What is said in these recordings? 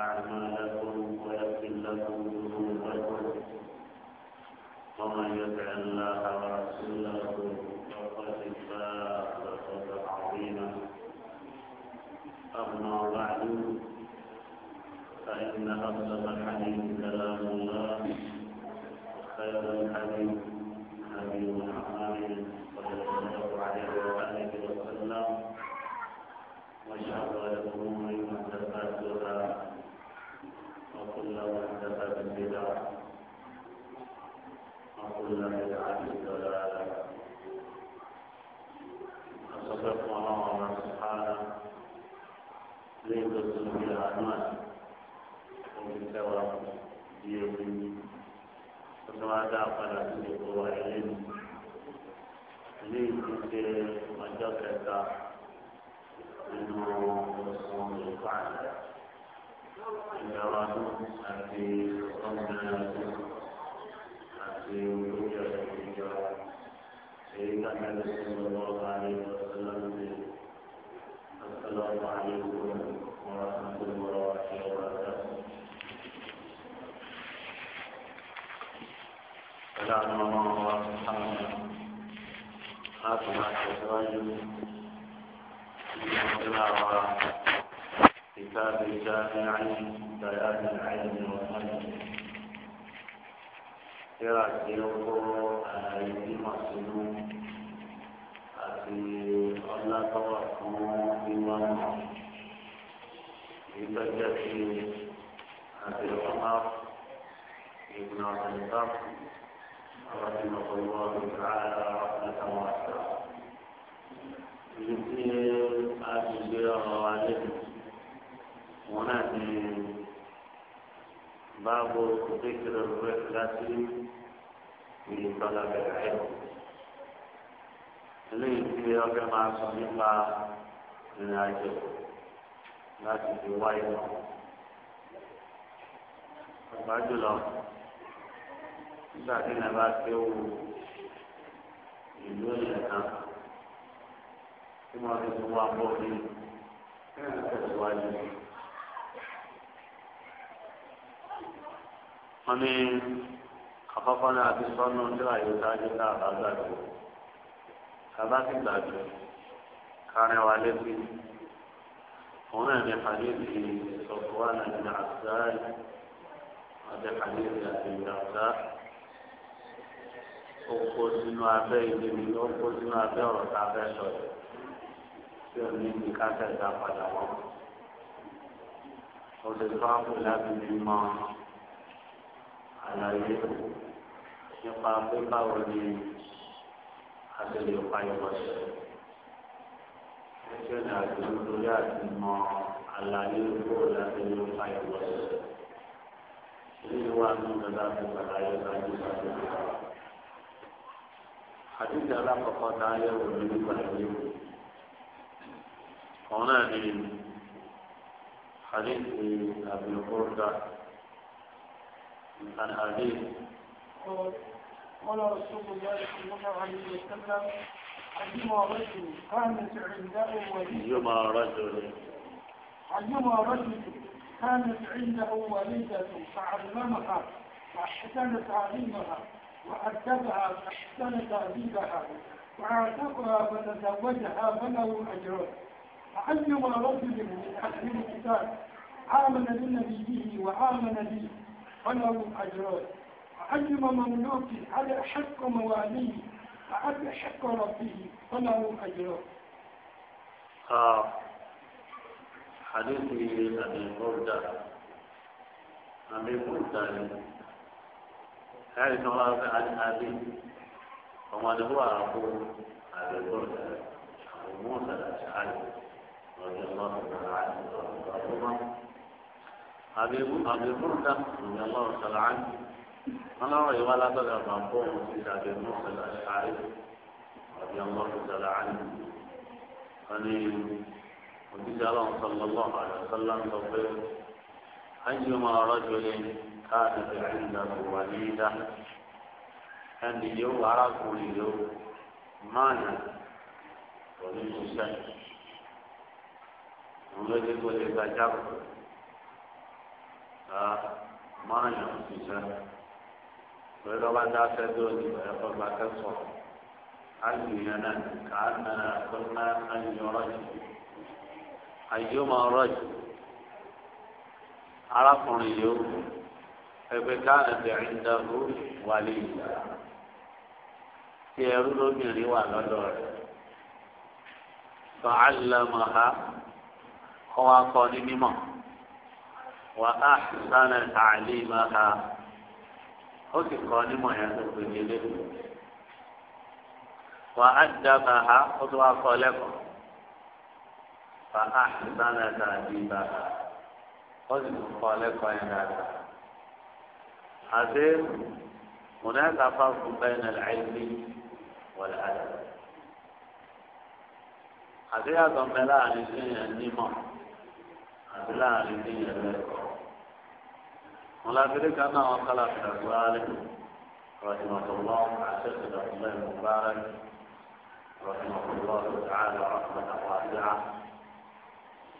أعمالكم ويغفر لكم ذنوبكم ومن يطع الله ورسوله فقد فاز فوزا عظيما أما بعد فإن أفضل dá padà sí gbogbo wa lẹ́nu. ilé ìdíje ọjọ́ kẹta nínú oṣù ìfàlẹ̀ ìdáwádó àti ọ̀gbìnrìnàjò àti olóyè ìjọ èyí ká tẹ̀lé sí ọlọ́ọ̀bá àlejò ọ̀sán lọ́dún ọ̀sán lọ́dún سعد الله وأصحابه أطلع الرجل إلى كتاب الجامع بيان العلم والفن يرجعه أيدي مسلوم أتي الله توفى بمنه ببركة أبي عمر ابن عبد الصمد رحمه الله تعالى رحمة واسعة يمكن أن يجرى عليه ونادي باب ذكر الرحلة في طلب العلم eléyìí tí ọbẹ̀ máa sọ nípa ìrìn àjò láti fi wáyé lọ. Àgbájọ lọ nígbà tí ìlànà bá fẹ́ wò ìlú ìlẹ̀ kan tí wọ́n ti tún wá bọ́ ní tẹ̀síwájú. wọ́n ní àkọ́kọ́ náà ti sọ́nù nígbà yóò dájú náà bá gbàgbé bàbá ti gbàgbé kárin wa létí. هنا في حديث صفوان بن عباس وفي حديث ابي الدرداء ó kó sínú abẹ́ ìdí mi ó kó sínú abẹ́ ọ̀rọ̀ tá a fẹ́ sọ yìí tí o ní ní káṣá ìdá padà wọ́n. o lè tó àpò láti fi mọ àlàyé nípa pé báwo ni a ti lè pa ìwọ̀sẹ̀. ẹgbẹ́ ní àjò nítorí àti mọ àlàyé owó láti lè pa ìwọ̀sẹ̀. ilé wa ní ìjọba ti padà yọ sáájú sáájú sáájú. حديث على فقط آية والنبي عليه هنا حديث أبي هريرة عن أبي قال رسول الله صلى الله عليه وسلم أيما رجل كانت عنده أيما رجل أيما رجل كانت عنده وليدة فعلمها فاحسن تعليمها وأكدها فأحسن تأديبها وعاتقها فتزوجها فله أجران فأيما رجل من أهل الكتاب آمن بنبيه وآمن به فله أجران وأيما مملوك على حق مواليه وعلى حق ربه فله أجران آه. حديث أبي بردة أبي بردة ẹ̀rí kan wá fẹ́ adínàbí ọmọ àdúgbò àbò àdúgbò àbòmú ọ̀sàdàṣà àlè ọ̀dọ̀ ọlọ́ọ̀sàdàṣà àlè ọ̀dọ̀ àbẹ̀bú àbẹ̀bú ńlá ọ̀dọ̀ ọlọ́ọ̀sàdàṣà àlè ọlọ́run ìwà látọ̀dọ̀ àbàbọ̀ ọ̀hún sí àbẹ̀bú ọ̀sàdàṣà àlè ọ̀dọ̀ ọlọ́ọ̀sàdàṣà àlè ọ̀nì òjíṣẹ́ ọlọ́run sọ̀lọ́lọ́ àdàṣà lọ́ńtọ̀ pé ayé máa rọ́jò lẹ́yìn káàdì tẹ̀lé ìlànà wà ní ìdá ẹni yóò wà arákùnrin yóò máa nà pẹ̀lú ìṣiṣẹ́ òun ló dé kó lè gba jáàbù ká máa nà ìṣiṣẹ́ pẹ̀lú ọba dá fẹ́ tó ìbẹ̀rẹ̀ fọ́ kẹ́sọ̀ àgbìyàn náà kàá nà kó ná ayọ̀ rọ́jù ayọ̀ máa rọ́jù ẹgbẹ́ káàdì bẹ̀rẹ̀ ń dàrú wálé ìgbà tí ẹrú lóbìnrin wà lọ́dọ̀ rẹ̀ fàálàmàhà kọ́ wa kọ́ ní mímọ̀ wà á sánà tàlímàhà ó sì kọ́ nímọ̀ yẹn tó pè ní lẹ́nu wà á dábàhà ó tó wa kọ́ lẹ́kọ̀ọ́ fà á sánà tàlímàhà ó sì kọ́ lẹ́kọ̀ọ́ yẹn dáadáa. حاسب هناك فرق بين العلم والعدل حاسب هذا ملاء لسنة النمى ملاء لسنة الملكة ولا فرق أنا وخلق أسوالك رحمة الله أعتقد الله المبارك رحمة الله تعالى رحمة واسعة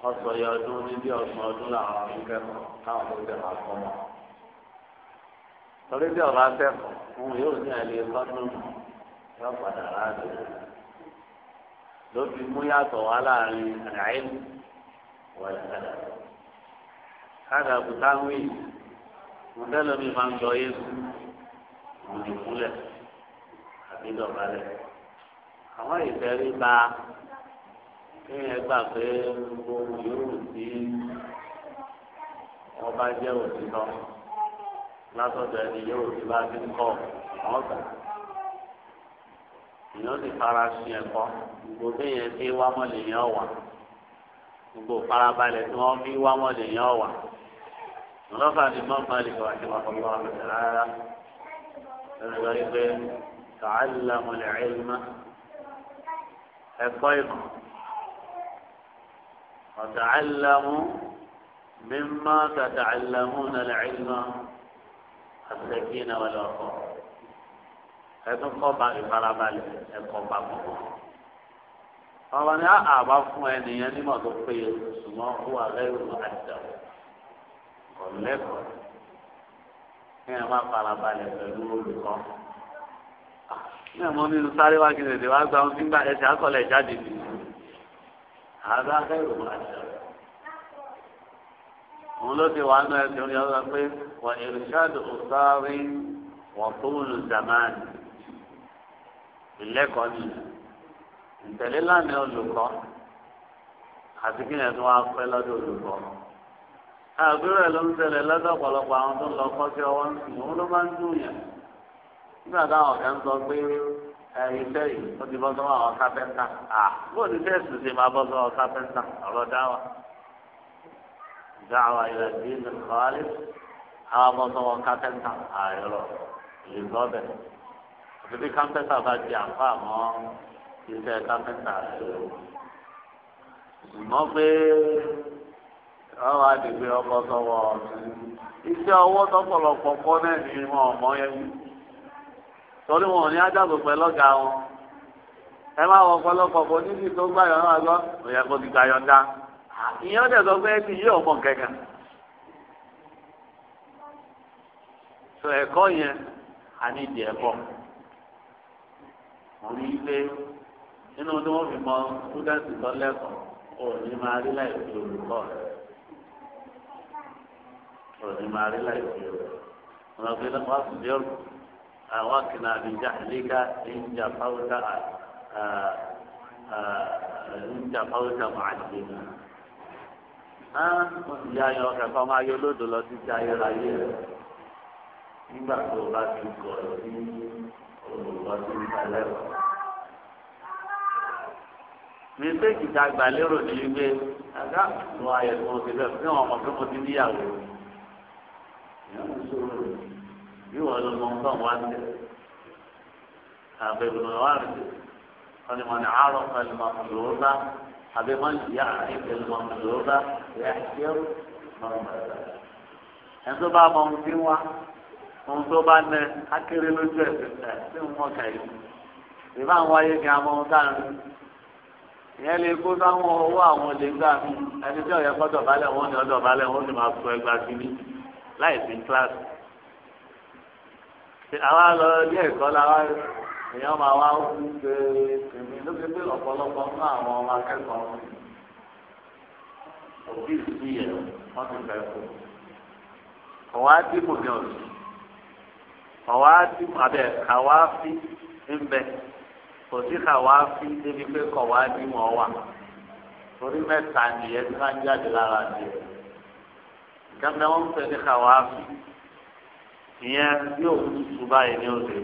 قصر يا دوني دي أصمدون العربية كما تعمل بها الصمام torí bí ọba akẹ́kọ̀ọ́ òun yóò ní àlè kọ́nù yóò padà ráàdì ló fi mú yàtọ̀ wá láàrin àìl wàlúkàdà kádà bùtáwì mọ̀tẹ́lómi máa ń lọ yéésù mọ̀nìkúlẹ̀ àbí dọ̀bálẹ̀ àwọn ìfẹ́rí bá kéèyàn gbà pé gbogbo yòówù tí wọ́n jẹ́ òtítọ́ látọ̀dọ̀ ẹni yóò fi bá ti ń kọ́ ọ̀gbà. èèyàn ti fara sin ẹ̀kọ́ gbogbo bẹ́yẹn tí wá mọ́ lèèyàn wà gbogbo farabalẹ̀ tí wọ́n fi wá mọ́ lèèyàn wà. lọ́fà ni mọ́ balẹ̀ wà ní wàhálà wà lọ́sẹ̀ rárá. ẹ̀rọ ìgbẹ́ kàálà mọ̀lẹ̀ ẹ̀lmá ẹ̀kọ́ ìmọ̀ ọ̀tàálàmù mímọ́ tàtàálàmù nàlẹ̀ ẹ̀lmá àtẹ̀kínà wọlé ọkọ ẹtún kọ́ ba ìfarabalẹ̀ ẹ̀kọ́ ba gbogbo. ọ̀rọ̀ ni àbá fún ẹnìyẹn nímọ̀ tó péye ṣùgbọ́n ó wà lẹ́yìn àjà kò lẹ́kọ̀ọ́ kí ẹ má farabalẹ̀ pẹ̀lú olùkọ́. ní ah, ẹ̀mọ́ nínú sáré wá kí n lè wá gba ohun tí ń gbà ẹsẹ̀ akọ̀lẹ̀ jáde nìyí. àbá lẹ́yìn àjà òun ló ti wà nù ẹsẹ̀ orí ọlọ́run pé wọ́n irishad ọ̀sáárí wọ́n tóun zaman ìlẹ́kọ̀ọ́ ni ìtẹ̀lé lánàá olùkọ́ àti kí ẹ̀sùn wa pẹ́ lọ́dọ̀ olùkọ́. àgbérò ẹ̀ ló ń ṣẹlẹ̀ lọ́dọ̀ ọ̀pọ̀lọpọ̀ àwọn tó ń lọ kọ́ sí ọwọ́ ń sìn òun ló máa ń dùn yàn. nígbà táwọn kan sọ pé iṣẹ́ yìí ó ti bọ́ sọ́wọ́ àwọn kápẹ́ńtà. bó ti fẹ́ẹ́ sùn ṣe máa bọ́ sọ́wọ́ kápẹ́ńtà ọ̀rọ̀ dáwà. الدعوة إلى الدين الخالص هذا توقعت آيرو للغابة Ibi kámpẹ́tà bá di àpá àmọ́ iṣẹ́ kámpẹ́tà ṣe. Ìmọ̀ pé ọ̀rọ̀ àdìgbé ọkọ̀ sọ̀wọ́ iṣẹ́ ọwọ́ tọ́pọ̀lọpọ̀ kọ́ náà ní wọn ọmọ yẹn. Torí wọn ò ní ajágo pẹ̀lú ọ̀gá wọn. Ẹ máa wọ ọ̀pọ̀lọpọ̀ kò níbi tó gbà yọ̀ náà lọ. Òyẹ̀kọ́ ti gbà yọ̀ ń ìyẹn ọdẹ sọ pé ẹbí yóò mọ kankan sọ ẹ̀kọ́ yẹn a ní ẹ̀kọ́ i pé nínú tí wọn fi mọ túdẹǹtì tó lẹ́kọ̀ọ́ ò ní máa rí láì fi olùkọ́ rẹ ò ní máa rí láì fi olùkọ́ rẹ wọn àwọn akínà àbíjà ìjà ìjà náà. ìyá yẹn ọkẹ kan máa yọ lódò lọ sí ti ayérayé rẹ nígbà tó o bá ti gọ ọ sí olùkọ́ sí ìtàlẹ́wọ̀. mistake ta gbà lérò ní wípé àgá tó ayẹ tó o ti bẹ fún ọmọ tó mo ti níyàwó bí wọn lọ mọ nǹkan wá sí àbẹ̀wò wọn rí wọn àárọ̀ pẹ̀lú màmúlò bá àbí wọn yà ìpè mọ̀mọ́lọ́ba yà ìṣẹ́rù mọ̀mọ́lọ́ba. ẹni tó bá mọ ohun tí wá ohun tó bá nẹ akéré lójú ẹ̀sìn ẹ̀ tí ń mọ̀ kàyé. ìbá ń wáyé kí a mọ ohun táà ń ìyẹn lè kó sáwọn owó àwọn lè gbà mí ẹni tí ọ̀yẹ́ kọ́dọ̀ ni ọ̀dọ̀ eh, balẹ̀ èèyàn máa wá ó ń èmi ló fi pé ọ̀pọ̀lọpọ̀ fún àwọn ọmọ akẹ́kọ̀ọ́ òbí ìsú yẹn wọ́n ti fẹ́ kó ọ̀wá dìbò ní ọ̀sùn ọ̀wá dìbò abẹ́ kàwá fi ń bẹ kò sí fi débi pé kọ̀wá dìbò ọ̀wà torí mẹ́ta nìyẹn tí wọ́n jáde lára nìyẹn gẹ́gẹ́ wọ́n ń pè ní kàwá fi ìyẹn yóò tutù báyìí ní òde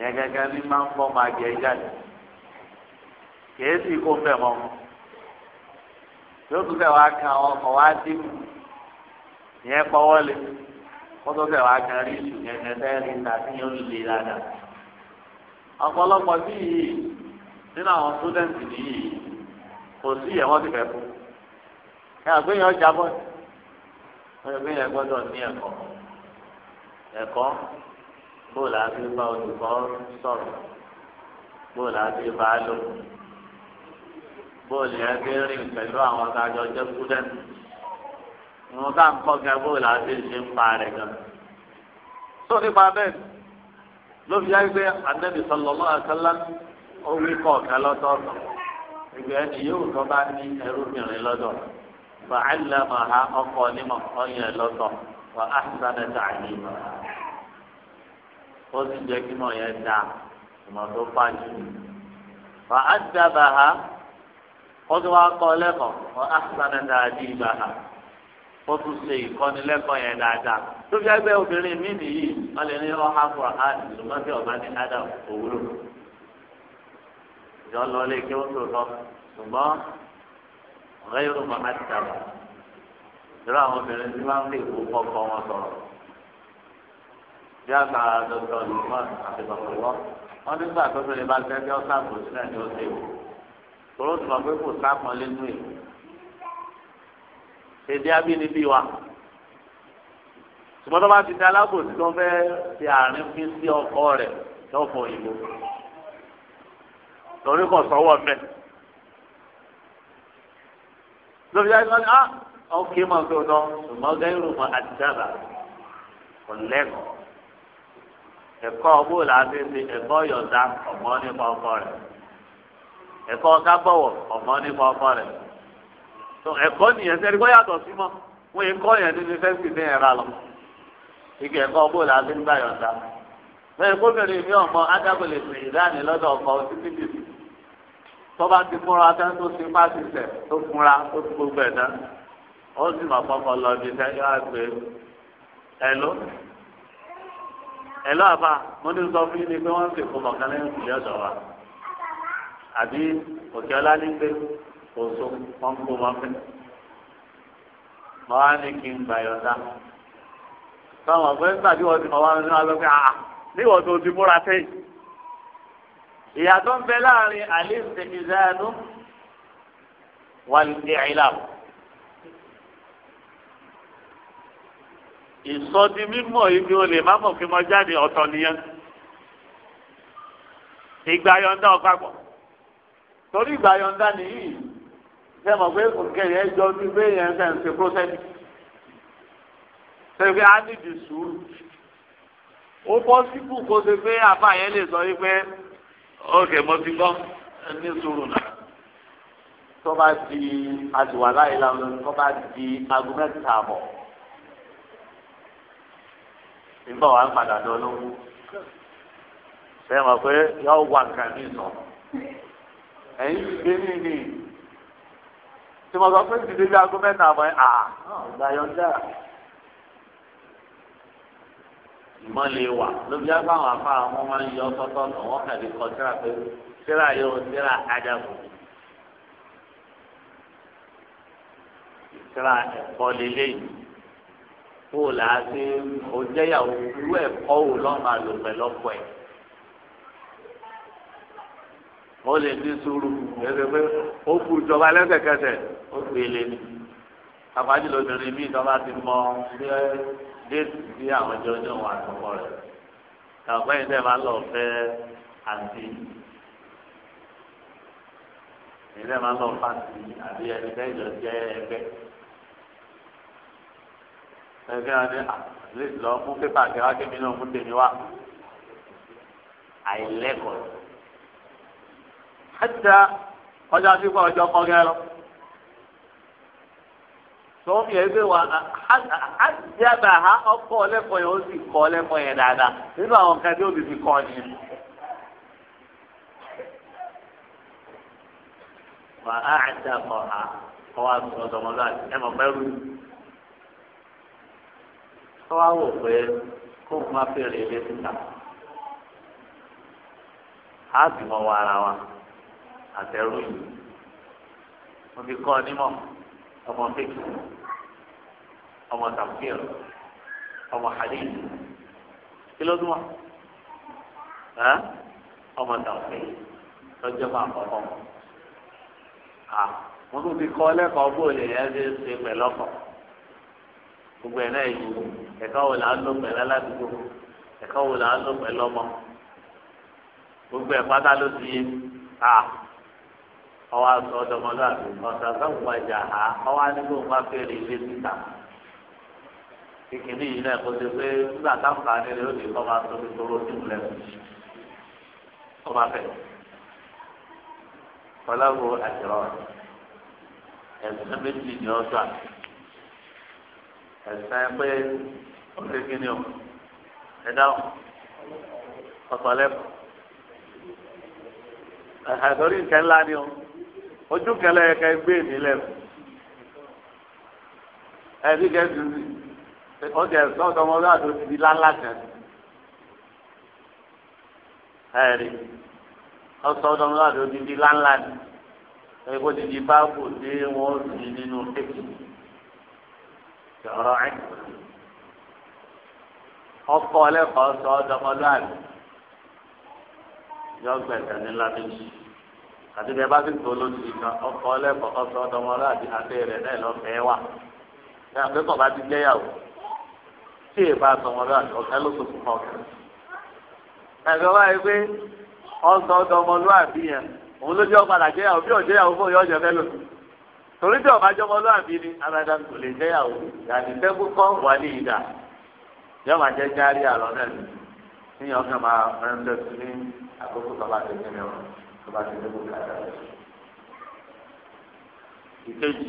yẹn gẹ́gẹ́ ní máa ń fọ́ máa jẹ jáde kìí sì kó ń bẹ̀ mọ́ yóò tún fẹ́ wá kan àwọn ọkọ̀ dínkù yẹn pọ́wọ́ lé kó tó fẹ́ wá kan rí ìṣù yẹn kẹtẹ́ rí tàbí yóò lè dáadáa ọ̀pọ̀lọpọ̀ sí yìí nínú àwọn sódẹ́ǹtì nìyí kò sí yẹn wọ́n ti fẹ́ fún ẹ àgbéyàn ọjà bọ́ọ̀ ẹ àgbéyàn gbọ́dọ̀ ní ẹ̀kọ́ ẹ̀kọ́ bóòlù àti bá olùkọ́ sọ̀rọ̀ bóòlù àti bá lò bóòlù yẹn ti rìn pẹ̀lú àwọn kájọ jẹ́ kúdẹ́ wọn ká ń kọ́ kẹ́ bóòlù àti ṣe ń pa rẹ̀ gan. sọ nípa bẹ́ẹ̀ ló fi yáyí pé ànábì sallallahu alaihi wasallam ó wí kọ̀ọ̀kan lọ́tọ̀ọ̀tọ̀ ìgbẹ́ ẹni yóò tọ́ bá ní ẹrúbìnrin lọ́dọ̀ fàálàmà ha ọkọ̀ onímọ̀ ọ̀yẹ̀ lọ́tọ̀ wà á sáré ó sì jẹ́ kí mọ̀ yẹn da ìmọ̀ tó fájú. wà á dábàá ha ó tún wá kọ́ lẹ́kọ̀ọ́ wọ́n á sáré dáadé ìgbà ha ó tún ṣe ìkọ́nilẹ́kọ̀ọ́ yẹn dáadáa. tó fi ẹgbẹ́ obìnrin mi nìyí wọ́n lè ní ọ́ hàkùrọ̀ á ṣùgbọ́n tí ọ̀gá ní ádà òwúrò. ìjọ lọ lé kí ó tó lọ ṣùgbọ́n ọ̀rẹ́ yóò mọ̀ á ti dàgbà. ìrọ̀ àwọn obìnrin tí wọ́n lè kó kọ́kọ́ wọn sọ̀rọ̀ bí àgbà dọ̀dọ̀ lùmọ́ àti bàbàwọ́ wọ́n nígbà tó fi lè bá tẹ́tẹ́ ọ̀sán kò sí náà ni ó ṣe wò tòró tó mọ̀ pé kò sápọn lẹ́nu ẹ̀ èdè abínibí wa ṣùgbọ́n tó bá ti di alábòsí tó fẹ́ ti àárín fi sí ọkọ rẹ̀ lọ́fọ̀ òyìnbó torí kò sọ́wọ́ mẹ́ lórí ayé wọn ni ah ọkè mọ̀ tó tọ́ ṣùgbọ́n gẹ́rù mọ̀ àti dábàá kò lẹ́kọ̀ọ́ ẹ̀kọ́ bó la fi ṣe ẹ̀kọ́ yọ̀dá ọ̀mọ́ nípa ọkọ rẹ̀ ẹ̀kọ́ kábọ̀wọ̀ ọ̀mọ́ nípa ọkọ rẹ̀ tó ẹ̀kọ́ nìyẹn sẹ́ni kó yàtọ̀ sí mọ́ wọ́n yẹ kọ́ yẹn nínú fẹ́ǹsì ní ẹ̀rá lọ ike ẹ̀kọ́ bó la fi ń gbà yọ̀dá bẹ́ẹ̀ gómìnà mi ọmọ adágòlè sí ìdáni lọ́dọ̀ ọkọ títí bìbì tọ́ba ti fúnra tán tó ti má ti sẹ̀ tó fúnra tó ti gbogbo ẹ̀ tán ó sì mọ̀ pọ́pọ́ lọ bí sẹ́yìn àgbẹ̀ ẹ̀ ló ẹ̀lọ́ àfa mo ní sọ fún yín ni pé wọ́n ń sìnkú mọ̀kán lẹ́yìn ìpìlẹ̀ ọ̀dọ̀ wa àbí òkè ọlá ní pé oṣù wọn kó wọn fẹ́ mọ́ wá ní kí n gbà yọ̀ọ̀dá táwọn ọ̀gbẹ́ nígbà tí wọ́n ti mọ̀ wá ní wọn lọ pé àà níwọ̀n tó ti múra sẹ́yìn ìyàtọ̀ ń bẹ láàrin àlè ìsèkìzánú wà ní ìlànà. ìsọdi mímọ̀ ibi o lè má mọ̀ fi mọ jáde ọ̀tọ̀ nìyẹn ìgbà yọ̀ǹda ọ̀pápọ̀ torí ìgbà yọ̀ǹda nìyí ṣe mọ̀ pé òkèèrè ẹjọ́ bí pé yẹn fẹ́ ń ṣe prọ́sẹ́sì ṣe pé á nìdí sùúrù ó bọ́ síbù kó ṣe pé àbá yẹn lè sọ wípé ókè mo ti gbọ́ ní sùúrù náà tó bá di àdùwà láyé tó bá di aago mẹ́ta nígbà wà ń padà dán lóhùn ṣe mọ̀ pé yọ wà nǹkan mi sọ ẹ̀yin gbé mi ni tí mo sọ pé ti débi aago mẹ́ta àbọ̀ ẹ̀ à ìgbà yọjá ìmọ̀ lè wà lóbi á fáwọn afá àwọn máa ń yọ tọ́tọ́ nù wọ́n kàdé kọ síra pé síra yóò síra ajabu síra ẹ̀kọ́ lélẹ́yìn tó o là á sí o jẹ́yàwó irú ẹ̀kọ́ wo lọ́ọ́ máa lò pẹ̀lú ọkọ ẹ̀. ó lè ní sùúrù ẹsẹ̀ pé ó kú ìjọba lẹ́sẹ̀kẹsẹ̀ ó pè é lé ní. àpájù lóbìnrin bíi ìjọba ti mọ bí déètì sí àwọn ọjọ́ ní òun àtọkọ rẹ̀. ọ̀pẹ́ yìí dẹ̀ máa lọ fẹ́ àǹtí. èyí máa lọ fàǹtí àbí ẹni bẹ́ẹ̀ jọ jẹ́ ẹgbẹ́ ẹgbẹ́ wọn ni lè lọ mú pépà kí wá kébi náà mú tèmi wá àìlẹ́kọ̀ọ́ ẹ̀dá ọjà sípò ọjọ́ kọ́gẹ́ lọ tọ́wọ́n yẹ pé wà á jábà á ọkọ̀ lẹ́kọ̀ọ́ yẹn ó sì kọ́ lẹ́kọ̀ọ́ yẹn dáadáa nínú àwọn nǹkan tí ó lè fi kọ́ ni. wà á àjà kọ̀ á kọ́ wa sọ̀rọ̀ sọ̀rọ̀ lọ́wọ́ tọ́wá wò pé kó má fèrè ilé síta á bímọ wọ ara wa àtẹrù yìí mo fi kọ́ ọ nímọ̀ ọmọ fèkì ọmọ tàfíìr ọmọ hadith kí ló dún wa ọmọ tàfíìr lọ́jọ́ máa kọ́ ọmọ mo tún fi kọ́ lẹ́kọ̀ọ́ bóyá ẹ̀ ṣe ṣe pẹ̀lọ́kọ̀ gbogbo ẹ̀ náà yìí ẹ̀ka wo là ń lò pẹ̀lú aládùúgbò ẹ̀ka wo là ń pẹ̀lú ọmọ gbogbo ẹ̀ ló ti yé a ọwọ́ aṣọ ọdọmọlúwàbí ọ̀sán sọ́kùn wájà á ọwọ́ anígbò wá fèrè ilé títà kékeré yìí náà kó ṣe pé nígbà táǹkà nílé ó lè kọ́ máa tó fi tóró tó lẹ́nu ọba fẹ́ kọ́láwó àjọrọ̀ ẹ̀sìn méjì ni ọ̀sán. ẹ̀sán ẹ pé ó ṣe kí ni o ẹ dáhùn ọ̀sọ̀lẹ́kù àtọ́rí nǹkan ńlá ni o ojú kẹlẹ́ yẹ ká gbé mi lẹ́nu ẹbí kẹsì ń ọjà ẹ̀sán ọ̀dọ́mọdé àti òtítì lánlá kan ẹ̀rí ọ̀sán ọ̀dọ́mọdé àti di lánlá ni ẹ̀kọ́ ti di báàbò nínú kékeré. شرعي ọkọ lẹkọọ sọ ọdọmọlúwàbí yọgbẹsẹ nílá méjì àti bẹ́ẹ̀ bá ti tó lóṣù kan ọkọ lẹkọọ sọ ọdọmọlúwàbí àti rẹ náà lọfẹẹ wà ní àpékọ bá ti gbéyàwó tí èyí bá sọ ọmọlúwàbí ọkẹ ló sọkùn kọ ọkẹ. ẹgbẹ́ wa yìí pé ọsọ ọdọmọlúwàbí yẹn òun ló jẹ́ ọ̀padà gbéyàwó bí ọ̀jẹ̀yàwó fún yọ̀ọ́jẹ̀ fẹ́ lòdì torí tí ọba jọmọ lóàbí ni aládà kò lè jẹyàwó yàtí tẹkù kọ wà ní ìdá yóò máa jẹ járí àlọ náà ni níyàn kan máa rẹńdẹ sí ní àkókò tọba tó kéde wọn tọba tó tẹkù kàdà rẹ. ìkejì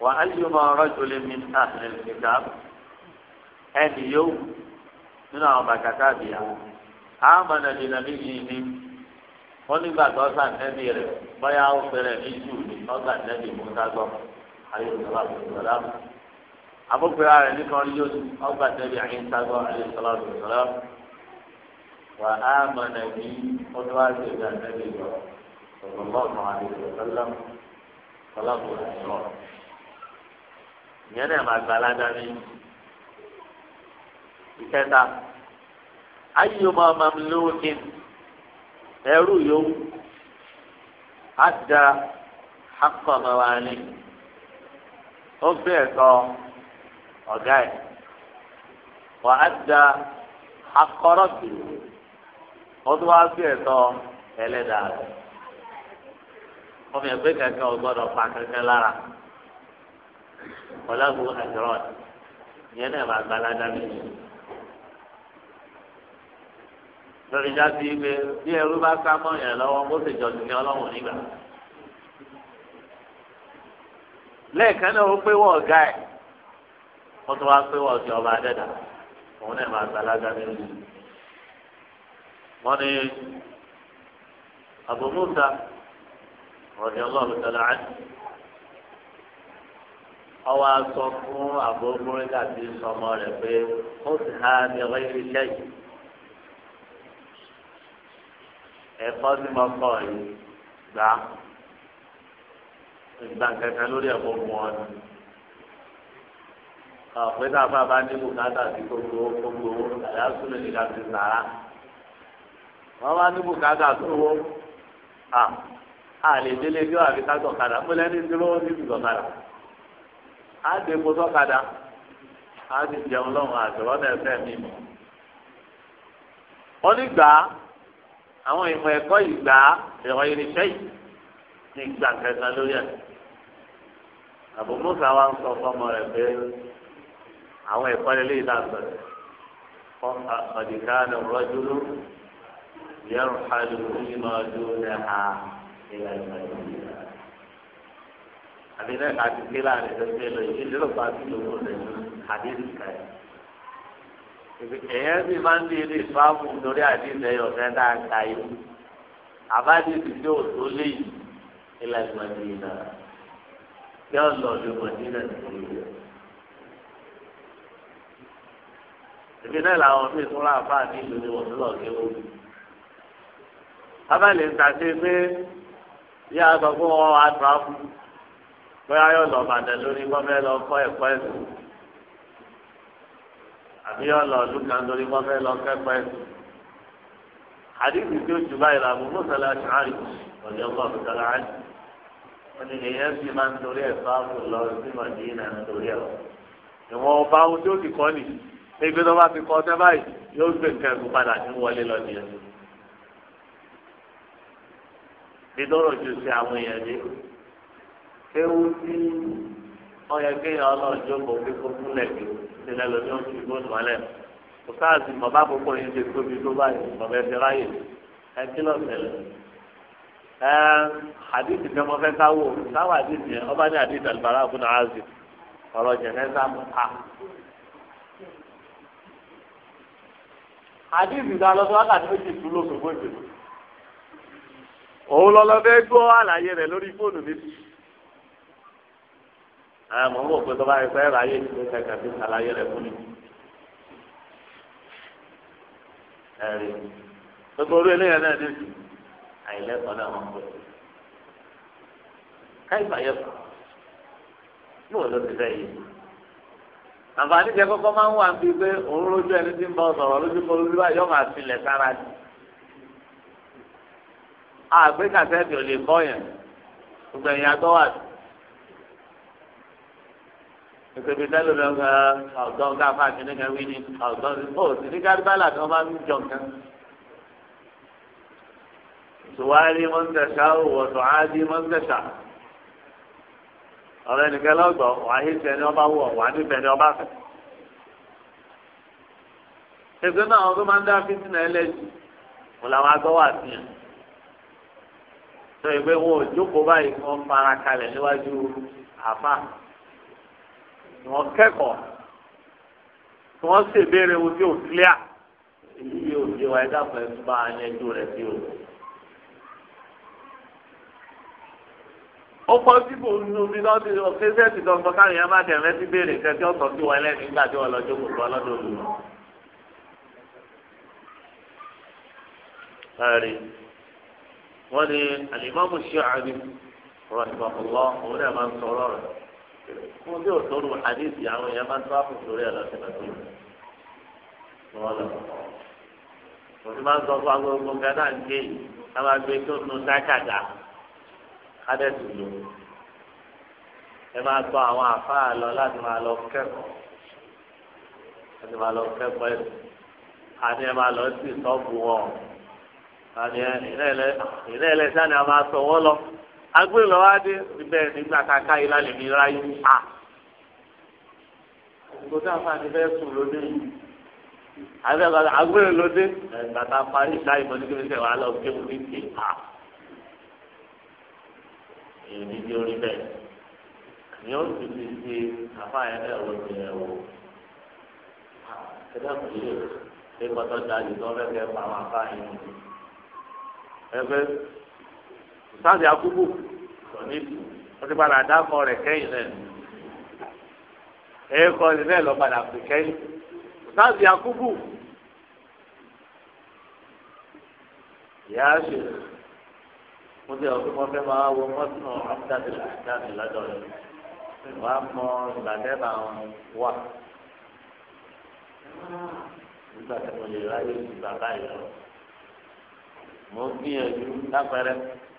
wà á yí ọmọ ọrọjò lè mi àhìnrìn ìgbà ẹnì yóò nínú àwọn bàkàtà bìyà àmọ́ nàdínàbí yìí ni. wọ́n nígbà tó ọ̀sà nẹ́bí rẹ̀ báyà ó fẹ́rẹ̀ ní jù ní ọ̀sà nẹ́bí musa gbọ́ ayélujára àbùsọ̀lá àbúkúrẹ́ rẹ̀ nìkan rí yóò ọ̀sà nẹ́bí ayélujára gbọ́ ayélujára àbùsọ̀lá wà á mọ̀ nàbí ọdún wájú ìgbà nẹ́bí lọ ọ̀gbọ̀n àbùsọ̀lá ọlọ́gbọ̀n àyọ̀ ìyẹn náà máa gba ní ìkẹta ayé ẹrú yòówù ada akọmọwani ó bẹ ẹ̀tọ́ ọ̀gá ẹ wà ada akọrọbì ó tún wá bẹ ẹ̀tọ́ ẹlẹ́dàá rẹ ọmọ ẹgbẹ́ kankan ọgbọ́dọ̀ pa kankan lára ọlọ́run àjọrọ yẹn náà máa gbalada mi lórí jáde pé bí ẹrú bá ká mọ́ yẹn lọ́wọ́ bó ṣe jọ ní ọlọ́run nígbà. lẹ́ẹ̀kan náà ó pé wọ́n ọ̀gá ẹ̀ wọ́n tún wá pé wọ́n ọ̀gá ọba adẹ́dà òun náà máa gbàlágà nínú yìí. wọ́n ní Abu ọ̀dẹ̀ ọlọ́run tẹ̀lé àti ọwọ́ aṣọ fún àbò tí sọmọ rẹ̀ pé ó sì há ní ọ̀rẹ́ ilé yìí. ẹ̀kọ́ tí mo kọ́ yìí gbà ìgbà kẹ̀kẹ́ lórí ẹ̀kọ́ mu ọ́ ni. ọ̀pẹ́ tá a bá bá ní bùkátà sí gbogbo gbogbo àyà súnmọ́ nígbà tí sàrà. wọ́n bá ní bùkátà tó wọ́ à á lè délé bí wàá fi ká sọ̀kadà pé lẹ́ni tí ló ń bí sọ̀kadà. á dé kó sọ̀kadà á ti jẹun lọ́wọ́ àtẹ̀wọ́n náà mi mọ́. wọ́n ní gbàá àwọn ìmọ̀ ẹ̀kọ́ ìgbà ẹ̀rọ irinṣẹ́ yìí ti gbà kẹta lórí ẹ̀. Abu Musa wa ń sọ fọmọ rẹ̀ pé àwọn ẹ̀kọ́ ilé ìdàgbà ọ̀dìkà ni rọ́jú ló yẹrù hàlù ìmọ̀ ọdún rẹ̀ ha ìlà ìgbà yìí. Àbí náà kàdí kílà rẹ̀ lọ́sẹ̀ lọ ìdílé lọ́pàá tó lọ́wọ́ rẹ̀ kàdí èyàn sì máa ń di ilé ìfáàmù lórí àdìsẹ ọ̀fẹ́ tá a ka yìí àbádìsí tí ò tó léyìí ilẹ̀ ìmọ̀dìyìnà kí ọ lọ ọdún ìmọ̀dìyìnà nìyí. ìbí náà làwọn míì tún ráà fáà ní ìlú ni wọ́n lọ sí omi. abáàlì ń ta sí pé bí a sọ fún wọn wàá tó á fún bóyá yóò lọ bàtẹ lórí gbọ́mẹ́ kọ́ ẹ̀kọ́ ẹ̀sìn àbí ọlọ ọdún kan torí wọn fẹ́ lọ kẹ́kọ̀ọ́ ẹ̀sìn àdìsí tí ó jù báyìí la àbúrò sọlá ṣáàrì ọjọ́ ọgbà òkúta láàrín wọn ni èèyàn sì máa ń torí ẹ̀ fáàbù lọ sí màdínà torí ẹ̀ ìwọ̀n ọba ohun tí ó ti kọ́ ni ebi tó bá ti kọ́ ọtẹ báyìí yóò gbé nǹkan ẹ̀kú padà ní wọlé lọ nìyẹn. dídọ́rọ̀ ju sí àwọn èèyàn dé kéwú sí wọ́n yẹ kéèyàn ọlọ́ọ̀jọ́ kò fi kó kúlẹ̀ jù sílẹ̀ lómi ó fi gbóòdù mọ́lẹ̀ kò sáàsì bàbá àkókò yìí ṣe tóbi tó báyìí bàbá ẹsẹ̀ ráyè ẹ kí lọ sẹlẹ̀ ẹ àdìsí fẹ́ mọ́ fẹ́ káwó káwó àdìsí yẹn ọba ní àdìsí àlùbárà fún ààzì ọ̀rọ̀ jẹ̀nẹ́sà mọ́ta. àdìsí ta lọ fẹ́ gbọ́ àlàyé rẹ̀ lórí fóònù ẹ ah, mọ̀ ń wò pé tó bá yẹ fẹ́ ráyè tó kẹ̀kẹ́ fi ṣàlàyé rẹ̀ fún mi. ẹ̀rí gbogbo orí eléyàn náà ní ìsìn àìlẹ́kọ̀ọ́ náà wọ́n pè é. káyìpá yẹ fún mi wò ló ti fẹ́ yìí. àǹfààní jẹ kọ́kọ́ máa ń wà bíi pé òun lójú ẹni tí ń bọ sọ̀rọ̀ lójú kọ́ lójú báyọ̀ máa filẹ̀ sára ni. àgbékàtẹ́ẹ̀tì ò lè kọ́ yẹn gbogbo ẹ̀yìn agbọ́wà sí ìpèbí sẹ́lẹ̀ lọ ká ọ̀dọ́ ká fà kíní kan wí ní ó sì ní kárìbálà kan máa ń jọ nǹkan. tùwárí mọ́ńtẹ̀sà wọ̀tọ̀ áádí mọ́ńtẹ̀sà ọ̀rọ̀ ẹnìkan lọ́gbọ̀ wàhí tẹni ọba wọ̀ wà nífẹ̀ẹ́ ni ọba fẹ́. ètò náà wọn máa ń dá fítínà ẹlẹ́jì wọn làwọn agbọ́wọ́ àtìyàn. sọ ìgbé wọn ò jókòó báyìí kí wọ́n tí wọ́n kẹ́kọ̀ọ́ tí wọ́n sì béèrè wo tí ò clear èyí yóò di wa ẹ̀dá pẹ̀lú bá a yanjú rẹ̀ sí o. ó kọ́ síbò nínú bí náà ti sọ pé sẹ́ẹ̀tì tó ń bọ káàrin yẹn bá tẹ̀ rẹ́ sí béèrè kẹ́kẹ́ ọ̀sán sí wọn nígbà tí wọ́n lọ jókòó tó ọlọ́dún olùmọ̀. ẹ̀rí wọ́n ní alimami ṣe àrí rọ̀ ìgbàkúnlọ́ òun máa ń sọ ọ̀rọ̀ fún bí òtòrò àdéhìí àwọn èèyàn máa ń tó àpòtò rẹ̀ lọ sí màtí ni wọ́n lọ. mo ti máa ń sọ fún agbègbè gánà ń gé yìí ká máa gbé tó nu sákàdá kádẹ́tù lò ẹ máa tọ àwọn àfáà lọ láti máa lọ kẹ́kọ̀ọ́ láti máa lọ kẹ́kọ̀ọ́ ẹ̀sìn àti ẹ máa lọ sí ìtọ́bù wọn àti ẹ ìrẹ́lẹ̀ a máa sọ wọ́n lọ agbèrè lọ́wọ́ adé ibẹ̀ nígbà kàkà ìlà lè mi ráyé a. Ìgbò tá a fà ní bẹ́ẹ̀ sùn lóde yìí. Àbẹ̀kọ̀ agbèrè lóde. Ìgbà tá a parí ìlà ìbọn ní kí n sẹ̀ wá lọ kéwù ní ti a. Èyí ni bí orí bẹ́ẹ̀. Ní o sì ti ṣe àfáàyàn náà ló ti rẹ̀ wò. Ẹ dákun yìí ṣé kọ́tọ́ dájú tó fẹ́ fẹ́ pa àwọn àfáàyàn yìí. Ẹ sáàsì àkúkú òní wọ́n ti padà dákọ̀ rẹ̀ kẹ́yìn náà ẹ̀ẹ́kọ́ ni bẹ́ẹ̀ lọ padà pè kẹ́yìn sáàsì àkúkú ìyá ṣe mo ti ọ̀gbìn wọn fẹ́ máa wọ mọ́tò àbúdàdì àdáni lọ́dọ̀ rẹ̀ wọ́n á mọ ìgbàdẹ́bà wà nígbà tí mo lè ráyè ìgbà báyìí lọ mo gbìyànjú lápẹẹrẹ.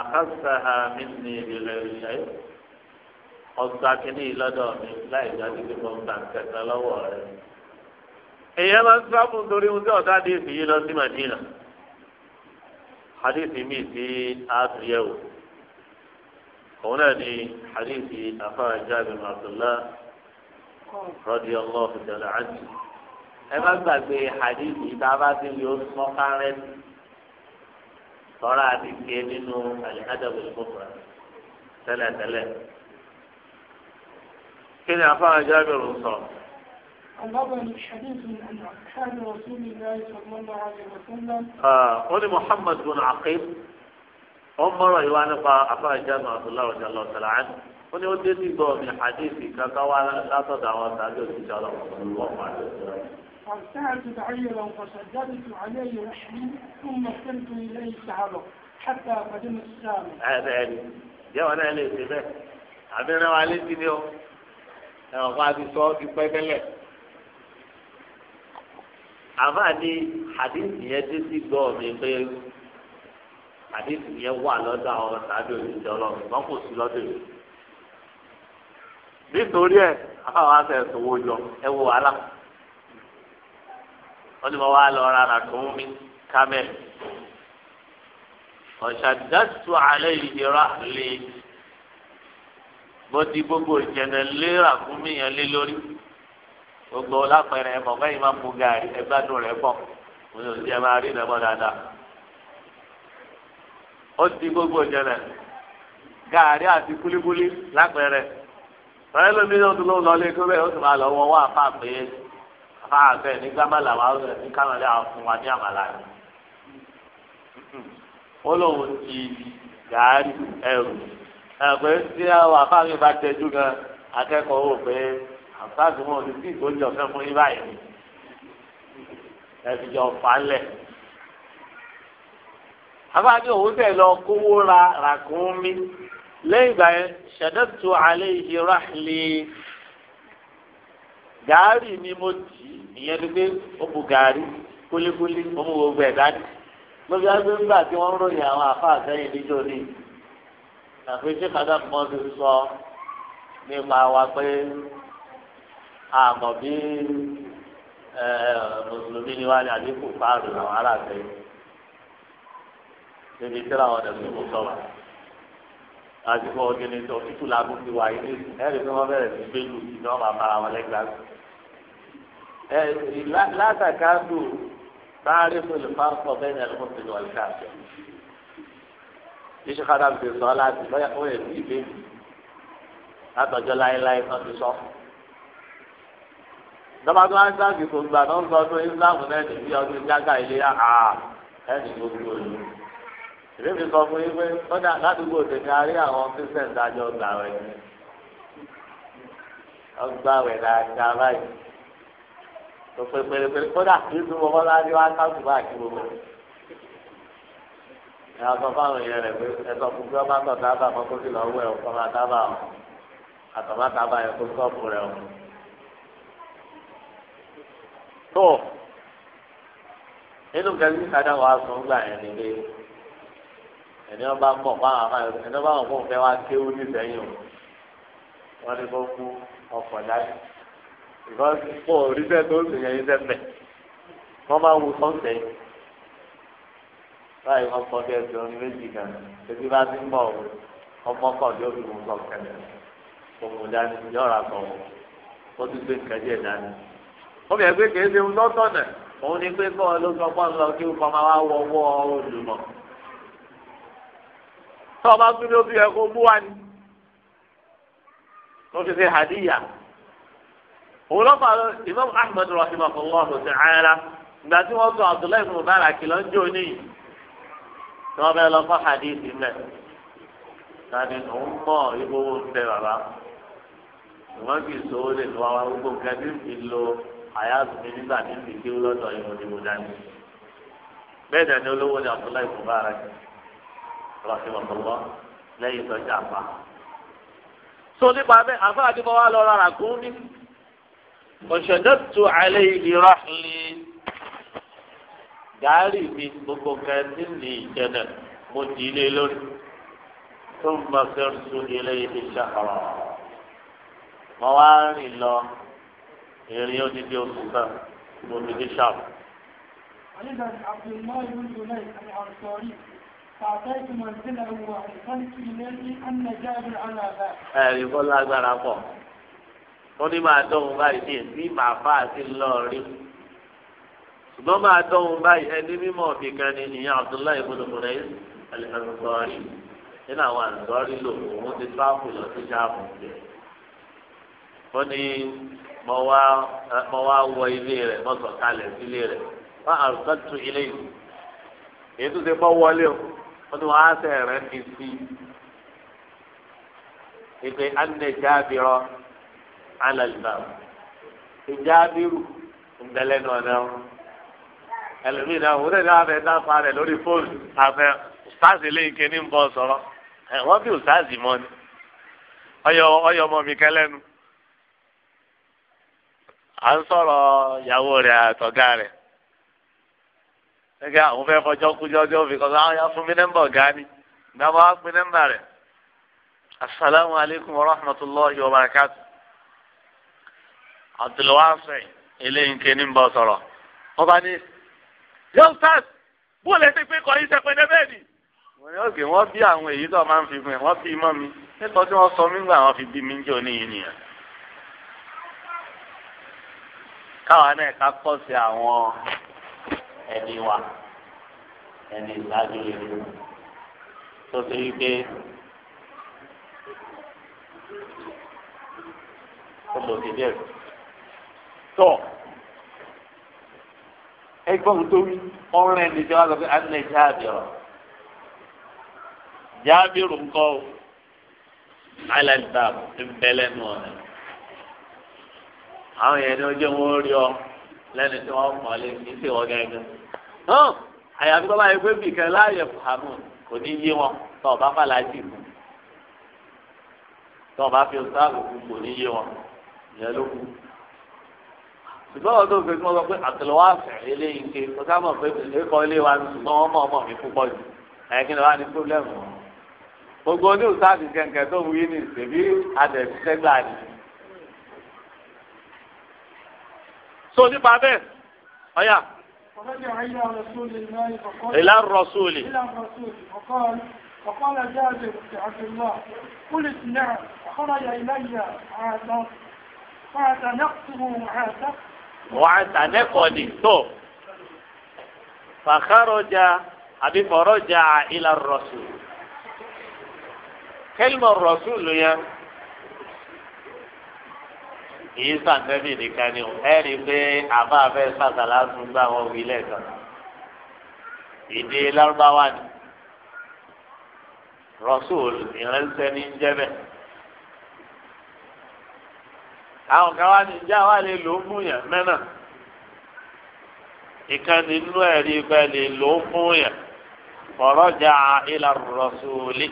àkàtàhà mi ní ìrìnlẹ̀ ìṣẹ́ ọgbà kìíní lọ́dọ̀ mi láì dájú pé mo ń gbà kẹta lọ́wọ́ rẹ̀. èèyàn máa ń sábà nítorí ohun tí ọ̀tá dé fi yí lọ sí Madina hadithi mi ti àtúnyẹ̀wò òun náà ni hadithi afárá jáde Abdullah radiyallahu ta'ala anhu ẹ má gbàgbé hadithi tá a bá ti ó sọ kárẹ́tì tọ́ra àti ké nínú al-adab al-mufrad tẹ́lẹ̀tẹ́lẹ̀. kí ni afáwọn ẹjọ́ mi rò sọ. قول محمد بن عقيل عمر يوان فا جابر عبد الله رضي الله تعالى عنه قل يودي من حديثي كقوالا لا تدعوا تعالى إن شاء الله فارتعت بعيرا فشددت عليه رحمي ثم سرت اليه شعره حتى قدم الشام. هذا يعني يا وانا náà lè ṣe bẹ́ẹ̀ àbí rán wa létí ni ó ẹ̀wọ̀n kan àti sọ ọ́ ti pẹ́ tẹ́lẹ̀. àbá ni hadith yẹn dé sí gbọ́ mi pé hadith yẹn wà lọ́dọ̀ àwọn sàádọ́ ìdíje ọlọ́run wọn kò sí lọ́dọ̀ yìí. nítorí ẹ̀ àwọn afẹ́ ẹ̀sùn wo jọ ẹ wo wàhálà wọ́n ní mo wá lọ rárá tó ń mi kámẹ́. ọ̀ṣàdàtú alẹ́ ìdíra lè bọ́dí gbogbo ìjẹ̀nẹ̀ léra fún mi yẹn lé lórí gbogbo lápẹ̀rẹ̀ ẹ̀mọ̀ bẹ́ẹ̀ máa mú gàrí ẹgbádùn rẹ̀ pọ̀ mo ní oṣù jẹ́ máa rí ìdẹ́gbọ́ dáadáa. ó ti gbogbo ìjẹ̀nẹ̀ gàrí àti kúlíkúlí lápẹ̀rẹ̀ rẹ̀ lómi ló ń lọ lé kó ó sì máa lọ wọ́n wá fáà pé àfa àgbẹ̀ ní gbàmàlà wà rẹ̀ ní kàmàlà fún wa ní àmàlà rẹ̀. ó lóun ti gàárì ẹrù ẹ̀pẹ́ tí àwọn àfa mi bá tẹjú gan akẹ́kọ̀ọ́ wò pé àfa tó mọ̀ ní tí ìgbóúnjẹ ọ̀fẹ́ fún yín báyìí ẹ̀fì jọ falẹ̀. àfa òun tẹ̀ lọ kówó ra ràkúnmí lẹ́yìn ìgbà yẹn ṣẹ̀dẹ̀tù alẹ́ ìhìrá lè gàárì ni mo tì í ìyẹn ti pé ó bu gàárì kúlíkúlí ó mú gbogbo ẹ̀ dání lóbi agbé ńgbà tí wọ́n ń ròyìn àwọn àfáà sẹ́yìn níjòní àfihàn kàdá kan ti sọ nípa wa pé àmọ̀ bí mùsùlùmí ni wá ní àdínkù fáàrù àwọn aláàfẹ́ níbi tí làwọn ọ̀dọ́ tó kù sọ̀rọ̀ àsìkò ọ̀gẹ̀dẹ̀ tó tútù làbú ti wà yìí ẹ̀rì pé wọ́n bẹ̀rẹ̀ sí gbẹ́lú iná máa bára wọn lẹ́gbàá. ẹ látàkàdù sáré pẹ̀lú pásítọ̀ bẹ́ẹ̀ ni ẹ̀rọ ti lọ ìka àfẹ́. iṣẹ́ kára ti sọ láti bóyá ó yẹ sí ìbéèrè látọjọ́ láéláé kan ti sọ. dọ́gba tó wá ń sáàkì kò gbà sọ pé islam náà nìyí ọdún jágà ilé àà ẹ̀ ìrèbí sọ fún yín pé kọ́dà ládùúgbò tèmi a àwọn kristian dájọ́ gbà wẹ̀ ní ọgbà wẹ̀ dáadáa báyìí tó pé pérépéré kọ́dà kì í tún ní wá káàtù bá àti gbogbo ẹ sọ fáwọn èèyàn rẹ pé ẹ sọ fún pé ọba tọ̀ tábà kan kó sì lọ wẹ̀ ọkọ máa tábà ọ àtọ̀má tábà yẹn kó sọ́ọ̀bù rẹ ọ. tó nínú kẹ́sì sádà wàá sùn gbà yẹn nílé ẹni ọba kọ̀ fún àwọn afáàyè ẹni ọba kọ̀ fún fẹ́ wá kéwú nísẹ̀yìn o wọ́n ti kọ́ fún ọkọ̀ dání ìfọ́ pọ̀ oríṣẹ́ tó ń sèyàn yín sẹ́fẹ̀ wọ́n máa wù sọ́ọ̀sẹ̀ yìí báyìí wọ́n kọ́ bí ẹsẹ̀ orin méjì kan ebi bá ti ń bọ̀ ọmọ kọ̀ ní òbí mu sọ̀ kẹ̀lẹ̀ òun dání yọ̀ọ̀rọ̀ àgbọ̀ ó ti gbé nǹkan díẹ̀ dání obìnrin pé kìí ṣe ń lọ́tọ̀nà òun ni pé kọ́ ló sọ pọ́n lọ kí ó fọmọ wá wọ́wọ́ olùmọ̀ tó o bá tún ní o ti yẹ kó mú wa ni wọ́n fi ṣe hadiya òun lọ́pàá imam ahmed rahimahullah ta'ala ìgbà tí wọ́n sọ abdullahi mubarak lọ́jọ́ níyì tí wọ́n bẹ lọ fọ́ hadithi mẹ́ tani òun mọ̀ ibo wo ń bẹ bàbá ìwọ́n kì í sọ́wọ́ lè lọ́wọ́ wa gbogbo nǹkan tí ń lo àyàtò mi nígbà tí ń fi kí lọ́dọ̀ ìmọ̀ ni mo dání bẹ́ẹ̀ dání olówó ni abdullahi mubarak yìí rọ̀ṣìmọ̀tòwọ́ lẹ́yìn tọ́jà pa. so nípa bẹ́ẹ̀ àfa àti bọ́wá lọ rárá kún mi. òṣèdọ́tù alẹ́ ìlú rọ́ọ̀lì gàárì mi gbogbo kẹntì ní ìjẹnẹ mo dì í lé lórí tó ń bá fẹ́ẹ́ sún ilé iṣẹ́ ọ̀rọ̀ mo wá rìn lọ èrè odidi oṣù kan mo fi dé ṣáà. فأتيت منزله وأدخلت إليه أن جابر على ذلك. ẹ̀rí kó lágbára pọ̀ ó ní máa dọ́hùn báyìí ní èsì máa fà á sí lọ́ọ̀rí ṣùgbọ́n máa dọ́hùn báyìí ẹni mímọ́ ọ̀bìkan ni ìyá Abdullahi ibn Quraysh al-Ansari nínú àwọn àǹsọ́rí lò òun ti báàbù lọ sí jáàbù jẹ ó ní mo wá wọ ilé rẹ̀ mo sọ̀ kalẹ̀ sílé rẹ̀ wọ́n àrùkọ́ tu ilé yìí èyí tó ti pọ́ wọlé o wọ́n ní wọ́n á sẹ̀ rẹ̀ ní sí i ìpè anẹ jábìrọ alàlùbà ìjábìrù ìdẹ́lẹ́nu ọ̀nà ẹlòmíì náà wọ́n tẹ̀lé àwọn ẹ̀dá pa rẹ̀ lórí fóònù àfẹ ustazi léyìnké ní nbọ sọ̀rọ̀ wọ́n bí ustazi mọ́ ni ọyọ ọyọ ọmọ mi kẹlẹ́nu à ń sọ̀rọ̀ ìyàwó rẹ̀ àtọ̀gá rẹ̀ gẹ́gẹ́ àwọn fẹ́ fọjọ́ kújọ́ tí ó fi kọ́ àwọn yà fún mi nẹ́mbà ọ̀gá ni ìgbà máa pín nẹ́mbà rẹ̀ asalaamu aleykum wa rahmatulahi wa barakatu abdulwasa eléyìí kéne ń bọ sọ̀rọ̀ wọ́n bá ní yóò sars bó lè ti pé kọ́ yìí sẹ́pẹ́ dẹ́bẹ́ ni. wọ́n ní ọ̀gẹ̀ wọ́n bí àwọn èyí tó máa ń fi fún ẹ̀ wọ́n bí mọ́ mi nítorí tí wọ́n sọ mí gbà wọ́n fi bí mi jẹ́ oníyìí nìyẹn. káwa náà ká pọ̀ sí àwọn ẹni wa ẹni ìsáájú ìlú tó ṣe wípé ó lò sí díẹ̀ tó ẹgbọ́n tó wí ọ̀rẹ́ ẹni tí wọ́n sọ pé ànínẹ́ jáàbìrọ̀ jáàbìrọ̀ ńkọ́ o àìlẹ́ńtà ń bẹ́lẹ́ nù ọ̀nà àwọn yẹn ni ó jẹ́ wọn rí ọ lẹ́ni tí wọ́n mọ̀ lé kì í ṣe wọ́n gẹ́gẹ́. hàn àyàfi tó bá yẹ pé bìkan láàyè fàánù kò ní yé wọn tó o bá fàlà jì kù tó o bá fi sáàbù kù kò ní yé wọn ìyẹn ló kù. ṣùgbọ́n wọn tó fi kí wọ́n sọ pé àtẹlẹwà fẹ̀rẹ̀ eléyìí ké kó sáà pé ẹ̀kọ́ ilé wa ni ṣùgbọ́n wọ́n ọmọ mi púpọ̀ jù ẹ̀kí ni wọ́n á ní pọ́blẹ́mù gbogbo oníwùsáàbù kẹ̀kẹ́ tó wù yín ní ìṣèbí adẹ̀síṣẹ́gbà ni. so nípa bẹ́ẹ̀ ọ̀yà. ìlà rọ̀súlì. فقال جابر لعبد الله قلت نعم خرج الي عاتق فاعتنقته عاتق واعتنقني تو فخرج àbí فرجع الى الرسول كلمه الرسول يعني kìí sàǹdẹ́bì nìkan ni o ẹ̀rí pé àbá fẹ́ sàtàlá tún gbà wọ́n wí lẹ́ẹ̀kan èdè lárúbáwá ni rọ́sùl ìrẹsẹ̀ ní jẹ́bẹ̀ àwọn kan wá ní ìjà wà lè lò ó fún yẹn mẹ́nà ìkànnì nínú ẹ̀rí pé lè lò ó fún yẹn ọ̀rọ̀ jà ìlà rọ́sùlì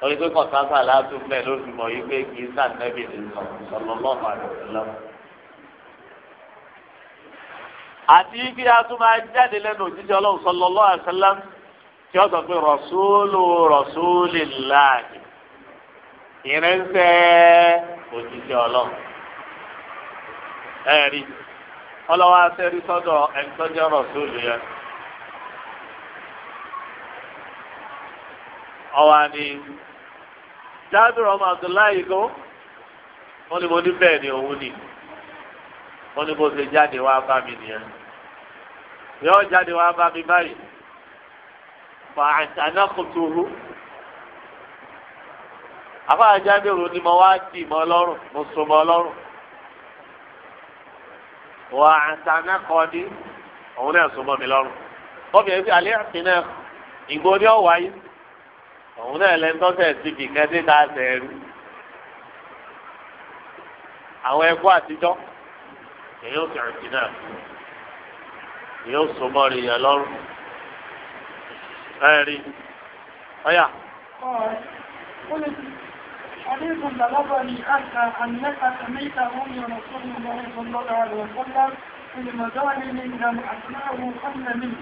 torí pé kọ̀ǹtàǹtà látún bẹ́ẹ̀ ló fi mọ̀ yí pé kì í sàǹtẹ́bì lè sọ sallallahu alaihi wasallam. àti bí a tún máa jáde lẹ́nu òjíṣẹ́ ọlọ́run sallallahu alaihi wasallam tí ó sọ pé rasulu rasulillahi ìrẹsẹ̀ òjíṣẹ́ ọlọ́run. ẹ̀rí ọlọ́wọ́ asẹ́rí sọ́dọ̀ ẹ̀ńtọ́jọ́ rọ̀súlù yẹn. ọwọ́ ni jábìrì ọmọ abdullahi kó wọ́n ní mo ní ni òun ni wọ́n ní bó ṣe jáde wá bá mi nìyẹn yóò jáde wá bá mi báyìí fàáṣà náà kò tó hù afáà jábìrì ni mo wá dì mọ́ lọ́rùn mo wà òun náà mi òun náà lẹ́ńtọ́sẹ̀ ti fi kan ta sẹ̀ àwọn ẹ̀kọ́ àtijọ́ èyí ò sọ̀rọ̀ sí náà èyí ò so mọ́rin yẹn lọ́rùn ẹ̀rí ọ̀yà. حديث بلغني أنك أنك سميت أم رسول الله صلى الله عليه وسلم في المدائن لم أسمعه قبل منه.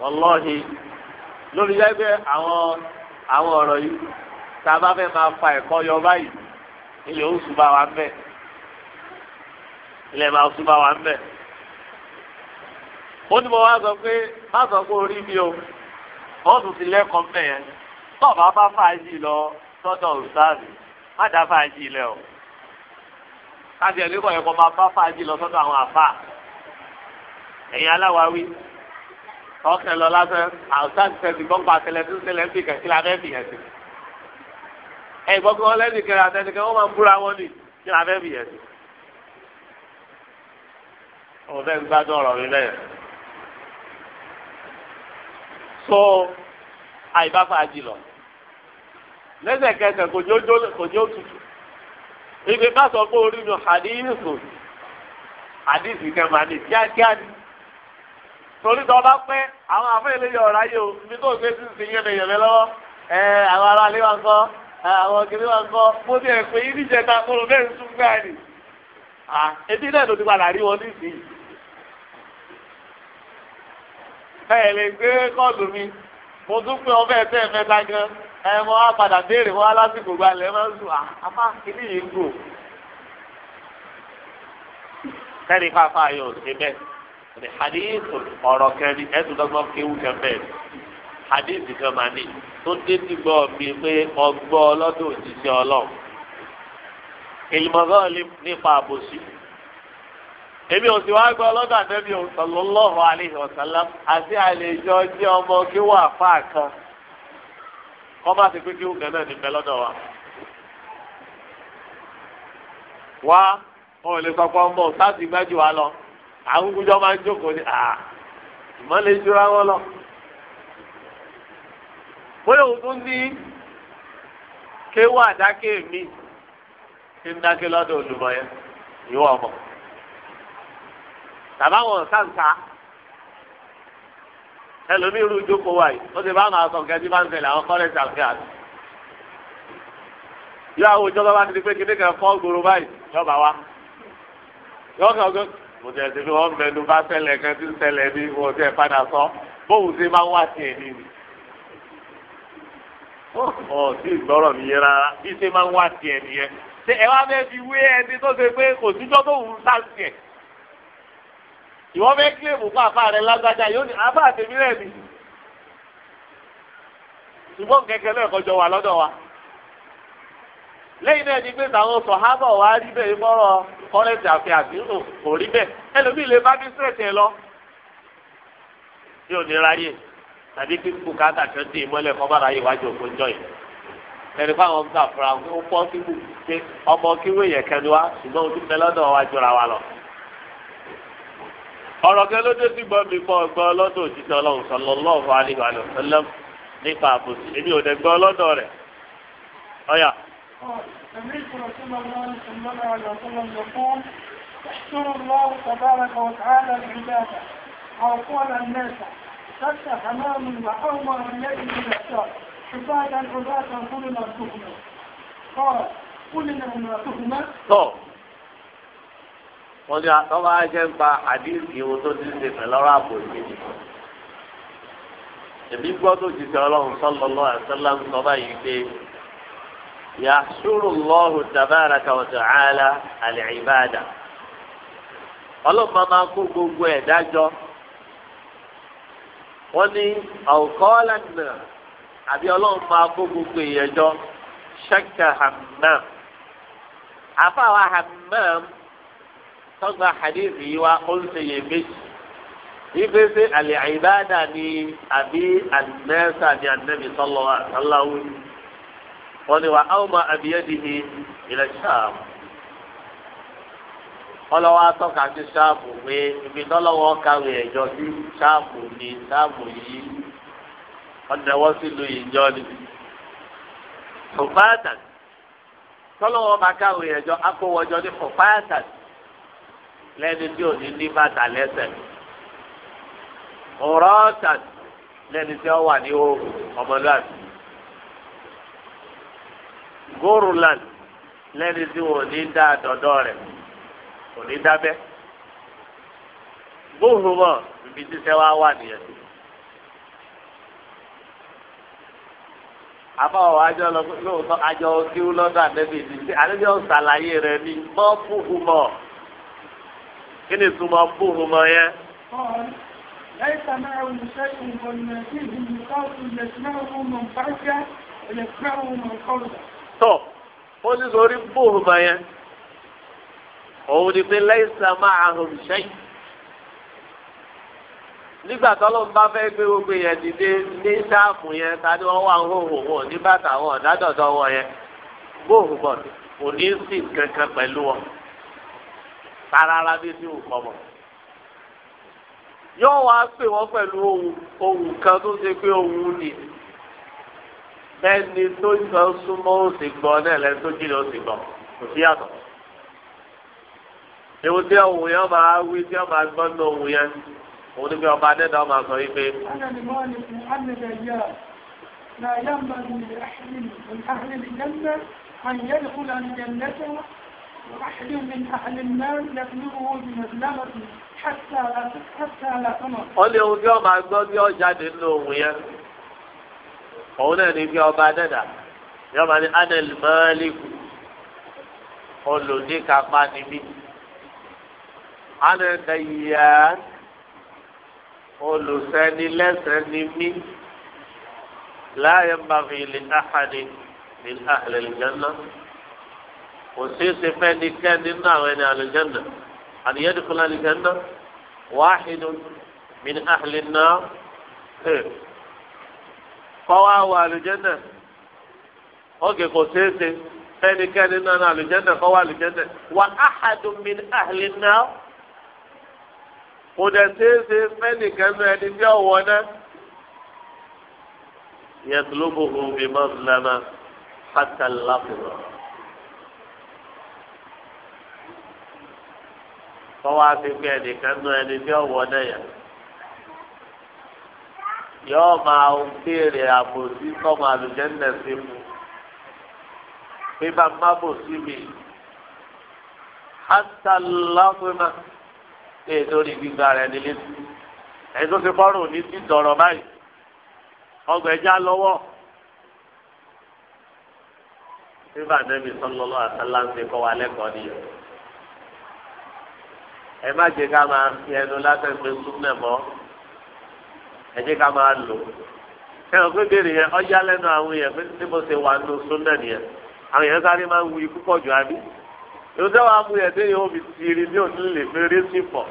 والله lórí yá pé àwọn àwọn ọ̀rọ̀ yìí tá a bá fẹ́ máa fa ẹ̀kọ́ yọ báyìí ilẹ̀ oṣù bá wa ń bẹ̀ ilẹ̀ máa oṣù bá wa ń bẹ̀ ó ní mo wá sọ pé má sọ pé orí mi o bọ́ọ̀sù ti lẹ́kọ̀ọ́ mbẹ̀ yẹn tọ́ọ̀bù bá fàájì lọ sọ́dọ̀ òṣàlù má dá fàájì lẹ o káṣíẹ̀ nígbà yẹn kọ́ máa bá fàájì lọ sọ́dọ̀ àwọn àfà ẹ̀yin aláwa wí ọkẹ lọ lásán àwùjọ àtẹsí gbọ́n pa tẹlẹsí tẹlẹsí kẹsí la fẹ́ fìyẹn sí. ẹ gbọ́ pé wọ́n lẹ́nu kẹrẹ àtẹnikẹ́ wọ́n máa ń búra wọn nì kí la fẹ́ fìyẹn sí. ọ̀fẹ́ ń gbádùn ọ̀rọ̀ mi bẹ́ẹ̀. so àìbáfà jìlọ lẹ́sẹ̀kẹsẹ̀ kò ní ó tutù ibi bá sọ pé orí mi hadith hadith kẹ́ máa ní kíákíá ni torí tó bá pẹ́ àwọn àfẹ́lẹ́ yọ ọ̀rá yìí o ibi tó gbé sí ti yẹn yẹ̀mẹ́ lọ́wọ́ ẹ àwọn ará ilé wa ń kọ́ àwọn ògiri wa ń kọ́ mo ti ẹ̀ pé yín níjẹ ta kúrò bẹ́ẹ̀ ń sún gbáà ni. etí náà ló ti padà rí wọn nísìnyí. ẹ lè gbé kọ́ọ̀dù mi mo tún pé ọbẹ̀ tẹ́ ẹ mẹ́ta gan ẹ mọ á padà béèrè wọn lásìkò gbalẹ̀ ẹ máa ń sùn àpá kìíní ń gò. kẹ́rì fáfá ṣe bẹ́ẹ̀ hadith ọ̀rọ̀ kẹrin ẹ̀sùn dọ́gbọ́n kéwù kẹfẹ́ hadith kan máa ní tó dé ti gbọ́ mi pé ọgbọ́ ọlọ́dún òṣìṣẹ́ ọlọ́run ìlmọ̀gán nípa àbòsí èmi ò sì wá gbọ́ ọlọ́dún àtẹ́bí sallallahu alaihi wasallam àti àlejò jẹ́ ọmọ kéwù àfáà kan kọ́ bá ti pé kéwù kan náà ní mẹ́lọ́dọ̀ wa. wá wọn ò lè sọ pé ọmọ sáà ti gbájú wa lọ àwọn gbùjọ máa ń jókòó ní àá ìmọ̀lẹ̀ ìjọra wọn lọ. bóyá òun tún ní kéwà dáké mi kí n dáké lọ́dọ̀ olùmọ̀ yẹn ìwọ ọmọ tàbáwọn sáǹsà ẹlòmíì rú wáyé ó ti bá àwọn àwọn sọ̀nkẹ́ tí bá ń tẹ̀lé àwọn kọ́lẹ́jì àti àti yọ àwọn òjọba bá ti di pé kíndé fọ́ gbòòrò báyìí yọba wa yọ kàn gbé mo jẹ́ ti fi wọ́n mẹ́nu bá ṣẹlẹ̀ kan tí ń ṣẹlẹ̀ ní mo jẹ́ padà sọ bóun ṣe máa ń wá tiẹ̀ ní ni. ọ̀ sí ìgbọ́rọ̀ mi yẹn rárá bí ṣe máa ń wá tiẹ̀ nìyẹn ṣe ẹ wá fẹ́ fi wé ẹni tó ṣe pé kò síjọ́ tó wù ú sáǹtì ẹ̀. ìwọ fẹ́ kílèmù fún àfa rẹ lágbájá yóò ní àfa àtẹ̀mí rẹ̀ ni. ṣùgbọ́n kẹ̀kẹ́ náà kọjọ wà lọ́dọ̀ wa lẹ́yìn náà ni pé àwọn sọ̀hábà wà á rí bẹ́ẹ̀ mọ́rọ̀ kọ́lẹ́tì àfi àdínù kò rí bẹ́ẹ̀ ẹlòmíì lè bá bísírẹ̀ tẹ̀ lọ. tí ò ní ráyè tàbí kí bùkátà tó dé ìmọ́lẹ̀ kọ́ bá ráyè wájú òkú jọ yìí. ẹni fún àwọn ọ̀gá fúnra ó pọ́ kí wù pé ọmọ kí wù yẹn kẹnu wa ṣùgbọ́n ojú fẹ́ lọ́dọ̀ wa jura wa lọ. ọ̀rọ̀ kẹ ló dé sí gbọ́ mi fọ́ gbọ́ lọ́dọ̀ òjíṣẹ́ قال سمعت رسول الله صلى الله عليه وسلم يقول يحشر الله تبارك وتعالى العباده ويقول الناس شك حمام وحومر الذي يحشر حفاظا عبادا كلنا تهمه قال كلنا ما تهمه wọ́n ní àtọ́wọ́ ajẹ́ ń pa àdíìsì ohun tó ti ń ṣe pẹ̀lú ọ̀rọ̀ àbò ìgbèjì. èmi gbọ́ tó ti sẹ́ ọlọ́run sọ́lọ́lọ́ àṣẹ́lá ń sọ báyìí pé yàsúrù lọ́hù tabaraka wa ta'ala al-ibada ọlọ́mọ máa kó gbogbo ẹ̀ dájọ́ wọ́n ní ọ̀kọ́ọ́lá náà àbí ọlọ́run máa kó gbogbo èèyàn jọ ṣẹ́kẹ̀ hammam àfàwà hammam tọ́gbà hadith yìí wá ó ń ṣe iyèméjì ife ṣe al-ibada ni àbí àdìmẹ́sà ni ànábì sallallahu alaihi wasallam wọ́n ní wa áwùmá àbíyẹ́dìhì ilẹ̀ ṣáàmù ọlọ́wọ́ atọ́ka sí ṣáàmù pé ibi tọ́lọ́wọ́ kàwé ẹ̀jọ́ sí ṣáàmù ní ṣáàmù yìí ọ̀dẹ̀wọ́ sí lu ìjọ ni. fòfáàtà tọ́lọ́wọ́ máa kàwé ẹ̀jọ́ akówọ́jọ́ ní fòfáàtà lẹ́ni tí ò ní ní bàtà lẹ́sẹ̀ òrọ́ọ̀tà lẹ́ni tí ó wà ní òòrùn ọmọlúwàbí. Gorulan, lẹ́ni tí wọn ò ní dá dọ̀dọ̀ rẹ̀ kò ní dábẹ́ gbóhùnmọ̀ ibi tí sẹ́wà wà nìyẹn. àbáwọ̀ àjọ lóòótọ́ àjọ kíú lọ́dọ̀ àdẹ́bí ti ṣe àdẹ́bí ọ̀ ṣàlàyé rẹ̀ ní mọ́ gbóhùnmọ̀ kí ni ìtumọ̀ gbóhùnmọ̀ yẹn. ليس معهم شيء ويناديهم القاتل يسمعه من بعيد ويسمعه من قربه tọ wọ́n ti sọ orí bóòmù yẹn òun ni pé lẹ́sà máa hàn sẹ́yìn nígbà tọ́lọ́ ń bá fẹ́ gbé gbogbo yẹn dìde ní sáàmù yẹn ta wọ́n wà sẹ́ni tó sọ súnmọ́ ó sì gbọ́ náà lẹ́ni tó jìnnà ó sì gbọ́ kò sí yàtọ̀. ewu tí ọ̀hún yẹn máa wí tí ọ̀ gbọ́ ní ohun yẹn òun ni pé ọba adẹ́dá ọ̀ sọ yìí pé. لا ينبغي tí ọ gbọ́ bí ọ nínú ohun yẹn òun náà ní bí ọba dẹ́dà yọba ní anel mọ́lẹ́kù olùdíkapá níbí anel dẹ̀yà olùsẹ́nilẹ́sẹ̀ níbí láàyè mbàfi lè áhàdì lè áhàlẹ̀ lìjánná kò sí ṣe fẹ́ ní kẹ́ni nínú àwọn ẹni àlùjánná àníyàn dìkúnlá lìjánná wàhídùn min áhàlẹ̀ náà. kọ́wá wà àlùjẹ́nà ọ̀gẹ̀ kò ṣeé ṣe fẹ́nikẹ́ni náà ní àlùjẹ́nà kọ́wá àlùjẹ́nà wà áhàdùn min ahli náà kò dẹ̀ ṣeé ṣe fẹ́nikẹ́ni ẹni bí ọ̀wọ́ náà yẹtulubuhu bi mọ́sálàmà fatalakurọ. kọ́wá ti pé ẹnìkan náà ẹni tí ọ̀wọ́ náà yà. yọọ máa ń béèrè àbòsí kọ́mọ àlùjẹ́ńdẹ̀ sí mu bí bá má bò sí mi hátàláfẹ́mà lè lórí gbígbà rẹ̀ nílé sí ẹni tó ti fọ́rùn ní ti dọ̀rọ̀ báyìí ọgbẹ̀já lọ́wọ́ nígbà débi sọlọ́lọ́ àtàlà ń ṣe kọ́ wa lẹ́kọ̀ọ́ nìyẹn ẹ má jẹ́ ká máa fi ẹnu látẹ̀gbẹ́ súnmẹ̀ mọ́. ẹ jẹ́ ká máa lò ẹ hàn pé béèrè yẹn ọjà lẹ́nu àwọn yẹn pé bí ṣe wà nínú súnà nìyẹn àwọn yẹn sáré máa ń wu ikú jù àbí yóò wàá mú yẹn ní òní lè fi rí sí pọ̀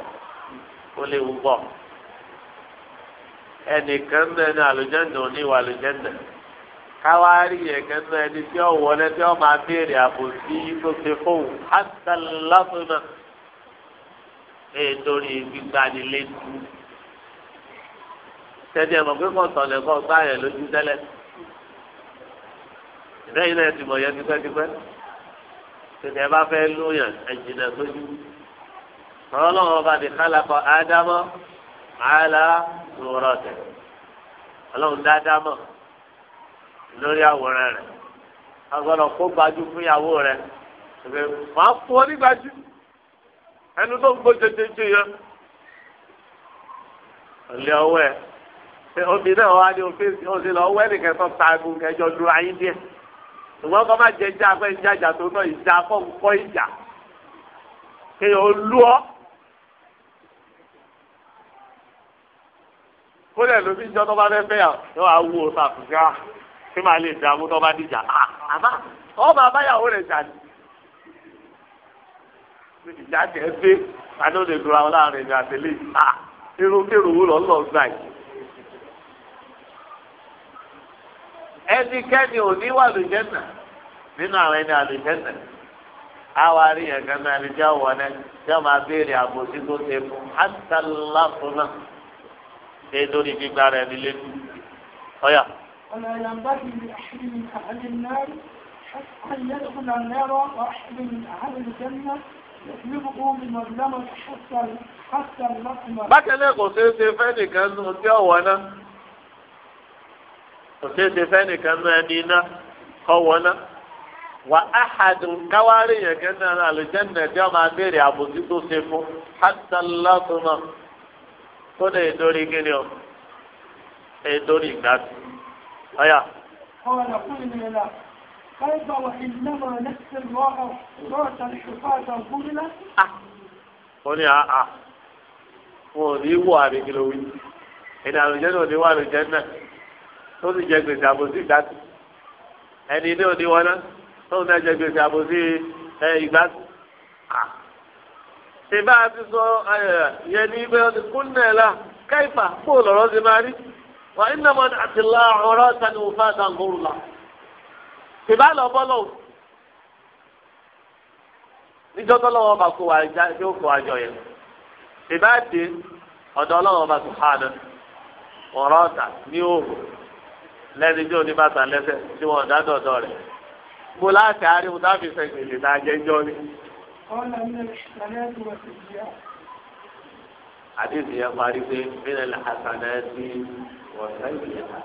ó lè wù pọ̀ ẹnìkan náà ní àlùjẹ́ndà òní wà àlùjẹ́ndà káwárí yẹn kan náà ẹni tí ó wọlé tí ó máa béèrè tó ṣe fóun tẹ̀sí ẹ̀ mọ̀ pé kò sọ̀lẹ̀ kò gbá yẹn lójú tẹ́lẹ̀ lẹ́yìn náà ti mọ̀ yẹn tipẹ́tipẹ́ tètè ẹ bá fẹ́ lóyàn ẹ̀jìnà sójú ọlọ́run ọba ti kálákọ̀ ádámọ́ àlá lóòrọ̀ tẹ̀ ọlọ́run dá ádámọ́ lórí àwòrán rẹ̀ agbọ́dọ̀ kó gbajú fún ìyàwó rẹ̀ ẹ̀fẹ̀ máa fún ọ nígbàjú ẹnu tó ń gbó jẹjẹjẹ yẹn ọ̀lẹ́ ọwọ́ ẹ̀ obì náà wá ní òfin òsì lọ wẹ́ nìkan tó ta kẹjọ dúró ayé díẹ̀ ṣùgbọ́n kọ́ má jẹ ìjà pé ìjà ìjà tó náà ìjà kọ́ kọ́ ìjà kéèyàn lú ọ́ kó lẹ̀ lóbi ìjọ tó bá fẹ́ fẹ́ yà yọ wá wú oṣù àfùgá ah, kí màá lè dààmú tó bá dìjà ah, àmá ọ báyàwó rẹ̀ jà ní. ìjà kẹfẹ́ adó lè dúró àwọn láàrin ìrìn àtẹlẹ́yìn ah, irú kéròwó lọ́ọ́ lọ́ọ́ gbà ẹnikẹ́ni ò ní wà lùjẹ́nà nínú àwọn ẹni àlùjẹ́nà àwa rí yẹn kan náà ní jẹ́ ọ̀wọ́ náà jẹ́ ọ̀ma béèrè àbòsí tó ṣe fún àtàlàfọ́nà ṣe lórí gbígbá rẹ̀ nílé kú. ọ̀yà. ọ̀nà حتى يدخل النار واحد من اهل الجنه يطلبه بمظلمه حتى حتى اللقمه. bákan náà kò ṣeé ṣe fẹ́ nìkan nù tí ọ̀wọ́ náà kò sí ṣe fẹ́nìkan náà ní iná kọ́wọ́ náà wà áhàdùn káwárí yẹn kẹ́ńtà àlùjẹ́nà tí wọ́n máa béèrè àbòsí tó ṣe fún hàtàlátùmọ̀ tó lè dórí kíni o lè dórí ìgbà tó ọ̀yà. قال قلنا لا كيف وإنما نخشى الله صوت الحفاة قلنا ó ní àá ah, ah. wọn ò ní wọ àbíkí lówí ìdàlùjẹ́ náà ní wọ àlùjẹ́ náà tó sì jẹ gbèsè àbòsí ìgbàsí ẹni ní òní wọn náà tó ń jẹ gbèsè àbòsí ìgbàsí. ṣèbá àti sọ yẹn ní ibẹ̀ ọdún kúnnẹ̀ la káìpà kó lọ́rọ́ sí máa rí wà iná mọ́ni àti la ọ̀rọ̀ sani òfin àtàngóró la. ṣèbá lọ bọ́lọ̀ níjọ́ tó lọ́wọ́ bá kó wàá jó kó wàá jọ yẹn ṣèbá àti ọ̀dọ́ ọlọ́wọ́ bá tó hàn án ọ̀rọ̀ ọ̀tà ní òòrùn lẹ́ni tí òní bàtà lẹ́sẹ̀ tí wọ́n dá dọ̀dọ̀ rẹ̀. mo láti ariwo táfi sẹ́gbèlè náà jẹ́jọ́ ni. àdéhùn yẹn parí pé mílẹ̀ hasan ẹ̀ ti wọ̀ sẹ́gbèlè náà.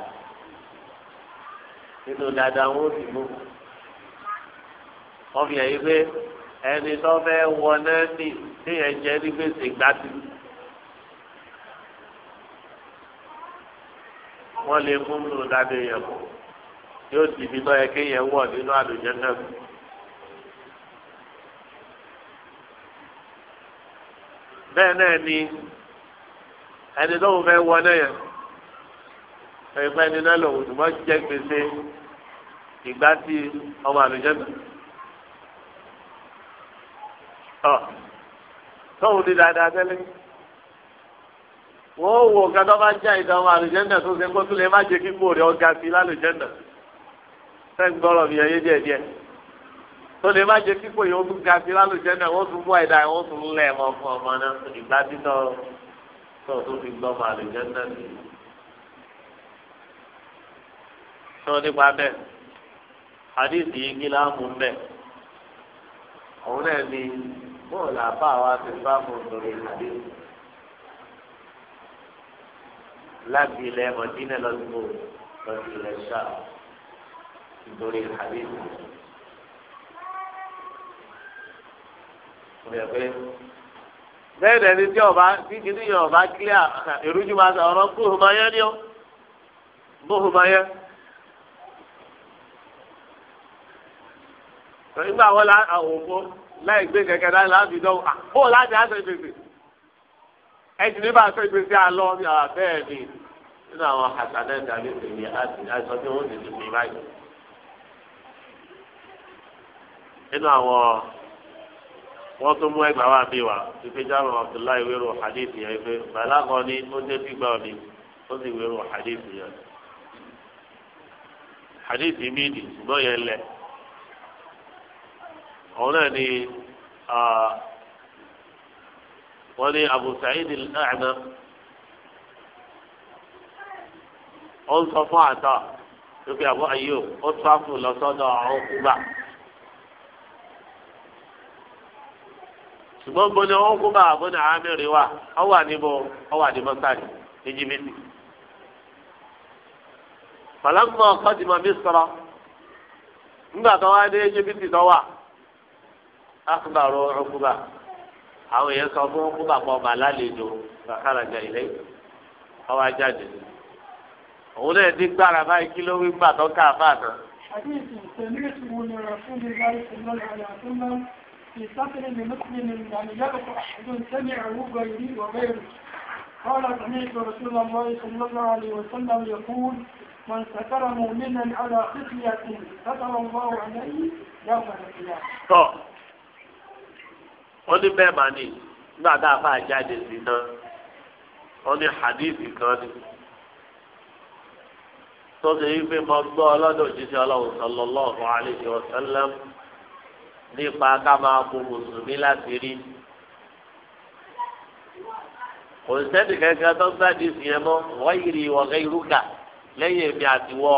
nínú dáadáa wọn ò sì mú. wọ́n fi hàn pé ẹni tó fẹ́ wọ náà nì téèyàn jẹ́ ní gbèsè gbàdúrà. wọ́n lè mú nù lábẹ́ yẹn kù yóò di ibi náà yẹ kéèyàn wọ̀ nínú àlùjẹ náà. bẹ́ẹ̀ náà ni ẹni tó ń fẹ́ wọ náà yẹn ẹgbẹ́ ẹni náà lòun ṣùgbọ́n jẹ́ gbèsè ìgbà tí ọmọ àlùjẹ náà. ọ̀ di dáadáa tẹ́lẹ̀ wọ́n wò ká tó bá já ìdánwò àlùjẹ́ndà tó ṣe kó tún lè má jẹ́ kí gbòòrè ọ̀gá sí lálùjẹ́ndà sẹ́yìn gbọ́rọ̀ mi ẹ̀yẹ díẹ̀ díẹ̀ tó lè má jẹ́ kí gbòòrè ọ̀gá sí lálùjẹ́ndà wọ́n tún mú ẹ̀dá wọ́n tún lẹ̀ mọ́ fún ọmọ náà ìgbà títọ́ tó tó fi gbọ́ ọmọ àlùjẹ́ndà sí i. tó nípa bẹ́ẹ̀ àdìsí igi láàmú bẹ́ẹ̀ òun náà ni bóòlù àbá ti bá mọ̀ láti ilẹ̀ mọ̀dínà lọ́dúnbò lọ́dún ilẹ̀ ṣá nítorí àbíkù. bẹ́ẹ̀ dẹ̀ ni tí ọba tí kìíní yẹn ọba kílíà èrújú máa sọ ọ̀rọ̀ gbóhùn máa yẹ ni ó gbóhùn máa yẹ. nígbà wọn la àwọn òpó láì gbé kẹ̀kẹ́ láì láti dánwò àpò láti àṣẹ gbèsè ẹ̀sìn ní bá a sọ ìgbésí alọ́ bẹ́ẹ̀ ni nínú àwọn àtàlẹ́ ìdàgbé tèmi àìsọ tí wọ́n ti tèmi báyìí. nínú àwọn wọ́n tún mú ẹgbàá wá bí wa ìfẹ́ jáwé Abdullahi wérò hadith yẹn ìfẹ́ bàlágọ́ ni ó dé gbígbà òní ó sì wérò hadith yẹn. hadith mi ni ṣùgbọ́n yẹn lẹ̀. òun náà ni. wani Abu Sa'id al-A'ma ó sọ fún àtọ lókè Abu Ayyub ó tún àfù lọ sọ́dọ̀ ọ̀hún kúbà. ṣùgbọ́n bó ni kúbà ọ wà níbo ọ wà ní nígbà tó wá dé tó wà. àwọn èèyàn sọ fún fún bàbá ọba lálejò kàkàràjà ilé ọwọ́ ajáde òun náà ní gbára báyìí kí ló wí gbà tó ká àbá náà. حديث سمعت من رسول الله صلى الله عليه وسلم في سفر لمسلم يعني يبقى أحد سمعه غيري وغيره قال سمعت رسول الله صلى الله عليه وسلم يقول من ستر مؤمنا على خطية ستر الله عليه يوم القيامة wọ́n ní bẹ́ẹ̀ máa ní nígbà tá a fà jáde sí náà wọ́n ní hadithi kan ní tó ṣe yí pé mo gbọ́ ọlọ́dọ̀ jíṣẹ́ ọlọ́run sallallahu alaihi wa sallam nípa ká máa bu mùsùlùmí láti rí kò sẹ́ni kankan tó gbàdí sí ẹ mọ́ wọ́n yìí rí ìwọ̀gẹ́ irúkà lẹ́yìn èmi àtiwọ́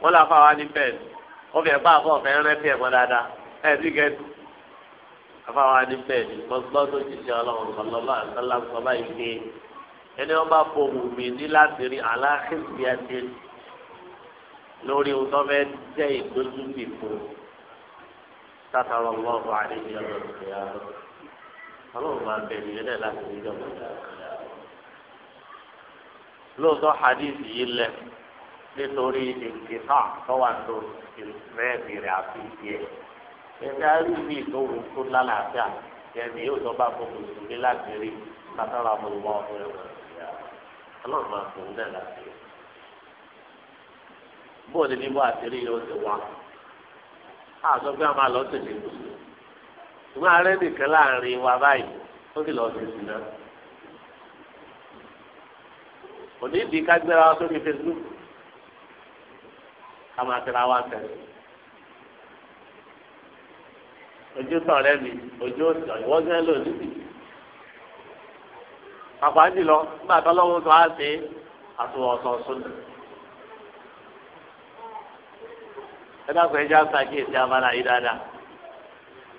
wọ́n làfà wá níbẹ̀ wọ́n fẹ́ bá àbọ̀ fẹ́ rẹ́ fẹ́ mọ́ dáadáa ẹbí gẹdú afáwọn adìpẹ ni gbọgbọ tó ti ṣe Ọlọ́run sọlọlọ àtàlà sọlá ìgbé ẹni wọn bá fọ wùmí ní láti rí aláhìsí àti lórí ọtọ fẹẹ jẹ ìdójú ìfò sátọrọ lọrọ àdéjì Ọlọ́run ṣe ya máa bẹ̀rẹ̀ yẹn láti rí ìjọba ìjà lóòótọ́ hadith yìí lẹ nítorí ìgbésà tọ́wà ìrẹ́bìrì àti ìdíyẹ ìdarí mi ìdóhùn tó lálàáfíà yẹmi yóò tó bá fún mùsùlùmí láti rí látara mọlúmọ ọkùnrin wọn Ọlọ́run máa fún un náà láti rí bóòlù ní bó àtìrí yóò ti wá àtọ bí a máa lọ sí ìlú ṣùgbọ́n ààrẹ nìkan láàrin wa báyìí ó sì lọ sí ìlú náà òní ìdí wa sórí Facebook ká máa tẹ̀ra wa tẹ̀lé. ojú sọ̀rẹ́ mi ojú ìwọ́gẹ́ lòdì. Pàpà jùlọ nígbà tó lọ́wọ́ tó á ṣe àtúwọ̀sọ̀sùn. Ẹ dákun ẹja ṣàkíyèsí abala yìí dáadáa.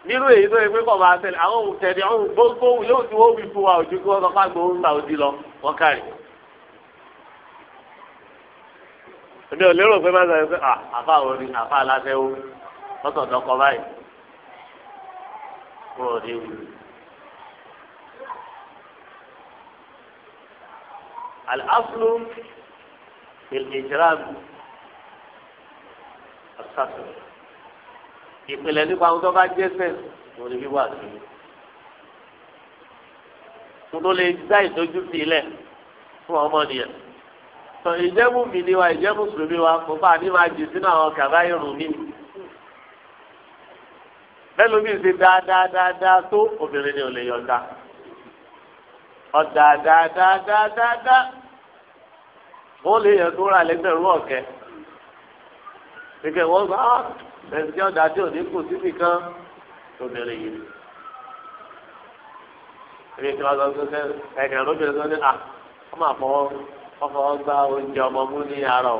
Nírú èyí tó yẹ pé kọ̀ máa tẹ̀lé àwọn òun tẹ̀lé àwọn gbogbo yóò ti wọ́n wí fún wa ojú kí wọ́n sọ ta lọ wọ́n kárì. ò lérò pé má sọ pé àfa wọ́n kúrò léwu. Al-aslu ìlẹ̀jìrán àtàtù. Ìpìlẹ̀ nípa àwọn tó bá jẹ́ sẹ́ẹ̀ lórí wíwà sí i. Mo tó lè dá ìtọ́jú sí ilẹ̀ fún ọmọnìyàn sọ ìjẹ́ ni wa ìjẹ́ mùsùlùmí wa kò bá ní máa jì sínú àwọn kàbáyé rùmí mẹ́lòó mi ṣe dáadáadáa tó obìnrin ni ò lè yọ̀ǹda ọ̀dà dáadáadáa ó lè yẹ tó rà lẹ́gbẹ̀rún ọ̀kẹ́ gẹ́gẹ́ wọ́n gbà á ah, lẹ́yìn tí ọ̀dà tí ò ní kù síbi kan obìnrin yìí ebi sọ pé sọ à ah, máa oúnjẹ ọmọ mú ní ara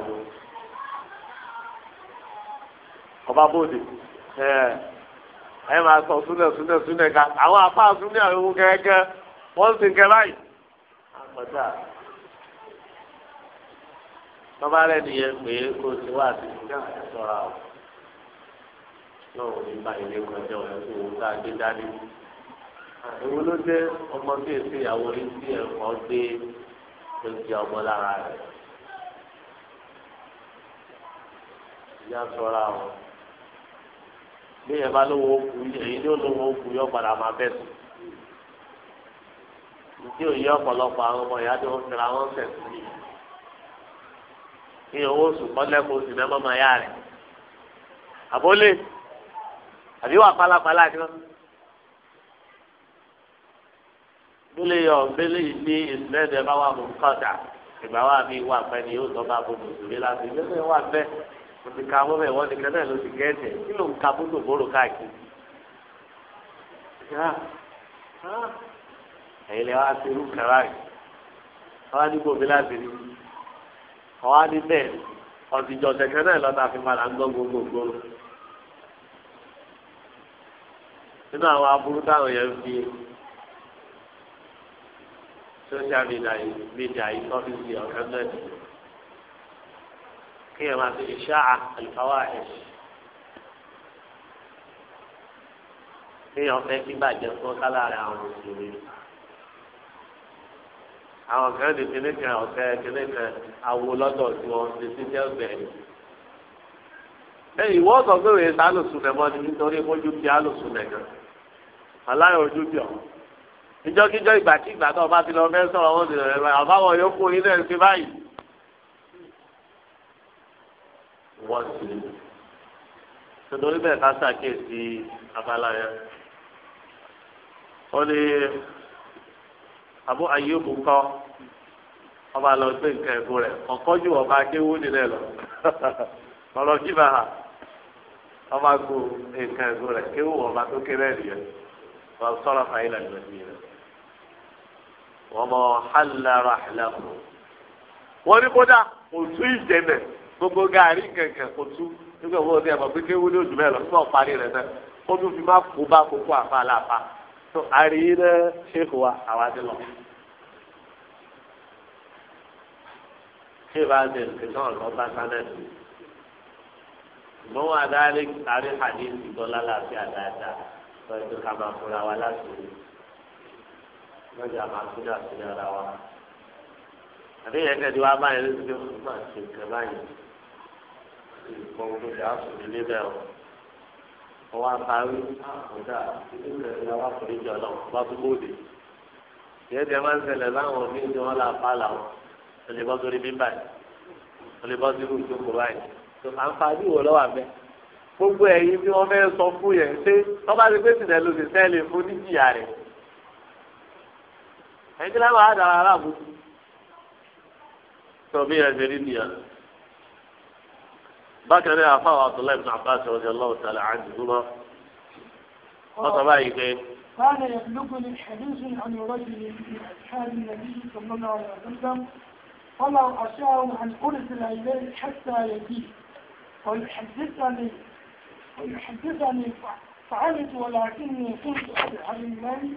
ọba bòde ẹ máa sọ súnlẹ̀ súnlẹ̀ súnlẹ̀ ká àwọn apá súnlẹ̀ àwọn kẹ̀kẹ́ wọ́n sì kẹ́ báyìí. àpẹta tọ́ba rẹ̀ nìyẹn pé kó ti wá sí sọ́ra o náà ò ní ilé kọjá ọ̀rẹ́ kó o ká gbé dání. èwo ló dé ọmọ tí èsì ìyàwó rí sí ẹ̀kọ́ gbé tó jẹ ọmọ lára rẹ̀. ìyá sọ́ra o bí yẹn bá lówó òkú èyí ló lówó òkú yọ padà máa bẹ̀ sùn. ìdí òye ọ̀pọ̀lọpọ̀ àwọn ọmọ ìyá tó ń tẹ̀lé àwọn ń tẹ̀sí yìí. kí owó sùn kọ́lẹ́kọ̀ọ́ sì mẹ́mọ́ máa yá rẹ̀. àbólé àbí wà pálapàla kí wọ́n. gbélé yọ gbélé yìí ní ìsìlẹ̀ bá wà mú kọ́ta ìgbà wà mí wà pẹ́ ni yóò tọ́ bá bọ̀ mùsùlùmí láti gbélé wà bẹ́ẹ̀ mo ti ka mọ́mọ́ ìwọ́n nìkan náà ló ti gẹ́ẹ̀tẹ̀ kí ló ń ka bóńdò bóró káàkiri. ẹ̀yin lè wá sí irú kẹwàá rẹ̀ wọ́n á ní gbòmí láti rí wọ́n á ní bẹ́ẹ̀ ọ̀sìnjọ́ ṣẹ̀kẹ́ náà lọ́ta fi padà ń gbọ́ gbogbogbò. nínú àwọn aburú táwọn yẹn ń fi social media yìí media yìí tọ́fi sí náà nìyẹn. هي ما في إشاعة الفواحش هي في kí ẹ fẹ́ kí bàjẹ́ fún kálárẹ̀ àwọn mùsùlùmí àwọn kan lè fi nìkan ọ̀fẹ́ kíní kan awo lọ́dọ̀ tí wọ́n ti ti jẹ́ bẹ̀rẹ̀. ẹ ìwọ sọ pé òye sá lòsùn nẹ̀ mọ́ ni nítorí mójú ti àlòsùn nẹ̀ gan. aláyọ̀ ojú bì ọ́. ìjọ́kíjọ́ ìgbàkígbà náà bá ti lọ fẹ́ sọ̀rọ̀ wọn ti rẹ̀ ọ̀báwọ̀ yókù ilé ẹ̀ sí báyìí. wọ́n ti nítorí bẹ́ẹ̀ ká ṣàkíyèsí abala yẹn. ó ní Abu Ayyub kọ́ ọba lọ gbé nǹkan ẹ̀gbọ́n rẹ̀ ọ̀kọ́ ju ọba akéwú nílẹ̀ lọ ọ̀rọ̀ kíbà hà ọba gbó nǹkan ẹ̀gbọ́n rẹ̀ kéwú ọba tó kéré nìyẹn wọ́n sọ̀rọ̀ fàyè lẹ́nu ẹ̀mí rẹ̀ wọ́n mọ̀ hàlàrà hàlàkùn wọ́n ní kódà òtún ìjẹ́nẹ̀ gbogbo gaari kẹ̀kẹ́ kò tú nígbà wo ni ẹ̀mọ́ pété wúlò jù bẹ́ẹ̀ lọ fún ọ̀parí rẹ̀ náà ó tún fi máa kó bá kókó àfa làfa tó àrí rẹ̀ ṣèkò wa àwa ti lọ. ṣé ìbá ṣe nǹkan náà lọ bá sálẹ̀ sí i ṣùgbọ́n wọn adarí àrí àdéhùn dọ́là láti àdáadáa lọ́jọ́ tó ká máa fúnra wa láti rí lọ́jọ́ àmà kúndà sí ara wa. àbí yẹn kẹ́ni wá lóṣù tó máa ṣe nǹkan báyìí ìkọ̀wé tó dáa sùn nílé bẹ́ẹ̀ o wọ́n wá ń parí àkọ́dà títí tẹ̀lé wá fún ìjọ náà bá tún bóde. ìyẹn tẹ máa ń ṣẹlẹ̀ láwọn òbí ìjọ wọn là pa làwọn ó lè bọ́ sórí bímbà yìí ó lè bọ́ sírú ìjókòó báyìí. tó à ń parí ìwò lọ́wọ́ abẹ́. gbogbo ẹ̀yin tí wọ́n fẹ́ sọ fún yẹn ṣé wọ́n bá ti pèsè náà lòdì sẹ́ẹ̀lì fún níjìyà rẹ̀. ẹ̀yin tí láwọn á dára aráàbò bákan náà afáwọn عبد الله بن عباس رضي الله تعالى gbọmọ wọn sọ báyìí pé. قال يبلغني حديث عن رجل من اصحاب النبي صلى الله عليه وسلم فلو اشاء عن قرص العباد حتى يجيء ويحدثني ويحدثني فعلت ولكني كنت على المال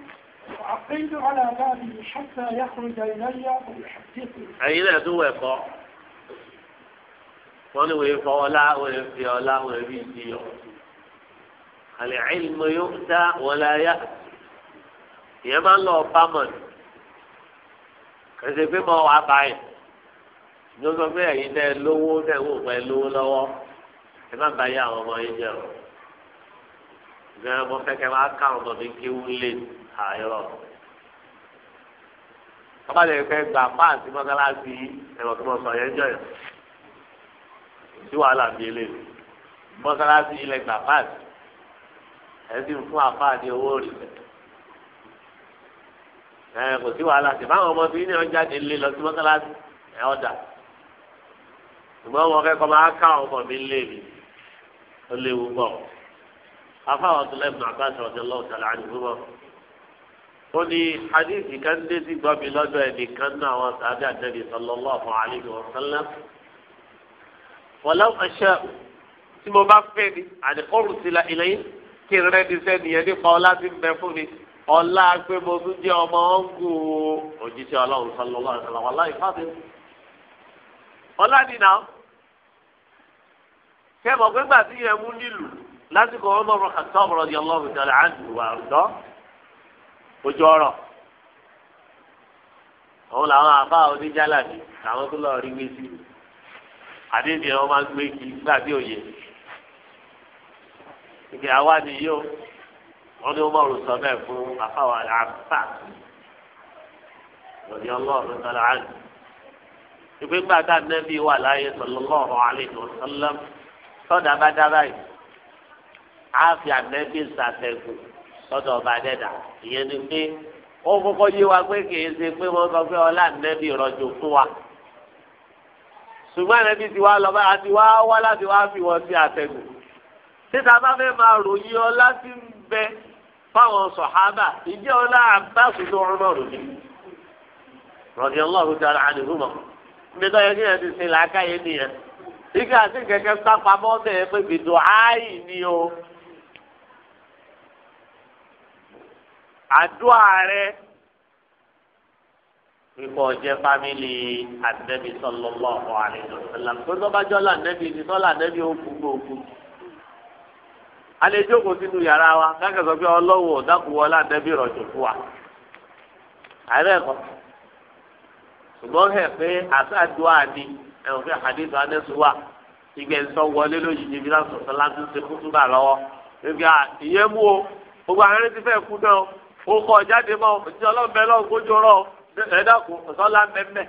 وعقيت على بابه حتى يخرج الي ويحدثني. اي لا دوى wọ́n ní wòye fọ ọlá wòye fi ọlá wòye fi di yọ àlẹ́ ìlmọ̀ yóò dá wọlé ayá ìyẹn máa ń lọ ọba mọ̀ ní kẹsẹ̀ pé mọ wàá báyìí ní sọ pé ẹ̀yin náà lówó náà wò pẹ́ lówó lọ́wọ́ ẹ má bá yá àwọn ọmọ yín jẹ o gbẹ̀rẹ̀ mọ fẹ́ kẹ́ wá ká ọmọ mi kéwú lé àárọ̀ ọba lè fẹ́ gbà páàsì mọ́kálásí ẹ̀rọ tó mọ̀ sọ jọ̀yọ̀ sí wàhálà bíi eléyìí mọ́sálásí ilẹ̀ gbà fáàdì ẹ̀sìn fún àfáàdì owó rì ẹ̀ kò sí wàhálà sí báwọn ọmọ bíi ní ọjà ti lé lọ sí mọ́sálásí ẹ̀ ọ̀dà ṣùgbọ́n wọn kẹ́kọ̀ọ́ máa ká ọmọ mi lé mi ó léwu bọ̀ afáwọn tó lẹ́nu àbáṣọ ọ̀dọ́ lọ́wọ́ tàlẹ́ àdúgbò ó ní hadith kan dé sí gbọ́ mi lọ́dọ̀ ẹnìkan náà àwọn sàbẹ̀ àtẹ̀lẹ́ sọlọ́lọ́ àfọ̀ àlejò ọ̀sán lẹ́nu wọ̀lá ọ̀ṣẹ́ tí mo bá fẹ́ ni àdìkọ́rù ti la ìlẹ́yìn kí n rẹ́ ní sẹ́ni yẹn nípa ọlá ti ń bẹ fún mi ọlá pé mo tún jẹ́ ọmọ ọ̀ngù òjíṣẹ́ ọlọ́run sọlọ́lá ìsọlọ́wọ́ láì fáde. ọlá ni nà ó kẹ́ mọ̀ pé gbàtí yẹn mú nílùú lásìkò ọmọ ọmọ kàtà ọmọ ọdí ọlọ́run ìjọba àdùnwà ọ̀dọ́ ojú ọ̀rọ̀ òun làwọn àbá oníjàlá làwọn tó lọ rí wí àdéhùn yẹn wọ́n máa ń gbé kí gbà bí òye ìgbé àwa nìyí o wọ́n ní wọ́n máa rò sọ bẹ́ẹ̀ fún àfàwà àfà lòdì ọlọ́run sọlá àná ìgbé gbàgbà nẹ́bí wà láyé sallallahu alaihi wasallam sọ́dà bá dá báyìí á fi ànẹ́bí sàtẹ̀gùn sọ́dọ̀ ọba dẹ́dà ìyẹn ni pé ó kọ́kọ́ yé wa pé kì í ṣe pé wọ́n sọ pé ọlá ànẹ́bí rọ̀jò fún wa ṣùgbọ́n ẹ̀rẹ́bí ti wá lọ́ba àti wá wá láti wá fi wọ́n sí àtẹ̀gùn. títa bá fẹ́ máa ròyìn ọlá tí ń bẹ fáwọn sọ̀hábà ìjẹ́ ọlá àbáṣu tó rán náà ròyìn. rọ̀dí ọlọ́run ti ara àdìgún mọ̀. mi tọ́ yẹ ti sin làákàyè nìyẹn. ike àti kẹ̀kẹ́ sápamọ́ bẹ́ẹ̀ pé bìdò áì ni o. àdúrà rẹ̀ ikọ̀ jẹ́ fámìlì ànẹ́bí sallallahu alaihi wasallam tó tó bá jọ́lá ànẹ́bí ni sọ́lá ànẹ́bí ó kú gbòógù. a lè jókòó sínú yàrá wa káàkiri sọ pé ọlọ́wọ́ dákúwọ́ láàdẹ́bí rọ̀jò fún wa. àìrẹ́ ẹ̀kọ́ ṣùgbọ́n hẹ̀ pé àtàdúrà ni ẹ̀wọ̀n fi hadith anẹ́sùn wa ìgbẹ́ sọ wọlé lójijì bí láti sọ̀tọ̀ láti ṣe kú túbà lọ́wọ́. ìyẹn mú o gbogbo àwọn ẹni ẹ̀dá kò sọ́lá mẹ́mẹ́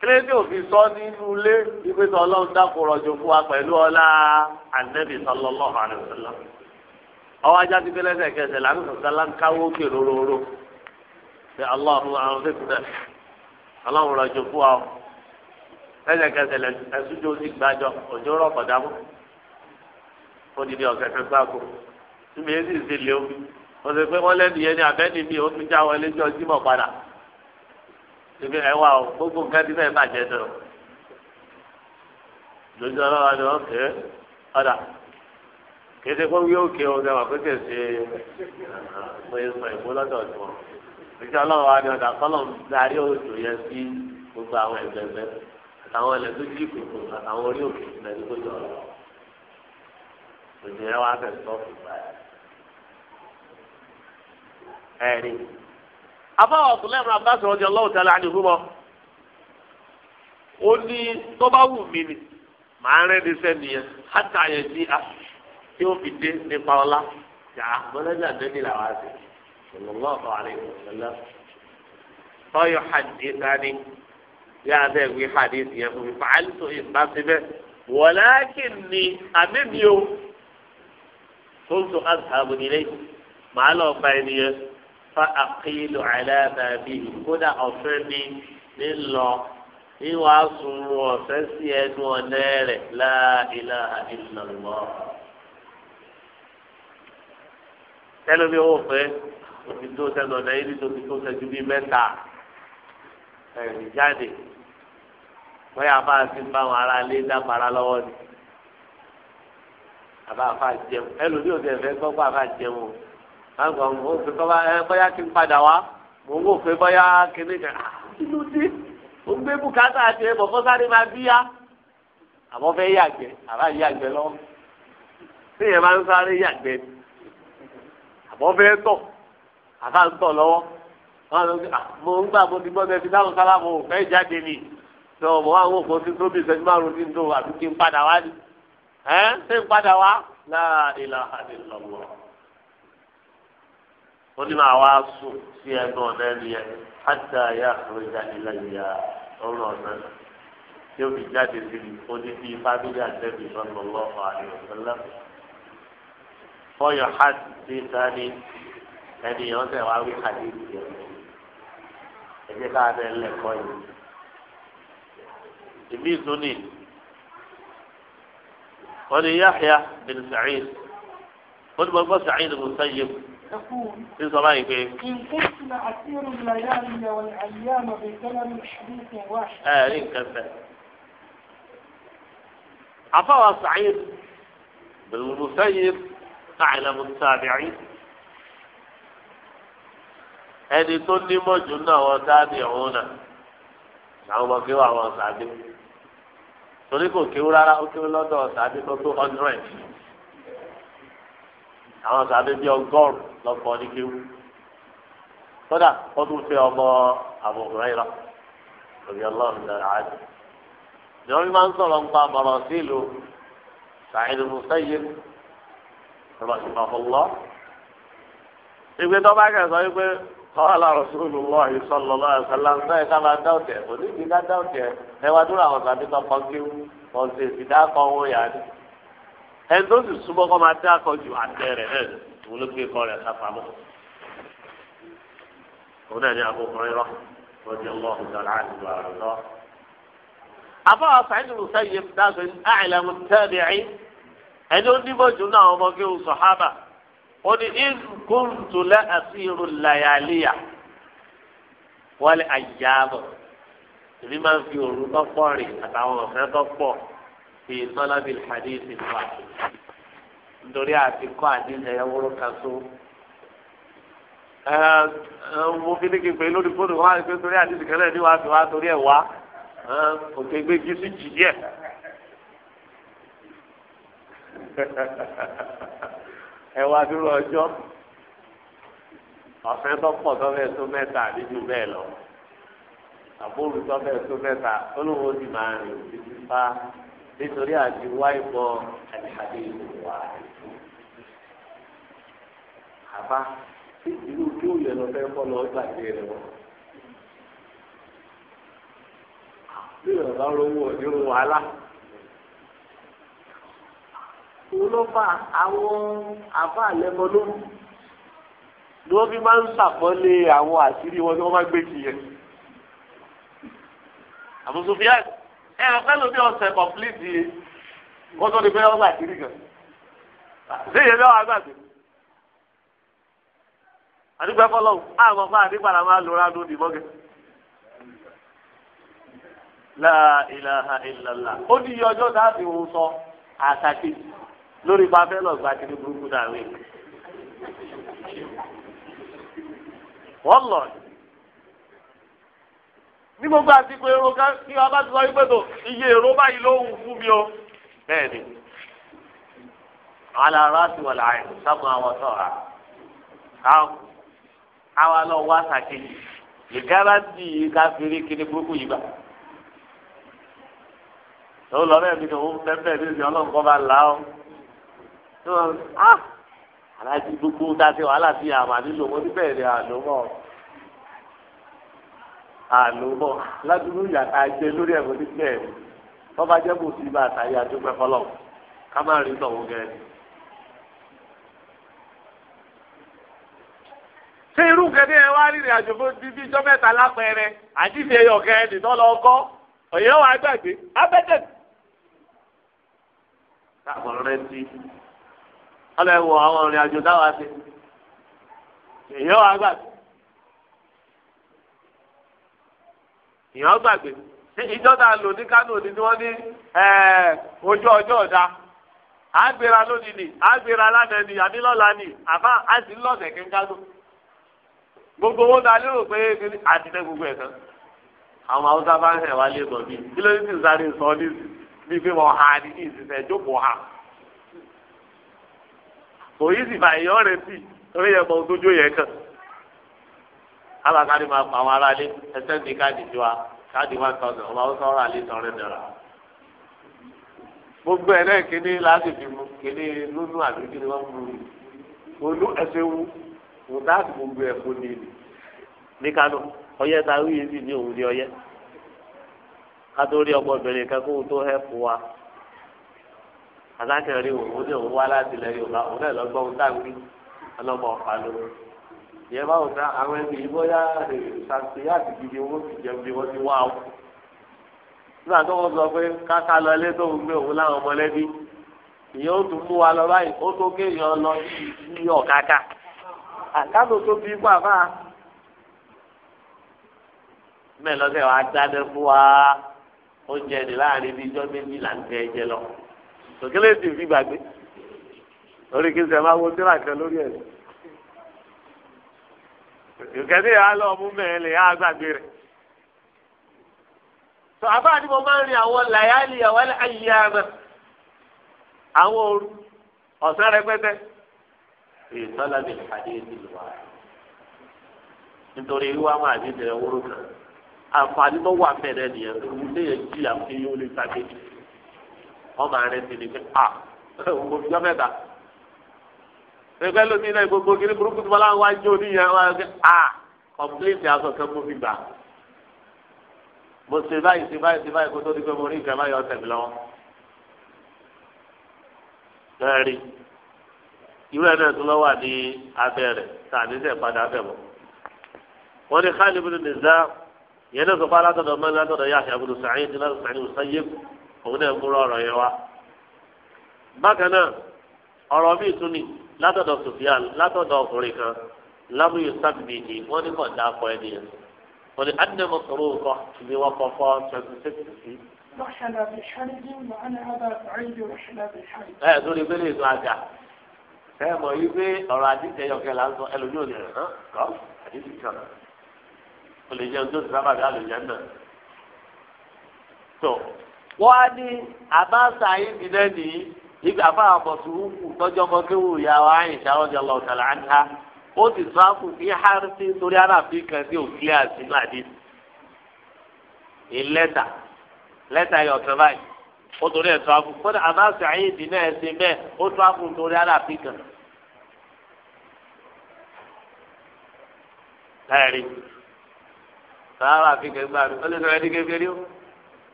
kílódé òfin sọ nínú ilé ìwé tó ọlọ́run dákò rọ̀jò fún wa pẹ̀lú ọlá ànẹ́bì sallallahu alaihi ọwọ́ ajá ti gbẹ́lẹ́sẹ̀ kẹsẹ̀ lànà sọ̀tàlá ń kè róróró àwọn ọlọ́run rọ̀jò fún wa kẹsẹ̀ ti gbàjọ òjò ó di ọ̀sẹ̀ gbáko ibi ẹ o gbogbo nǹkan ti fẹ́ bàjẹ́ tó lójú ọlọ́wọ́ ni wọ́n ké ọ̀dà kéde kó wí òkè o ní àwọn pété ṣe pé uh, sọ ìbò lọ́dọ̀ tó lójú ọlọ́wọ́ ni ọ̀dà kọ́lọ̀ darí òjò yẹn sí gbogbo àwọn ẹgbẹgbẹ àtàwọn ẹlẹ tó jí kòkò àtàwọn orí òkè lẹ́nu tó jọ lọ òjò fẹ́ sọ́ọ̀fù afáwọn ọ̀túnlẹ̀ ìmọ̀ abúlé sọ̀rọ̀ di ọlọ́wọ́ tẹ́lẹ̀ àní fún mọ́ ó ní tó bá wù mí ni màá rẹ́ ní sẹ́ni yẹn hátà yẹn sí a tí ó fi dé nípa ọlá yà á mọ́lẹ́dà làwọn àti ìlọ́lọ́ ọ̀tọ̀ àlẹ́ ìwọ̀sẹ̀lẹ̀ tọ́yọ̀ hàdí dání bí wí hàdí yẹn fún mi fàálì tó ìbá ti bẹ́ẹ̀ wọ́lákìn ni àmì mi ò tó ń tó azhabu nílé màá lọ bá ẹni yẹn fa àkìlù àìláàbàbí kódà ọ̀fẹ́ mi ní lọ ní wàá sunrù ọ̀fẹ́ sí ẹnu ọ̀nà rẹ̀ la ilaha illallah. tẹ́lẹ̀ mi ò fẹ́ òfi tó sẹ́nu ọ̀nà yìí nítorí tó sẹ́jú bíi mẹ́ta ẹ̀rì jáde bóyá a máa fi ará ilé dábàárà lọ́wọ́ ni àbá àfa jẹun ẹlòmíì ò tẹ̀ fẹ́ gbọ́ àfa jẹun o àgbà mo fi kọ́ bá ẹ bóyá kí n padà wá mo ń wò pé bóyá kíní kan ah, kí ló dé mo ń gbé bùkátà àti ẹ bọ̀fọ́ sáré máa bí yá àmọ́ fẹ́ yàgbẹ́ àbá yàgbẹ́ lọ́wọ́ tíyẹn máa ń sáré yàgbẹ́ àmọ́ fẹ́ tọ̀ àbá ń tọ̀ lọ́wọ́ ah, mo ń gbà mo ti gbọ́ bẹ́ẹ̀ fi dáhùn sálámù ò fẹ́ jáde nì mo wá wò kó sí tóbi ìṣẹ́jú márùn-ún ní ìdó àbí kí n padà wá ni ẹ́ ṣé n padà wá láà ilà àdìlọ́wọ́ ó ní máa wá sùn sí ẹnu ọ̀nà ẹni yẹn ájà ya àwọn ìjà ilẹ̀ ìyá ọ̀rùn ọ̀nà tí ó fi jáde sí i ó ní bí fábílì àtẹ́bí sọ́nà lọ́wọ́ àyọ̀sọ́lá fọyọ̀ há sí sáré ẹni yẹn ọ̀sẹ̀ wá wí àdéhùn yẹn ẹ̀jẹ̀ ká bẹ́ẹ̀ lẹ́kọ̀ọ́ yìí ìmí ìtúni wọ́n ní Yahya bin Sa'id wọ́n ní gbọ́gbọ́ Sa'id bin Sayyid ti sọ báyìí pé. ẹ rí nǹkan fẹ. àfàwà sàyìn bẹ̀rùmùsẹ́yìn àìlẹ́mú sábẹ̀rì. ẹni tó nímọ̀ jù náà wọ́n dáàbì ọ̀hún náà àwọn ọmọ kí wọ́n àwọn ọ̀sàdé torí kò kéwú rárá ó kéwú lọ́dọ̀ ọ̀sàdé tó tó hundred àwọn sàbẹ bíi ọgọ́rùn lọkọ ní kéwù kódà wọn tún fẹ́ ọmọ Abu Hurairah òbí Ọlọ́run náà àádé ìjọba mi máa ń sọ̀rọ̀ nípa bọrọ sí ìlú Sa'id Musayyib rahimahullah ìgbé tó bá kẹsàn yìí pé kọ́lá Rasulullah sallallahu alaihi wasallam náà ká máa dá òtẹ̀ òní ti ká dá òtẹ̀ wá dúró àwọn sàbẹ tó kọ́ kéwù wọn sì fi dá kọ́ ẹni tó sì súnmọ́ kọ́ máa a akọ́jú àtẹ rẹ̀ náà òun ló gbé kọ́ rẹ̀ òun náà ní akókò rírọ́ lọ́jọ́ ọlọ́run dọ̀là àdúrà lọ. àbáwọ̀ sàyẹ́dì musa yìí fi dáàbò tẹ́lẹ̀ ẹ̀ ẹni ó dìbò jù náà ọmọ kí n sọ̀hábà ó ní ìkúntù lẹ́ làyàlíyà wọ́n àyàbọ̀ èmi máa ń fi òru tó pọ̀ rìn àtàwọn ọ̀fẹ́ tó pọ̀ fi tọ́lábì hadithi fa nítorí àti kọ́ àdínlẹ̀ ẹ̀wọ́rọ́ kan tó. mo fi ní kí n pè é lórí fóònù wá pé torí àdínlẹ̀ kẹlẹ́ ní wàá fi wá torí ẹ̀ wá òkè gbégi sí jì díẹ̀. ẹ wá dúró ọjọ́ ọ̀fẹ́ tó pọ̀ tó fẹ́ tó mẹ́ta àdíjú bẹ́ẹ̀ lọ àbóòlù tó fẹ́ tó mẹ́ta olówó ti máa rìn títí fáá nítorí àti wá ìmọ̀ àdìhàdì ìwà àbá tí ìlú tí ó yẹ lọ fẹ́ kọ́ lọ gbàgbé rẹ̀ wọ́n. bí ìrọ̀lá rówó onírú wàhálà. olófà àwọn àbá àlẹ́mọ ló ń ni wọ́n fi máa ń sàpọ́nlé àwọn àṣírí wọn tí wọ́n bá gbé kiri yẹn. àbùsùn fíàsì. ẹ ẹ pẹ́ lómi ọ̀sẹ̀ kó tó di pé ọgbà kiri gan léyìn àdúgbò àwọn máa mọ́gẹ́ la ilaha ó iye ọjọ́ sọ àtàkì lórí pàfẹ́ lọ́gbà kiri burúkú ní gbogbo àsìkò èrò kan kí wọn bá ti sọ wípé tó iye èrò báyìí ló wù fún mi o bẹ́ẹ̀ ni ala rasi wàlà àyè sábà àwọn sọ̀rọ̀ àwọn lọ wá sàkéjì ìgbàlá ti káfíìrì kiri burúkú yìí gbà tó lọ bẹ́ẹ̀ mi tó ń pẹ́pẹ́ mi sì ọlọ́run kọ́ bá là ó tó ah aláàjì gbogbo dáṣẹ́ wàhálà sí àmà nílò mo ti bẹ̀rẹ̀ àlọ́ mọ́ àlùmọ́ ládùúgbò yàtà jẹ lórí ẹ̀fọ́ ní bẹ́ẹ̀ ni bá jẹ́ bùsùn àtàyè àdúgbò fọlọ́ ká má rí tọ̀wọ́ ni. ṣé irú kẹ́ni ẹ wá fún bíbí mẹ́ta lápẹẹrẹ àdìsí ẹyọ lọ kọ́ ọ̀yẹ́ wàá gbàgbé ìyàn gbàgbé ìjọba lò ní kánò ní ni wọ́n ní ojú ọjọ́ àgbèrà lónìí ni àgbèrà lánàá ni àbí lọ́la ni àbá àti lọ́sẹ̀ kẹ́ńkánò gbogbo owó náà lérò pé àtìlẹ́ gbogbo ẹ̀ tán àwọn haúsá bá ń wá lé bọ̀ kí ló ní sọ ní bí ha kò yí sì èèyàn torí tó jó alákàrí máa pa àwọn aráalé ẹsẹ̀ ní káàdì ju wa káàdì one thousand ọba ó sọ̀rọ̀ àlè tọrẹ dara. gbogbo ẹ̀ náà kíní láti fi mu kíní lúnú àbí kíní wọ́n mú mi olú ẹsẹ̀ wú mo dáàbò gbogbo ẹ̀ fún mi ní kánò ọyẹ ta wíyé sì ní òun ní ọyẹ kátórí ọmọbìnrin kan kó tó hẹ́pù wa alákẹ́rẹ́ òun ní òun wá láti ilẹ̀ Yorùbá òun náà lọ́gbọ́n táwọn ọlọ́mọ ọ̀pá lóhùn ìyẹn bá wò ná àwọn ẹbí yìí bóyá ṣàṣeyá àti gidi owó ti jẹun bí wọ́n ti wá o. nígbà tó wọ́n sọ pé káká lọ ilé tó ń gbé òun láwọn mọ̀lẹ́bí ìyẹn ó tún mú wa lọ báyìí ó tó kéèyàn lọ sí ọ̀káká. àkàtò tó bí bàbá mẹ́ẹ̀ lọ́sẹ̀ wàá dáná fún wa oúnjẹ ní láàrin bíi ijọ́ méjì là ń tẹ ẹjẹ lọ. òkèlè sì fi gbàgbé orí kí n sẹ́ máa wo tíra kan lórí ẹ̀sìn. ìkẹ́sí yà á lọ mú mẹ́ẹ̀lì yà á sọ abá ni mo máa ń rin àwọn làyálì àwọn ayé àwọn òru ọ̀sán rẹpẹtẹ. ìtọ́lá mi pàdé nílùú wa nítorí wíwá máa ní ìdẹ̀rẹ̀ wúrú kan àǹfààní tó wà mẹ́rẹ̀ nìyẹn òun lè yóò lè wọ́n máa rẹ́ sí ni pé ah, fi mẹ́ta. ẹgbẹ́ lómi náà gbogbo kiri burúkú tí wọ́n láwọn wá jó níyàn wá ẹgbẹ́ a kọ̀mpléǹtì aṣọ kan mú mi gbà. mo ṣe báyìí ṣe báyìí ṣe báyìí kó tó di pé mo rí ìfẹ́ báyìí ọ̀sẹ̀ mi lọ́wọ́. lẹ́ẹ̀rí irú ẹ̀ náà tó lọ́ wà ní abẹ́ rẹ̀ tàbí sẹ̀ padà abẹ́ bọ̀. wọ́n ní Khalid ibn Nizam yẹn náà sọ fún alátọ̀dọ̀ mẹ́rin látọ̀dọ̀ Yahya ibn Sa'id òun náà mú látọ̀dọ̀ Sufyan látọ̀dọ̀ ọkùnrin kan lábúyò sábìbìdì wọ́n ní kọ̀dá akọ ẹni yẹn wọ́n ní adínẹ́mọ̀ sọ̀rọ̀ òkọ ni wọ́n kọ́ fọ́ twenty six sí. ẹ ẹ lórí ìgbélé ìlú àjà ẹ mọ̀ yí pé ọ̀rọ̀ àdìsẹ́ yọkẹ́ là ń sọ ẹlòmíì ò lè rẹ̀ hàn kọ́ àdìsẹ́ kan o lè jẹun tó ti sábà bí àlùjẹ náà. tó wọ́n á ní àbá sàyìn ìdẹ́nìí ìgbà fáwọn àbọ̀sùwùkù tọ́jọ́ ọmọ kéwù ìyá wa àyìnṣà ọjọ́ lọ tàlà á ń ha ó sì sáfù sí hárísì torí aráàfin kan sí òkìlẹ̀ àti màdí. ìlẹ́tà lẹ́tà yọ̀ ọ̀tọ̀ báyìí ó torí ẹ̀ sáfù kódà àmà sàáyéèdì náà ẹ̀ ṣe bẹ́ẹ̀ ó sáfù torí aráàfin kan. ẹ̀rí sáárà fi kẹ́gbà mi ó lè sọ ẹni kékeré ó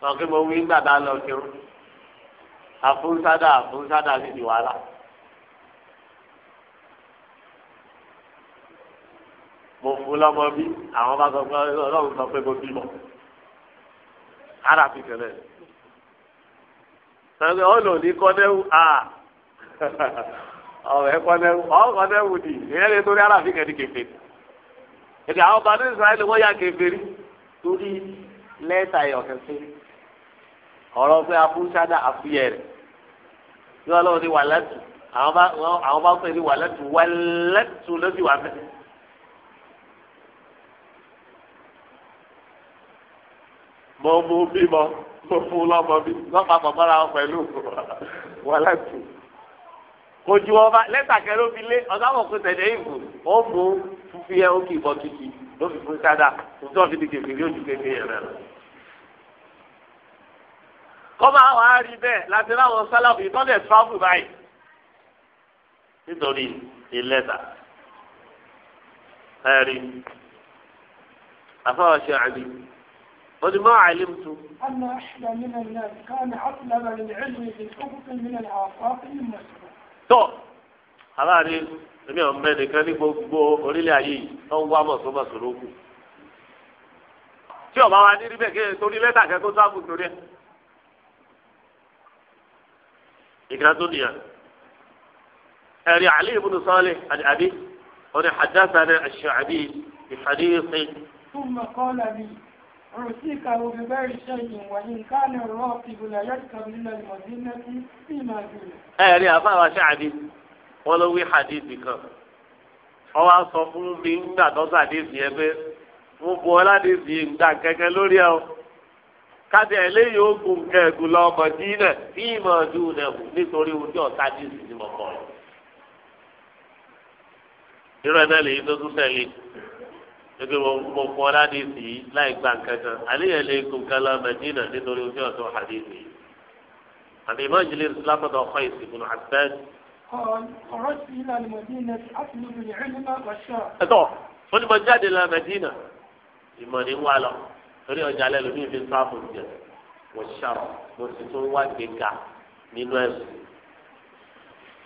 sọ pé mo wí gbàdá lọ kírun àfúnsádà àfúnsádà sì di wàhálà. mo fún lọ́mọ bí àwọn bá sọ pé ọlọ́run sọ pé mo bímọ ara fi tẹ̀lé sọ̀rọ̀ ọ̀nà òní kọ́nẹ́wù à ọ̀rẹ́ kọ́nẹ́wù ọ̀ kọ́nẹ́wù ni ìyẹn lè torí ara fi kẹ́ni kẹfẹ́ èdè àwọn ọba ní Israẹli wọ́n yà kẹfẹ́ rí torí lẹ́tà ẹ̀yọ̀kẹ́fẹ́ rí ọ̀rọ̀ pé afúnṣádà àfúyẹ rẹ̀ tí wọ́n lọ́wọ́ ní wàlẹ́tù àwọn bá àwọn bá pè ní wàlẹ́tù wàlẹ́tù ló sì wà fẹ́. mo mú bímọ mo fún lọ́mọ bí lọ́pàpọ̀ mọ́ra wọn pẹ̀lú wàlẹ́tù ojú ọba lẹ́tà kẹ́ ló fi lé ọ̀gá wọn kò tẹ̀lé ìbò ó mú fífi ó kì í bọ́ kìkì ló fi fún sádà tó fi di kèké yóò ju kèké rẹ̀ kọ́mọ àwọn àárí bẹ́ẹ̀ láti láwọn sálàbù ìtọ́lẹ̀ tíráfù báyìí nítorí ìlẹ́ta ẹ̀rí àfọwọ́ ṣe àbí wọ́n ti máa àìlè mutu. àmọ́ àṣìlá nínú ilé káàní àtìlábà lè ẹ̀lú ìdí òkùnkùn nínú àwọn ọ̀pìn mọ̀sùlùmí. tó aláàrí èmi ò mẹ́ nìkan ní gbogbo orílẹ̀ ayé yìí tó ń wá mọ̀sọ́mọ̀sọ́ lókù. tí ọba wa ní rí bẹ́ẹ̀ kí torí lẹ́tà kẹ́kọ̀ọ́ tó á kú torí ẹ̀. ìgbà tó nìyà ẹ̀rí Ali ibn Salih àdàbí ọ̀nà hadathana ash-Sha'bi ìfàdíyèsè. ثم قال لي أعطيكه بغير شيء وإن كان الراكب لا يركب إلى المدينة فيما فيه. ẹ̀rí àbáwá ṣáàdì wọn ló wí hadithi kan wọn wá sọ fún mi nígbà tó sàdéhìí ẹ pé mo bu ọ ládéhìí nǹkan kẹkẹ lórí ẹ o káti ẹlẹ́yìn ogun kẹ̀gùn lọ mọ̀dínà tí ìmọ̀ ọdún náà kù nítorí ojú ọ̀tá jésù ni mo kọ́ ọ. irú ẹ̀ náà lèyí tó tún tẹ̀lé gbogbo wọn mo fún ọ láti sì í láì gba nǹkan kan àléyìn ẹlẹ́yìn ogun kan lọ mọ̀dínà nítorí ojú ọ̀tá hadith yìí. àmì ìmọ̀ ìjìnlẹ̀ lápẹ̀dọ̀ ọkọ̀ ìsìnkú àtẹ́. ẹ̀tọ́ ó ní mo jáde ìmọ̀ torí ọjà lẹ́nu bí fi sáfù jẹ wọ́n ṣàrò mo sì tún wá gbéga nínú ẹ̀sùn.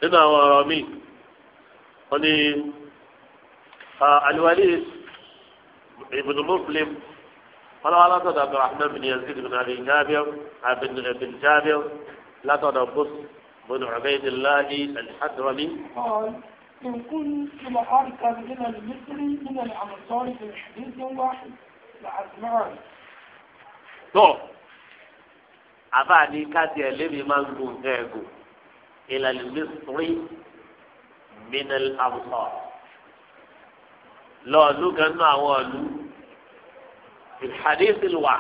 nínú àwọn ọ̀rọ̀ mi wọ́n ní Al-Walid ibn Muslim wọ́n lọ́wọ́ látọ̀dọ̀ Abdulrahman bin Yazid bin Abi Jabir bin Jabir látọ̀dọ̀ Bus bin Ubaydillah al-Hadrami. إن كنت لأركب من المصري من الأنصار في حديث واحد tó àbáàní káàdì ẹlẹ́mìí máa ń gun ẹ̀gùn ìlànà mísírì mínal àwùsọ lọ́ọ̀lù ganu àwọn ọ̀lù ìhàdíìsì wà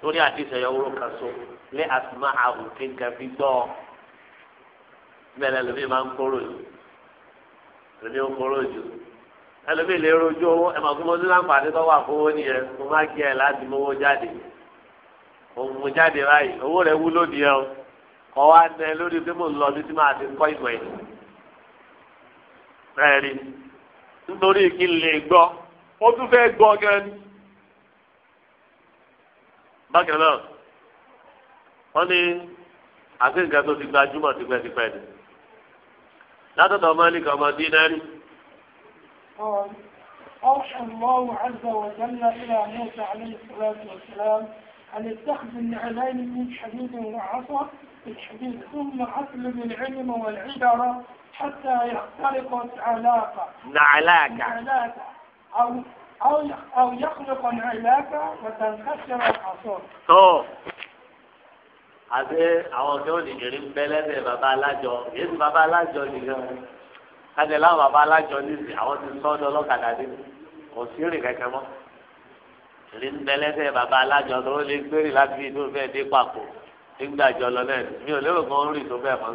lórí àdìsẹ̀ yọ̀wúrò kan so lé àtúmọ̀ àwùn kéka fi gbọ́ bẹ́ẹ̀ lẹ́lẹ́mìí máa ń kóró jù lẹ́mìí ó kóró jù ẹlòmíì lè rojú owó ẹ màá fún mo ní láǹfààní tó wà fún owó nìyẹn mo má kí ẹ láti mówó jáde òun mo jáde báyìí owó rẹ wúlò nìyẹn o kọ́ wa nẹ lórí pé mo ń lọ bí tí màá ti kọ́ ìmọ̀ ẹ̀ bẹ́ẹ̀ rí nítorí kí n lè gbọ́ ó tún fẹ́ gbọ́ gan ni. bákan náà wọ́n ní àti nǹkan tó ti gbajúmọ̀ tipẹ́tipẹ́ ni látọ̀dọ̀ mọ́lì kan mọ́ dínárì. قال أوحى الله عز وجل إلى موسى عليه الصلاة والسلام أن اتخذ النعلين من حديد وعصا الحديد ثم أسلم العلم والعبرة حتى يختلقت علاقة نعلاك نعلاك أو أو أو يخلق العلاقة وتنكسر الحصون. àti àwọn kan ò ní kiri ń bẹ lẹ́sẹ̀ bàbá alájọ yéésù bàbá alájọ nìkan kájẹ láwọn bàbá alájọ níbi àwọn ti sọ́dọ̀ ọlọ́kadà níbi kò sí rìn kẹ̀kẹ́ mọ́ èlé ń bẹ lẹ́sẹ̀ bàbá alájọ tó lè gbérì láti inú bẹ́ẹ̀ dé papọ̀ nígbàjọ lọ náà mi ò lérò kan ń rìn tó bẹ́ẹ̀ mọ́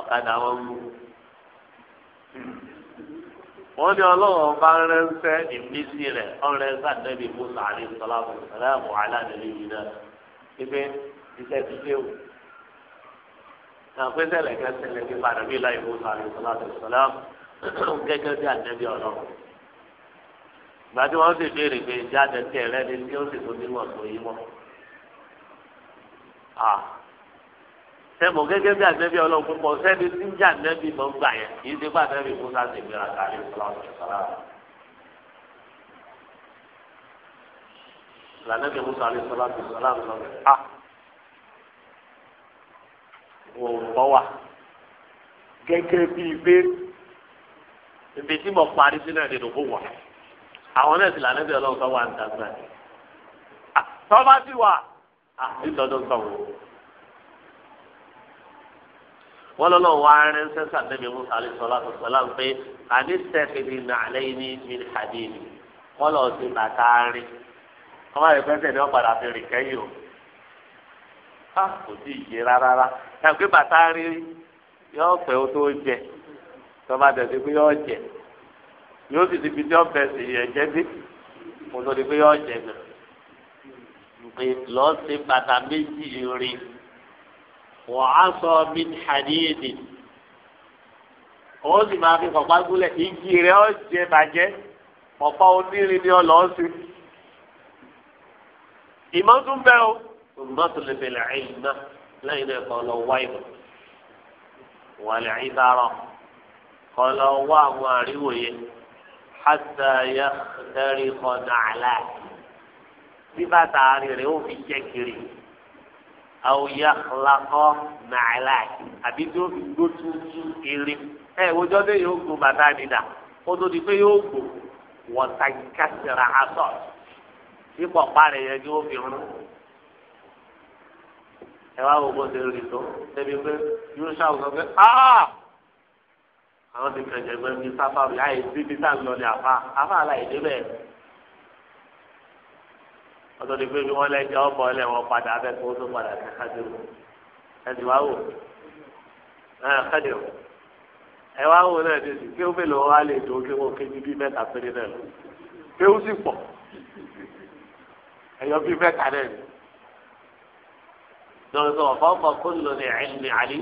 ọ̀kadà wọn mú wọ́n ní ọlọ́wọ́ bá ń rẹ́nsẹ́ ìmísí rẹ̀ ọ̀rẹ́nsẹ́ àdébí musa àdébí sọlá mọ̀ sọlá mọ̀ aláàdébí yìí náà ibi iṣẹ́ ti dé o àpé sẹlẹ kẹsẹlẹ bí fàdàbí láì fún sàlẹ sọláàtì sọlám gẹ́gẹ́ bí àdẹbí ọlọ gbàdúrà wọn sì béèrè pé jáde tẹ lẹni tí ó sì tó nímọ̀ tó yí mọ à sẹmọ gẹ́gẹ́ bí àdẹbí ọlọ púpọ̀ sẹni tí ń jà nẹbi mọ gbà yẹn kì í ṣe bá àdẹbí fún sàlẹ ìgbéra sàlẹ musa alẹ ah òòrùn kọ́ wà gẹ́gẹ́ bíi pé ibi tí mo parí sí náà nínú kó wà àwọn náà sì lànà bí ọlọ́run tó wà ń dàgbà tó bá sì wà ìtọ́jú kan wò wọ́n lọ́nà wá rẹ́ sẹ́sà níbi musa alẹ́sọ́lá sọ́lá ń pé àní sẹ́fìdì nàlẹ́ ní mi hàdìní wọ́n lọ́ọ́ sí bàtà rí wọ́n máa yẹ pẹ́sẹ̀ ní ọ̀padà fi rìn kẹ́yìn o ká kò sí ìyè rárá rárá tàbí bàtà rírí yóò pẹ́ o tó jẹ tọ́ba tẹ̀sí pé yóò jẹ yóò sì ti fi tí wọ́n fẹ́ sí ẹ̀jẹ̀ dé mo tó di pé yóò jẹ nà pé lọ́ọ́ sí bàtà méjì rí wọ́n á sọ mí hàníyèdè ó sì máa fi pọ̀pá gúnlẹ̀ igi rẹ̀ ó jẹ bàjẹ́ pọ̀pá onírin ni ọlọ́ọ̀ sí ìmọ̀tún bẹ́ẹ̀ o ìmọ̀tún lè fẹ̀lẹ̀ ẹ̀yìn náà lẹ́yìn náà kọ́ lọ wá ìmọ̀ wàlẹ̀ ìbára kọ́ lọ wá àwọn àríwòye hàtà yẹ dẹ́rì kọ́ nàlá bí bàtà rẹ̀ ó fi jẹ́ kiri àwòyá lakọ́ nàlá àbí tí fi gbó tuntun kiri ẹ̀ wọ́jọ́ bẹ́ẹ̀ yóò gbó bàtà nìdá kó tó di pé yóò gbó wọ́n kásìrà asọ̀ ipò parẹ́ yẹn ni ó fi rún ẹ wá wo bó ṣe rí tó débi pé yóò ṣàwọn sọ pé àwọn ti kẹjẹ gbẹ mi sáfà mi àyè síbi tá n lọ ní àfa àfa àlàyé débẹ̀ ọ̀tọ̀ ni pé bí wọn lẹjọ ọbọ ẹlẹ wọn padà abẹkọ tó padà sí kájọrò ẹsì wá wò ẹ kájọrò ẹ wá wò náà ti sì kí ó mélòó wá lè tó kí kéjì bí mẹ́ta péré náà lọ kí ó sì pọ̀ bí mẹ́ta náà ni lọ́wọ́ sọ ọ̀fọ̀ọ̀fọ̀ kúlò ní ẹ̀mí àlí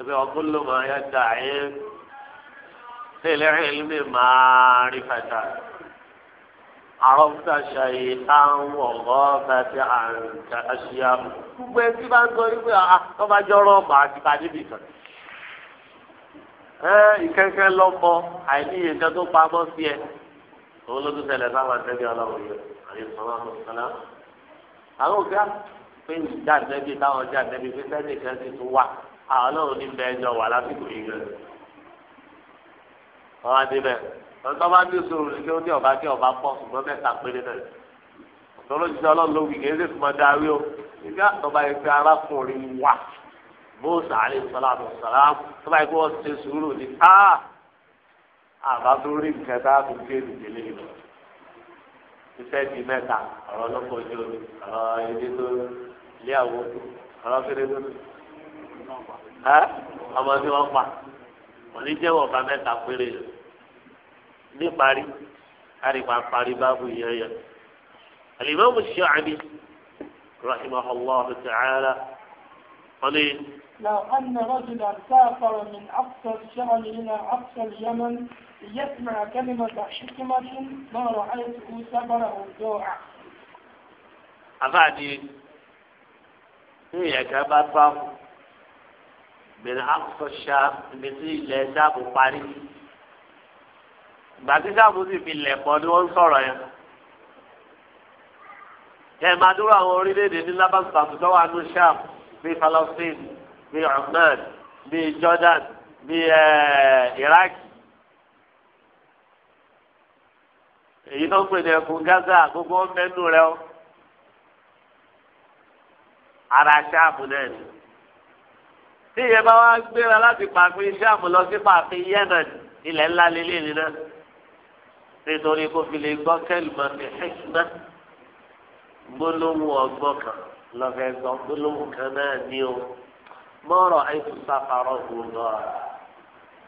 ẹ̀bí ọ̀kúlò máa yẹ dà ẹ́ tẹ̀lé ẹ̀mí máa rí fẹ́ta. àrọ́bùtà ṣàyè táwọn ọ̀gọ́ bàtí àṣìyá gbogbo ẹtí bá ń sọ wípé ọba jọrọ ọba àti bàdí bìkan. ẹ ìkẹ́kẹ́ lọ́mọ àìníye nǹkan tó pamọ́ sí ẹ òun ló sáwọn àtẹ́bí ọlọ́run yìí àyè sọ́wọ́n àwọn òkè á pé ìjà àtẹ́bí táwọn ọjà àtẹ́bí pé sẹ́ni kan ti tún wà àwọn náà ní bẹ́ẹ̀ jọ wà lásìkò yìí gan. wọ́n á débẹ̀ lọ́tọ́ bá ní sòrò ní kí ó ní ọ̀bá kí ọ̀bá pọ̀ ṣùgbọ́n mẹ́ta péré náà. ọ̀tọ́rọ̀ ti sọ ọlọ́run lówì kì í sì fún ọ darí o. ìgbà tọ́ba yìí pé arákùnrin wà bóòsà àlẹ́ sàlámù sàlámù tọ́ba yìí iṣẹ́ di mẹ́ta ọ̀rọ̀ ọlọ́pọ̀ ojú omi ọ̀rọ̀ ilé tó ilé àwọn ọ̀rọ̀ fẹ́rẹ́ lónìí. ẹ ọmọ tí wọ́n pa òní jẹ́wọ́ ọba mẹ́ta péré rẹ̀ níparí àríwá parí báàbù yẹyẹ. الإمام الشعبي رحمه الله تعالى قليل لو أن رجلا سافر من أقصى الشمال إلى أقصى اليمن ليسمع كلمة حكمة ما رأيته سبره الجوع. أفادي tí ìyẹn kan bá fáwọn bẹ̀rẹ̀ àkọsọ̀ṣà ibi tí ilẹ̀ sáàbù parí ìgbà tí sáàbù sì fi lẹ̀ pọ̀ ni wọ́n ń sọ̀rọ̀ yẹn ẹ máa dúró àwọn orílẹ̀-èdè ní lábàtúntàtù tó wà ní sham bíi Palestine bíi Oman bíi Jordan bíi eh, Iraq èyí tó ń pè ní ẹkùn Gaza gbogbo ń bẹ́nu rẹ o ara ṣáàmù náà ni tí ìyẹn bá wá gbéra láti pàfin ṣáàmù lọ sí pàfin yẹnà ilẹ̀ ńlá lélẹ̀ nínú nítorí kó fi lè gbọ́ kẹ́lùmọ́ ní ẹ̀kíná gbólóhùn ọgbọ́n kan lọ́fẹ̀ẹ́ gbọ́ gbólóhùn kan náà ní o mọ́rọ̀ àìsùn sáfàrọ̀ òun lọ́ra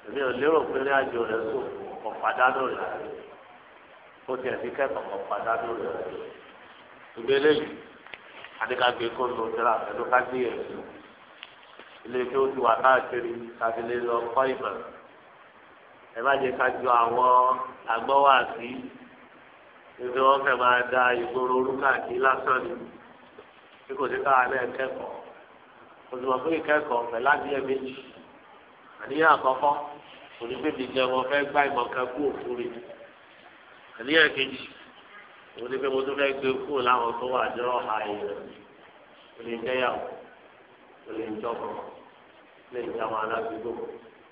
èmi ò lérò pé ní àjò rẹ̀ sùn ọ̀pàdánù rẹ̀ ó tiẹ̀ sí kẹ́kọ̀ọ́ ọ̀pàdánù rẹ̀ adékàgbé kó ló tẹ́lá pẹ̀lú kájíyèsí ilé tí ó ti wà káàkiri tàbí lè lọ kọ́ ìmọ̀ ẹ má jẹ́ ká ju àwọn agbọ́wà sí ibi wọ́n fẹ́ máa da ìgboro orúkàkí lásán ni bí kò sí káwa náà kẹ́kọ̀ọ́ òṣùwọ̀n fún ìkẹ́kọ̀ọ́ pẹ̀lú adìyẹ méjì àníyàn àkọ́kọ́ òní bèbí jẹ́ wọn fẹ́ gbá ìmọ̀ kan kú òfurufú àníyàn kejì mo ní pé mo tún fẹ́ gbé kúrò láwọn tó wà jọ ààyè rẹ̀ mo lè jẹ́yàwó mo lè jọmọ mo lè jáwọn aládùúgbò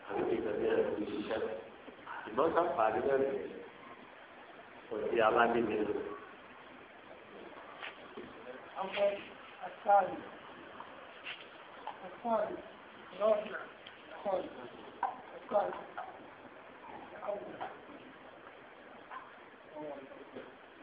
àbí kí ìtọ́jú rẹ̀ fi ìbọn sáfà nígbà tí kò sí aládé mi lò. الثالث الثالث رابع الثالث الثالث الأول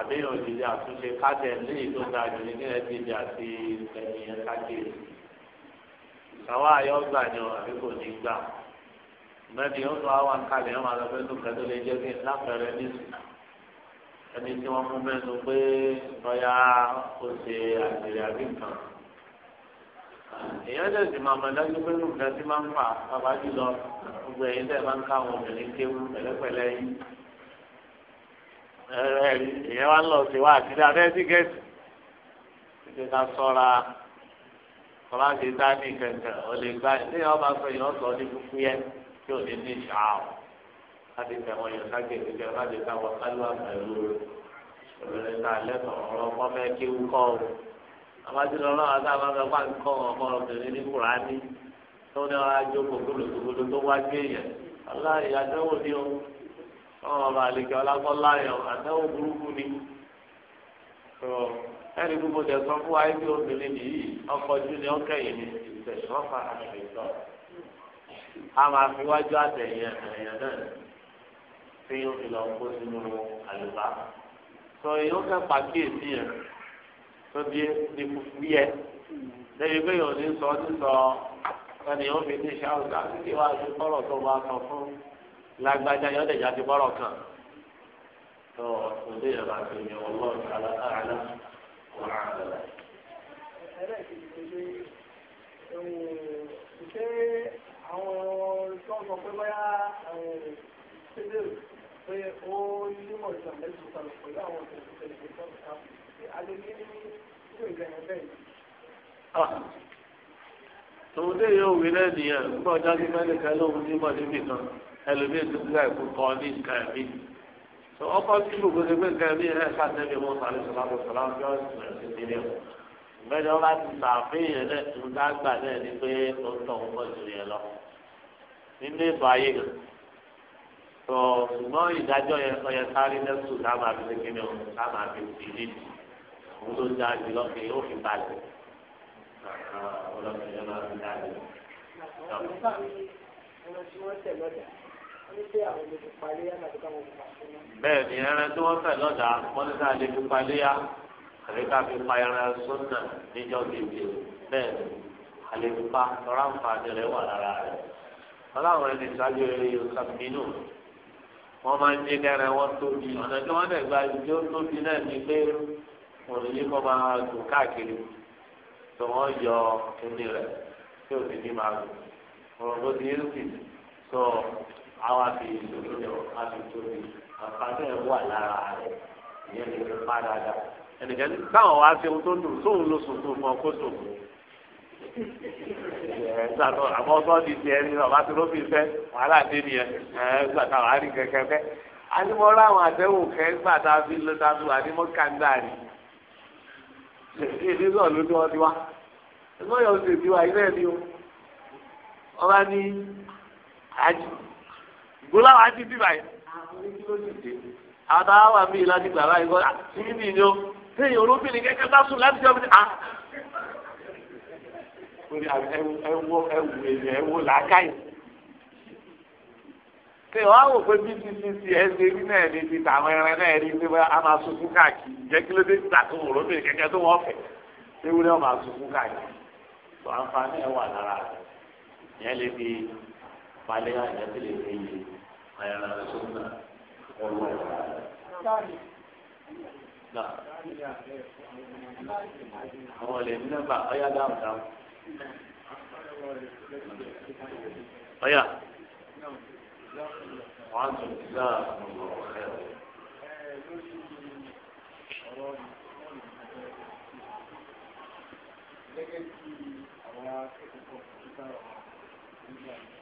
àbí yóò di di àtúnṣe kájẹ léyìí tó dáa jù ní kílẹ̀ ti di àti ẹ̀yìn kájẹ. ìṣàwọ́ ayọ́ gbà ni ọ̀ àbí kò ní gbà. mẹ́bí ó tún àwọn akálẹ̀ ẹ̀ máa lọ fẹ́ tó kẹ́tọ́ lè jẹ́ kí n lápẹ̀rẹ̀ ní sùn. ẹni tí wọ́n mú mẹ́nu pé bọ́yá ó ṣe àgbèrè àbí nǹkan. èèyàn lè sì máa mọ̀ dájú pé nǹkan tí máa ń fà bàbá jùlọ gbogbo ẹ̀yin tẹ̀ máa ń ká àwọn obìnrin kéwú pẹ̀lẹ́pẹ̀lẹ́ yìí. ìyẹn wá ń lọ sí wa àti dáadé sí gẹ̀ẹ́sì ká sọ́ra sọ́ra ti dá ní kẹ̀kẹ́ ò lè sọ yìí ọ̀sọ̀ ní kúkú yẹn tí ò ní ní ṣáà láti tẹ̀wọ̀n yẹn sáké láti ká pẹ̀lú ọ̀rọ̀ ọmọ kí kọ́ náà fẹ́ kọ́ ọmọ obìnrin ní tó ní tó wá gbé yẹn. ọmọ ọba àlejò ọlágbọ́lá yọ àdáwò burúkú ni ẹni gbogbo tẹ sọ fún wa ẹbí obìnrin nìyí ọkọ ojú ni ọkẹ yìí ni ìtẹsán fara rẹ lọ a máa fi wájú àtẹ̀yìn ẹ̀yàn náà fi ń fi lọ kó sínú àlùbá sọ èyí ó fẹ́ pàkíyèsí yẹn tó bí ní fúfú yẹ lẹ́yìn pé yòó ní sọ ní sọ ẹni yóò fi ní ṣáà ọ̀gá títí wá sí tó bá sọ fún lágbájá yọ ọdẹ jáde bọrọ kan tó ọdẹ yẹn bá ti yẹ Ọlọ́run ala ala wà á lọ. ṣé àwọn ah. tó ń sọ pé bóyá ṣébè pé ó nímọ̀ ìṣàlẹ̀ ìṣòkan pẹ̀lú àwọn òṣèlú ìṣẹ̀lẹ̀ ìṣẹ̀lẹ̀ kan alẹ́ ní ìṣòro ìgbàlẹ̀ bẹ́ẹ̀ tòun dé yóò wí lẹ́nìyàn nígbà ọjọ́ kí mẹ́lẹ̀kẹ́ lóhun nímọ̀ níbì kan ẹlòmíì tó gbé ẹ̀kú kọ́ ní nǹkan ẹ̀mí tó ọkọ tí gbogbo ṣe pé nǹkan ẹ̀mí ẹ̀ ká tẹ́lẹ̀ mọ́ sàlẹ̀ sọ̀lámù sọ̀lámù bí wọ́n sì ti ti rí o ìgbẹ́ni ọba ti sàfihàn náà tó dágbà náà ni pé ó ń tọ̀ ọkọ jù yẹn lọ nínú ètò ayé kan tó ṣùgbọ́n ìdájọ́ yẹn kọ́ yẹn sáré lẹ́sùn táwọn àfi ṣe kéde ọ̀hún táwọn àfi ti rí òun tó dáa jù lọ kì ó fi balẹ̀ ọlọ́kùnrin bẹ́ẹ̀ ni ẹran tí wọ́n fẹ̀ lọ́dà wọ́n ní sáà lè fi paléyà àbí ká fi pa ẹran sọ́nà níjọ́ bèbè bẹ́ẹ̀ ni àlèkùpá lọ́ra ń fa àtẹ̀rẹ̀ wà lára rẹ̀ ọlọ́run ẹni ìsájú eré ìsàmìnú wọ́n máa ń jẹ́ kẹrẹ wọ́n tóbi ọ̀nà tí wọ́n dẹ̀gba ìjó tóbi náà ni pé òrùlé kọ́ máa dùn káàkiri tó wọ́n yọ ẹni rẹ̀ tí òbí ní máa dùn ọ̀rọ̀ tó ti ń sìn tó àwọn abìyí lòdì lọ abìyí àǹfààní ẹ̀ wà lára rẹ̀ ìyẹn lè fi pa dáadáa ẹnìkan táwọn wá sí ohun tó dùn sóhun ló sùn fún ọ kó sùn ẹ gbàtọ àmọ́ ọsọ di tiẹ̀ ní ọba tó ló fi fẹ́ wàhálà dé nìyẹn ẹ gbàtà wàá rí kẹkẹ fẹ́ alimọra àwọn àdéhùn kẹ gbàtà fi lọ dábò àdéhùn kàńdà rí ní wọn ti wá ẹgbẹ́ yóò ṣètì wá ilé ẹni o ọba ní àjù wọ́n láwọn á ti bí báyìí. àwọn táwa wà mí láti gbà báyìí kọ́ àtúnyí ah, mi ni ó sẹ́yìn olóbìnrin kẹ́kẹ́ bá sùn láti jọ́ mi ẹwọ ẹwù èèyàn ẹwọ làákàyè ṣé wàá wò pé bí títí ti ẹsẹ rí náà ni ti tàwọn ẹran náà rí pé a máa sunkún káàkiri jẹ kí ló dé tà tó wò lóde kẹ̀kẹ́ tó wọn fẹ́ ni wọn máa sunkún káàkiri tó àǹfààní ẹ wà lára rẹ ìyẹn lè fi falẹ àjẹsílẹ lè yé àyàlà rẹ̀ tó gbà ọwọ́ rẹ̀. àwọn ọ̀lẹ̀ ní nọ́mbà ọ̀yá dáhùn dáhùn. Ọ̀yà wọ́n tún náà lọ ọ̀rẹ́ rẹ̀. Gẹ́gẹ́ bí àwọn akẹ́kọ̀ọ́ kọ̀ọ̀kan nígbà yìí.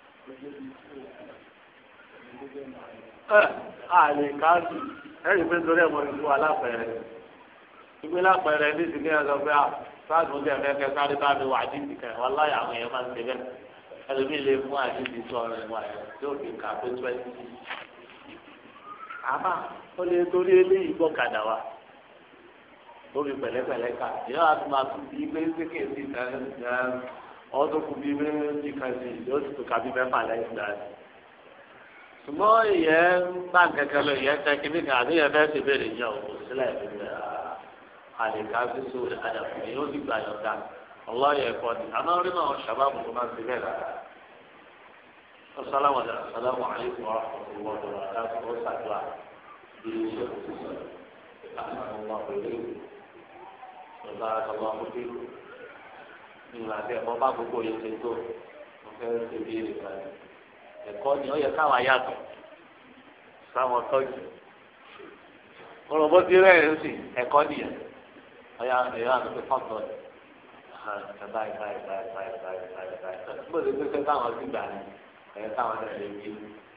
Eh, ẹ àlè káàdì ẹ̀rí pé nítorí ẹ̀mọ́ ìlú alápẹ̀rẹ̀ ìgbé lápẹ̀rẹ̀ ní ìsìnkú yẹn sọ pé sáàtì oúnjẹ mẹ́kẹ́ sáré bá mi wà á dídì kẹ́ wọ́n láyà àwọn èèyàn máa ń ṣe bẹ́ẹ̀ ẹlòmíì lè fún àdídì tó ọ̀rọ̀ ìwà ẹ̀ yóò fi kà pé twenty àmà ó lè torí eléyìí gbọ́ kàdà wa lórí pẹ̀lẹ́pẹ̀lẹ́ ká ìyá wa tún máa tún sí ìtàn ọdún tó kù bíi méjì kan sí yóò sì tó ka bíi mẹ́fà lẹ́yìn ìgbà rẹ̀. ṣùgbọ́n ìyẹn ń bá kẹ̀kẹ́ lọ ìyẹn tẹ kí nìkan àti ìyẹn fẹ́ẹ́ ṣe béèrè yẹn òkú sílẹ̀ ìbílẹ̀ àlèkà sísú àdàpọ̀ ni ó ti gbà yọ̀ọ̀dà ọlọ́yẹ̀ ẹ̀kọ́ ni àmọ́ rí náà ṣàbàbù tó máa ṣe bẹ́ẹ̀ lára. Assalamu alaikum warahmatullahi ìwà bẹ ọmọ bá gbogbo yẹn ti tó mo fẹ́ ṣe ìrìnà ẹ̀kọ́ ni ó yẹ káwọn ayàtọ̀ sáwọn tọ́jú olùbọ́sí rẹ̀ ń sìn ẹ̀kọ́ nìyẹn ọ̀yà ẹ̀yà àti fọ́tọ̀ rẹ̀ báyìí báyìí báyìí báyìí báyìí báyìí báyìí gbọ́dọ̀ pé fẹ́ káwọn ti gbà ní ẹ̀yẹ káwọn náà lè gbé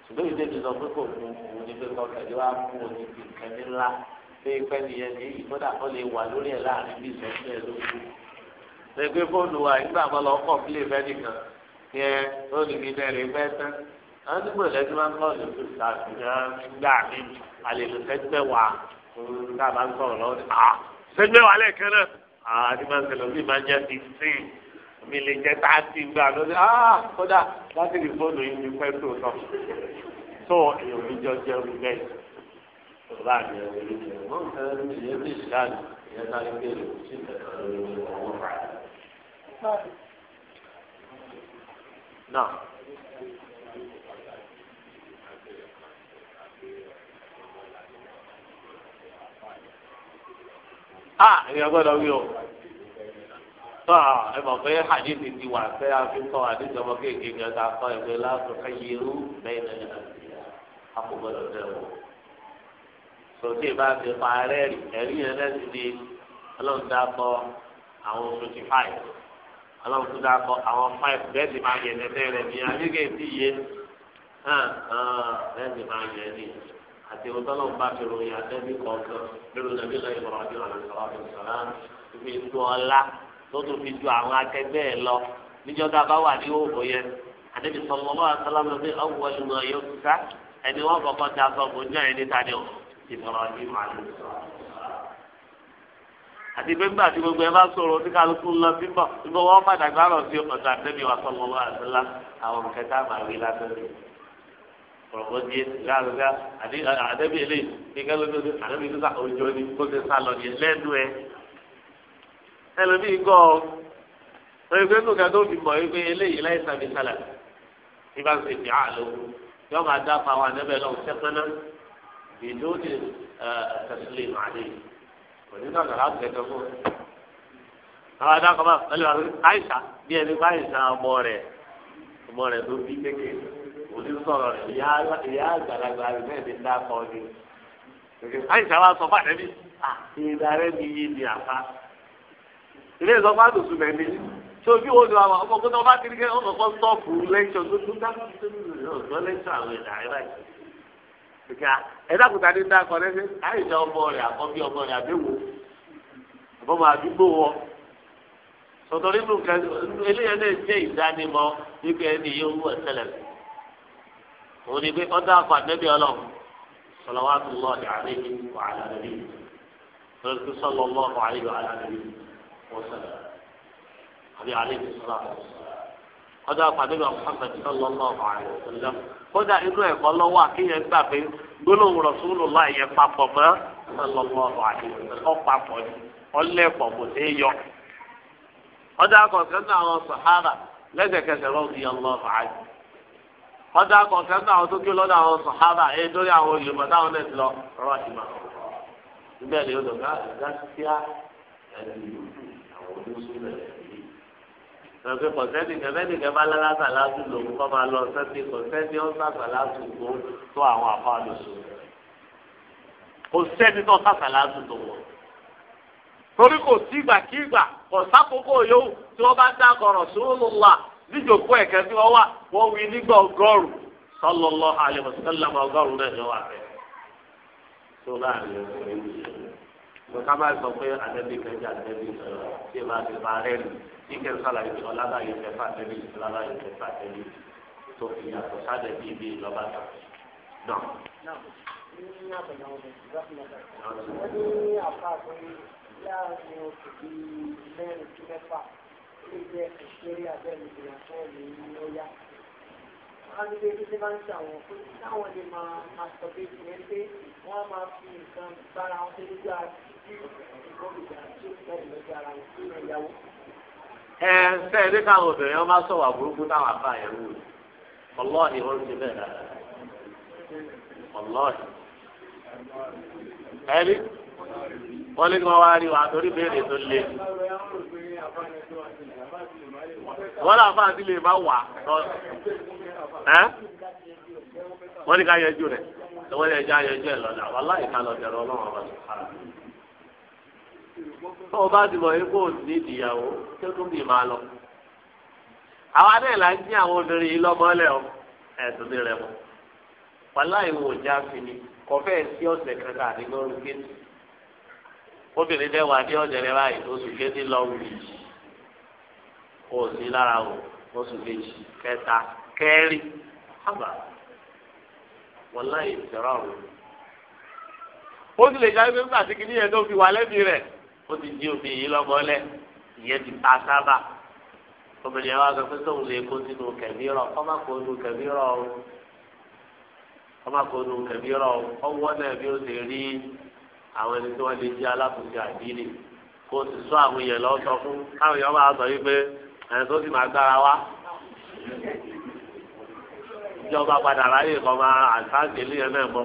ṣùgbọ́n ìdí mi sọ pé kò mú òun ní pé kọ́kẹ́ ẹ̀jẹ̀ wá mú òun ní nǹkan ńlá pé pẹ́ nìyẹn ní ìgbọ́dà kan lè wà lórí ẹ̀ láàrin bí ìsọ̀tún ẹ̀ lógún lẹ́gbẹ́ fóònù wa ìgbà àbọ̀ lọ kọ̀ fílẹ̀ fẹ́nìkan yẹ olùbí mẹ́rin pẹ́ tán àwọn nígbà lẹ́tí máa ń kọ́ lóṣù ṣàfihàn gbà mí àlèlò sẹ́gbẹ́ wa tá a bá ń sọ̀rọ̀ lọ́wọ́ ni à ah, sẹ́gbẹ́ wa lẹ́ẹ̀kan náà àti máa ń sẹlẹ̀ bí máa ń jẹ́ fifteen mi lè jẹ́ thirty gbà lórí à ah, kódà láti rí fóònù yìí ní pẹ́ tó tán tó èèyàn mi jọ jẹ́ orí bẹ́ẹ̀ bàbá mi ò rí i mọ̀ nǹkan mi yé bí ìṣáàlì ìyẹn sáré gbé lòsì tẹ̀sán lórí ọwọ́ fàá náà. a ah, èèyàn gbọ́dọ̀ wí o tọ́ ẹ mọ̀ pé hadithi ti wà pé a fi kọ́ hadithi ọmọ kéèké gan ta kọ́ ẹgbẹ́ lásán káyé irú bẹ́ẹ̀ náà yàrá a kò gbọ́dọ̀ bẹ́ẹ̀ wọ̀ sọtí bá fi parẹ́ rí ẹ̀rí yẹn lẹ́sìn ní ọlọ́run dákọ́ àwọn oṣù tí ọlọ́run tó dáa kọ àwọn pipe bẹ́ẹ̀dì máa yẹ lẹ́lẹ́ rẹ̀ ní agbègbè tí yé bẹ́ẹ̀dì máa yẹ ní àti ìwé tọ́lọ́ bá fi ròyìn àtẹ́bí kọ̀ọ̀kan lórí nàbí lọ́yìn bọ̀rọ̀ àti ọ̀rọ̀ ìṣọ̀rọ̀ àti ìṣọ̀rọ̀ fi ju ọlá tó tún fi ju àwọn akẹgbẹ́ ẹ̀ lọ níjọ́ tá a bá wà ní òòbò yẹn àdébí sọ̀rọ̀ lọ́wọ́ àtàlámọ̀ pé ọ̀wọ́ ìmọ̀ yóò sá ẹni wọ́n kọ̀ọ̀kan ti aṣọ àti pé nígbà tí gbogbo ẹ bá sọ̀rọ̀ tí kálukú lọ sí bọ̀ nígbà wọ́n fàdàgbà rọ̀ sí ọ̀dọ̀ àtẹ́bí wa sọ̀rọ̀ lọ́wọ́ àtẹ́lá àwọn kẹta máa wí látẹ́lẹ̀ ọ̀rọ̀ di láàrúgá àtẹ́bí ilé kíkẹ́ ló dé àtẹ́bí tó sà òjò ni kó ti sá lọ ní lẹ́nu ẹ. ẹlòmíì gọ́ ọ oye pé nùkẹ́ tó fi mọ̀ yí pé eléyìí láì sàbí sálà tí bá ń ṣe fi hàn lóko yọ máa dá pa àwọn àtẹ́bẹ̀ kò ní sọ̀rọ̀ láti kẹ́kẹ́ fún un. àwọn adákọ̀ bá pẹ̀lú àwọn àìsà bí ẹni bá àìsà ọmọ rẹ̀ ọmọ rẹ̀ ló bí kékeré kò ní sọ̀rọ̀ rẹ̀ ìyá àgbàlagbà rẹ̀ náà ní dákọ̀ ni. àìsà wa sọ fàdé mi ìdá rẹ̀ mi yé ni àfa. ilé ìsọfà àdùsù rẹ̀ mi sobi wo ni àwọn ọmọ kó tó bá kiri kẹ́ ọmọ kó tó fún lẹ́ńtọ̀ tó tó dá ẹ̀dá kùtà ní ndá kọ́ lẹ́sẹ̀ àìsàn ọmọ rẹ̀ àkọ́bí ọmọ rẹ̀ àbẹ̀wò àbọ̀mọ̀ àdúgbò wọ. sọ̀tọ̀ nínú eléyẹn náà jẹ́ ìdánimọ̀ wípé ẹni yóò wú ẹ̀sẹ̀lẹ̀ rẹ̀. òun ni pé ọlọ́run lọ́ọ̀dì wàhálà sọlọ́ ọdọ àpàdébà Muhammad sallallahu alayhi wa sallam kódà inú ẹ̀kọ́ lọ́wọ́ àkíyàn gbà pé gbólóhùn Rasulullah yẹn papọ̀ mọ́ sallallahu alayhi wa sallam ọ̀pàpọ̀ ni ọlẹ́pọ̀ kò sí yọ. ọdọ àkọ̀kẹ́ náà àwọn sàhárà lẹ́sẹ̀kẹsẹ̀ rọ́ọ̀dì ọlọ́ọ̀fà àyè. ọdọ àkọ̀kẹ́ náà àwọn tó kí lọ́dọ̀ àwọn sàhárà èyí lórí àwọn olùmọ̀ táwọn náà ti lọ rọ́ọ̀ ti máa. ìbẹ̀rẹ̀ yóò dọ̀gá lọ́sẹ̀ kọ̀sẹ́ntì kẹ́mẹ́tì kẹ́mẹ́ alálàsà lásù lòun kọ́ máa lọ sẹ́ntì kọ̀sẹ́ntì ọ̀sàsà lásù kó tó àwọn afáàlùsù kọ̀sẹ́ntì tó ọ̀sàsà lásù tó wọ̀ torí kò sígbàkígbà kò sákòókò yòówù tí wọ́n bá dákọ̀ Rasulullah níjòkó ẹ̀kẹ́ tí wọ́n wà wọ́n wí nígbà ọgọ́rùn sallallahu alaihi wasallam ọgọ́rùn náà ni wọ́n wà fẹ́ ká má sọ pé àtẹ́bí kẹjá àtẹ́bí sọ̀rọ̀ tí ìbá ti bá rẹ̀ lù ní kẹ́ sọ̀rọ̀ ìfẹ́ ọlábàáyé fẹ́fà àtẹ́bí ọlábàáyé fẹ́fà àtẹ́bí tó fi yàtọ̀ sáde bí ibi ìlọ́ba tà. Dọ̀. Wọ́n ní àpá àtọ́yé láàrin oṣù bíi mẹ́rin sí mẹ́fà ló jẹ́ ìṣeré abẹ́rẹ́ ìgbìyànjú ọ̀lẹ́ ní ọ̀yá. Kánílé ní ti máa ń ṣàwọn pé táwọn lè máa máa sọ pé ìyẹn pé wọ́n á máa fi nǹkan bára wọn ṣe lójú àti ẹ ṣe é ní káwọn obìnrin wọn bá wà burúkú táwọn afá yẹn wù ọlọ́ọ̀ni wọn ti bẹ̀rẹ̀ ọlọ́ọ̀ni ẹ̀rí wọ́n lé kí wọ́n wá rí wa torí béèrè tó lé làwọn lè má wà ní ká yẹjú yẹjú ayẹjú tó o bá ti mọ̀ yín kó o ní ìdìyàwó tó tún bì máa lọ. àwa náà là ń dín àwọn obìnrin yìí lọ́mọ́lẹ̀ o ẹ̀sùn mi rẹ̀ mọ́. pàlá ìwò ìjà fi ni kò fẹ́ sí ọ̀sẹ̀ kankan àti lórí géètì. obìnrin dẹ́ wà ní ọ̀jẹ̀ rẹ̀ báyìí oṣù kéde lọ́wọ́ yìí kò sí lára o oṣù kejì kẹta kẹrin àbá wọláyé ìṣẹ̀rọ̀ ọ̀run. ó sì lè jáde pé nígbà tí kìnìyẹn fi wà lẹ́bi rẹ̀. ó ti di obìnrin yìí lọ́mọlẹ̀ ìyẹn ti pa sábà obìnrin yẹn wá sọ pé sóun lè kó sínú kẹ̀mí rọ ọmọ kò nu kẹ̀mí rọ o ọmọ kò nu kẹ̀mí rọ o ọwọ́ náà bí ó ti rí àwọn ẹni tí wọ́n lè jẹ́ alákòóso àdínì kó o sì sọ àwọn èèyàn lọ sọ fún káwọn èèyàn máa sọ wípé ẹni tó sì máa gbára wá ìjọba padà ráyè kan máa àtàkì ilé yẹn náà mọ́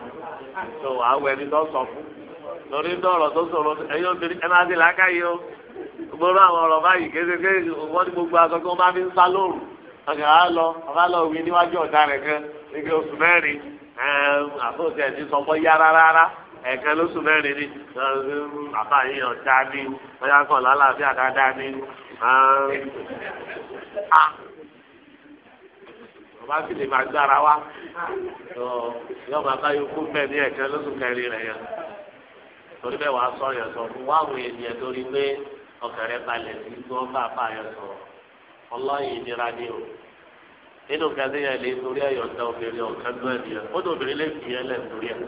tó àwọn ẹni tó sọ fún lórí dọ̀rọ̀ tó sọ̀rọ̀ ẹ̀yin obìnrin ẹ máa ti làákà yìí o gbọ́dọ̀ àwọn ọ̀rọ̀ báyìí kéékèèké wọ́n ní gbogbo aṣọ kí wọ́n máa fi ń sá lóru ọ̀gá á lọ ọ̀gá lọ wí níwájú ọ̀dà rẹ̀ kan nígbà oṣù mẹ́rin àtúntẹ̀ ti sọ fọ́ yá rárá ẹ̀ẹ̀kan lóṣù mẹ́rin ni bàbá yìí ọ̀dà ni ọ̀yà kan lálàáfíà dáadáa ni bá fi lè máa gbára wa yọ bàbá yòókù bẹ́ẹ̀ ní ẹ̀kẹ́ lóṣù kẹrin rẹ̀ yẹn torí bẹ́ẹ̀ wàá sọ yẹn sọ fún wàá wòye ni ẹ lórí pé ọkàn rẹ balẹ̀ sí tí wọ́n bá bá yẹn sọ ọlọ́yin ìnira ni o nínú kẹsí yẹn lè torí ẹ̀yọ̀dá obìnrin ọ̀kan náà nìyẹn ó tó obìnrin lè fi ẹ lẹ̀ torí ẹ̀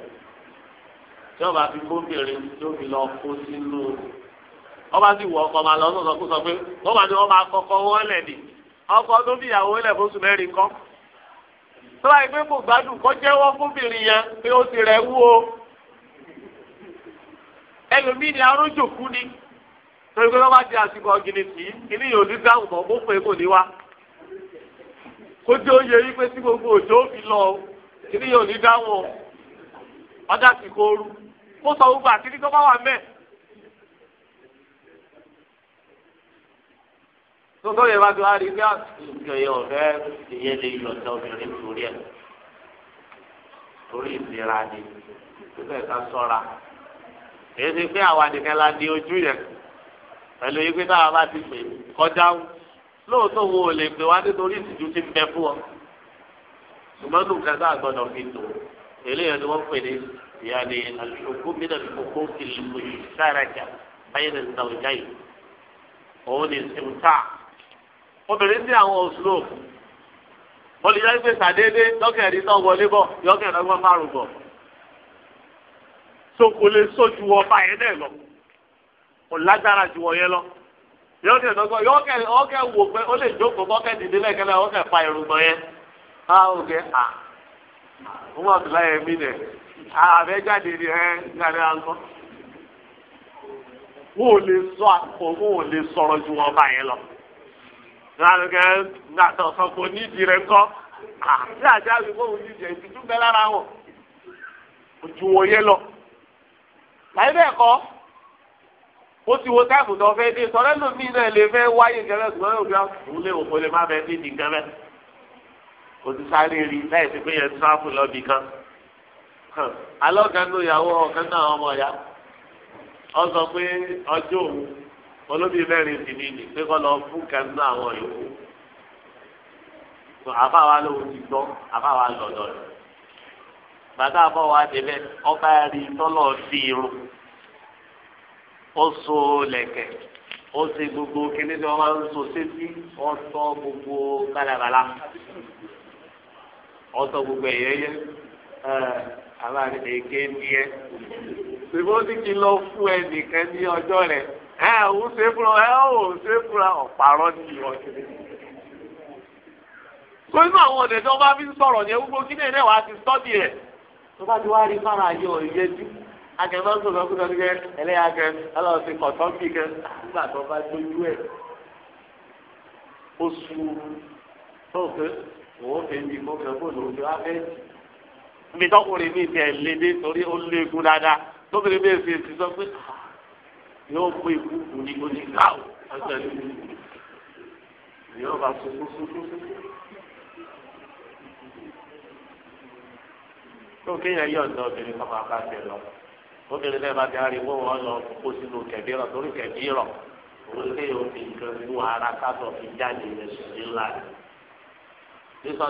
tí ọba fi gbóbìnrin tí ó fi lọ kó sínú ọba sì wọ ọkọ máa lọ sọsọ kó sọ pé wọ́n máa ní wọ́n máa kọ́kọ́ wọlé ni ọkọ tó bí ìyàwó ilẹ̀ fóṣù mẹ́rin kọ́ tó báyìí pé kò gbádùn kọ́ jẹ́wọ́ fóbìnrin yẹn pé ó ti rẹ̀ wú o ẹlòmíì ni arójòkú ni torí pé wọ́n bá di àsìkò ọ̀gìnì tì í yóò ní dáhùn mọ́ fún èkó níwá kó tí ó pé tí gbogbo òjò fi lọ o yóò ní dáhùn ọjà sì kó oru kó sọ gbogbo àti tó bá wà mẹ́ẹ̀. tótó yẹ bá tó a rí bí àtúntò yẹ ọ̀fẹ́ ìyẹn lè yọ ọ̀tọ̀ obìnrin torí ẹ̀ torí ìlera ni tó bẹ́ẹ̀ ká sọ́ra èyí ti pé àwa nìkan la di ojú yẹn pẹ̀lú yìí pé táwa bá ti pè kọjá ń lóòótọ́ wo lè pè wá nítorí ìtìjú ti ń bẹ fún ọ ṣùgbọ́n tó nǹkan sáà gbọ́dọ̀ fi tò eléyìí ni wọ́n pè ní ìyáni àlùkò mìíràn àlùkò kìlìkò yìí sárajà báyìí ní ìtàwùjá yìí òun ni ìsìnkà obìnrin ní àwọn òṣùlò olùyọ́ ìgbésà déédéé lọ́kẹ̀ẹ́dì náà wọlé bọ̀ yọ́kẹ̀ẹ́dọ́gbọ́n márùn-ún so kò lè so ju ọba yẹn lọ kò lágbára ju ọyẹ lọ yọ kẹ lọgbọ yọ kẹ ọ kẹ wò pé ó lè jókòó kọ kẹ dìde lẹkẹ ọ kẹ yẹn a kẹ a wọn bá mí nẹ jáde ni ẹ jáde wọn ò lè sọ wọn ò lè ju ọba yẹn lọ kẹ rẹ ńkọ àti láyé bẹ́ẹ̀ kọ́ ó ti wo táàmù tó fẹ́ dé sọ̀rọ̀ lómi náà lè fẹ́ wáyé gẹ́gẹ́ ṣùgbọ́n òun yà òun lè wò lè má bẹ́ẹ̀ dé nìkan kò ti sáré rí láì fi pé yẹn tíráfù lọ́bì kan alọ́gánú ìyàwó ọ̀kan náà ọmọ ya ọ sọ pé ọjọ́ òun olóbi mẹ́rin sì ni nì pé kọ́ lọ fún kẹ́ńtù àwọn yòókù àfáwa lòun ti gbọ́ àfáwa lọ́dọ̀ bàtà bọ̀ wá débẹ̀ ọba rí tọ́lọ̀ sí irun ó so lẹ̀kẹ̀ ó ṣe gbogbo kíní tí wọ́n máa ń so sétí ọ̀tọ̀ gbogbo kálábàlà ọ̀tọ̀ gbogbo ẹ̀yẹ́yẹ́ àbá èké nìyẹn ṣùgbọ́n ó ní kí lọ fún ẹ nìkan ní ọjọ́ rẹ̀ ẹ ò ṣe fúnra ẹ ò ṣe fúnra ọ̀pàrọ̀ ní ìwọ̀n kìíní torí náà àwọn ọ̀dẹ̀ tí wọ́n bá fi ń sọ̀rọ̀ yẹn gbogbo kí náà wàá ti sọ́ọ̀dì rẹ̀ tó bá ti wá rí fáwọn ayé ò yẹjú akẹ́kọ̀ọ́ sọ̀rọ̀ kúrò ní kẹ́ ẹlẹ́yà kẹ́ ọlọ́run ti kọ̀tọ́ bí kẹ́ nígbà tó bá lójú ẹ̀ oṣù tó fẹ́ òun fẹ́ mi kó fẹ́ kó lòun ti wá fẹ́ mi tọkùnrin mi tẹ̀ lédè torí ó léegun dáadáa tóbi bẹ́ẹ̀ fi ti sọ pé ah, yóò kó ikú kù ní onígbà ọ̀sẹ̀ yóò bá sunkún sunkún sunkún. tó kéèyàn yọ ọ̀dọ́ obìnrin kọ́ máa bá tẹ lọ obìnrin náà bá dárí wọ́n wọ́n lọ kó sínú kẹ̀bí rọ̀ torí kẹ̀bí rọ̀ òun lè òfin kan nínú ara kátó fi jáde ńlá tó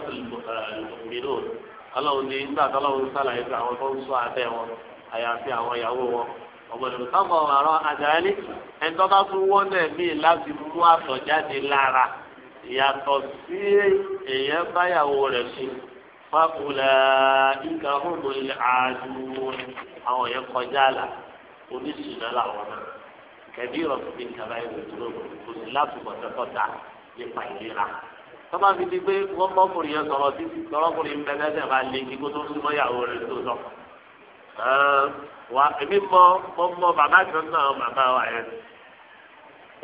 ní nígbà tó sàlàyé pé àwọn tó ń sọ wọn àyàfi àwọn ìyàwó wọn ẹni tó bá míì láti mú jáde lára sí èèyàn báyàwó sí i. فأولئك هم العادون أو يقجالا ونسينا لهم كبيرة من كبائر الذنوب وسلاف وتقطع لقيلها tọ́ba fi di pé wọ́n bọ́kùnrin yẹn sọ̀rọ̀ títí tọ́rọ́kùnrin ń bẹ lẹ́sẹ̀ máa lé kí kó tó súnmọ́ ìyàwó rẹ̀ tó sọ. wa èmi mọ mọ mọ bàbá kan náà bàbá wa yẹn.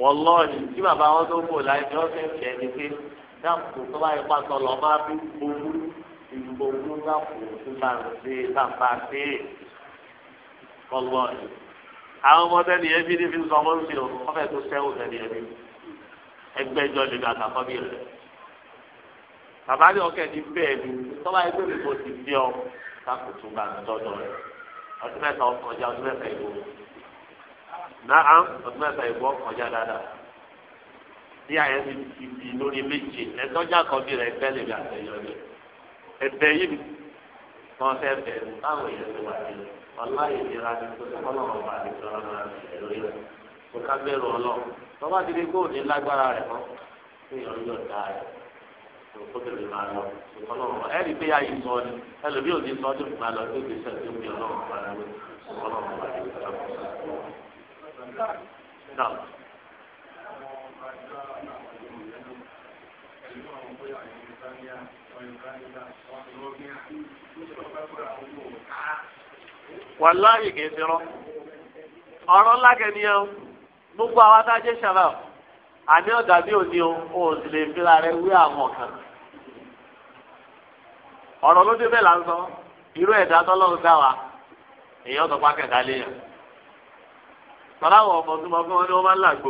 wọ́n tí bàbá wọn tó kò láì fi gbogbo ìgbò tó bá kù tó bá ń ṣe bá ń bá ṣe é kọlọ yìí. àwọn ọmọ tẹ́lẹ̀ yẹn bí ní fi sọmọ ń sìn ọ́ fẹ́ tó sẹ́wọ̀n tẹ́lẹ̀ yẹn bí ẹgbẹ́jọ lè gbà kàkọ́ bí rẹ̀. bàbá ní ọkẹ́ ní bẹ́ẹ̀ ni tọ́lá ẹgbẹ́ mi kò ti bí ọ káàkó tó bá ń tọ́jọ rẹ̀ ọdún mẹ́ta ọkọjá ọdún mẹ́ta ìbò náà ọdún mẹ́ta ìbò ọkọjá dáadáa bí àyẹ̀ ti di lórí méje ẹ̀tọ́jà kan bí rẹ̀ ẹgbẹ́ lè gbà tẹ̀yọ rẹ̀ ẹ̀bẹ̀ yìí ni wọn fẹẹ bẹ̀rù báwọn èèyàn ti wà ní ọlá ìlera ni kó tó kọlọ wọn wà ní sọ̀rọ̀ náà lórí rẹ kó ká bẹ̀rù ọlọ lọba ti di kó ní lágbára rẹ mọ kó yọ yọ dá rẹ kó tó lè máa lọ kó kọlọ wọn ẹ rí pé ayé sọ ni ẹlòmíì ò ní sọ ọdún ìgbà lọ tó gbèsè tó gbé Ọlọ́run wà ní kó kọlọ wọn wà ní sọ̀rọ̀ náà. wàláyé kìí fi rán ọ̀rọ̀ ńlá kẹ́ni ẹ gbogbo àwọn adájẹ́ ṣàlá àní ọ̀gá bí òní o ò sì lè fi ara wí àwọn kan ọ̀rọ̀ ló dé bẹ́ẹ̀ là ń sọ irú ẹ̀dá tọ́lọ́run dá wa èyí ọ̀tọ̀ pa kẹ̀kẹ́ léèyàn tọ́láwọ̀ fún wọn ni wọ́n máa ń làgbo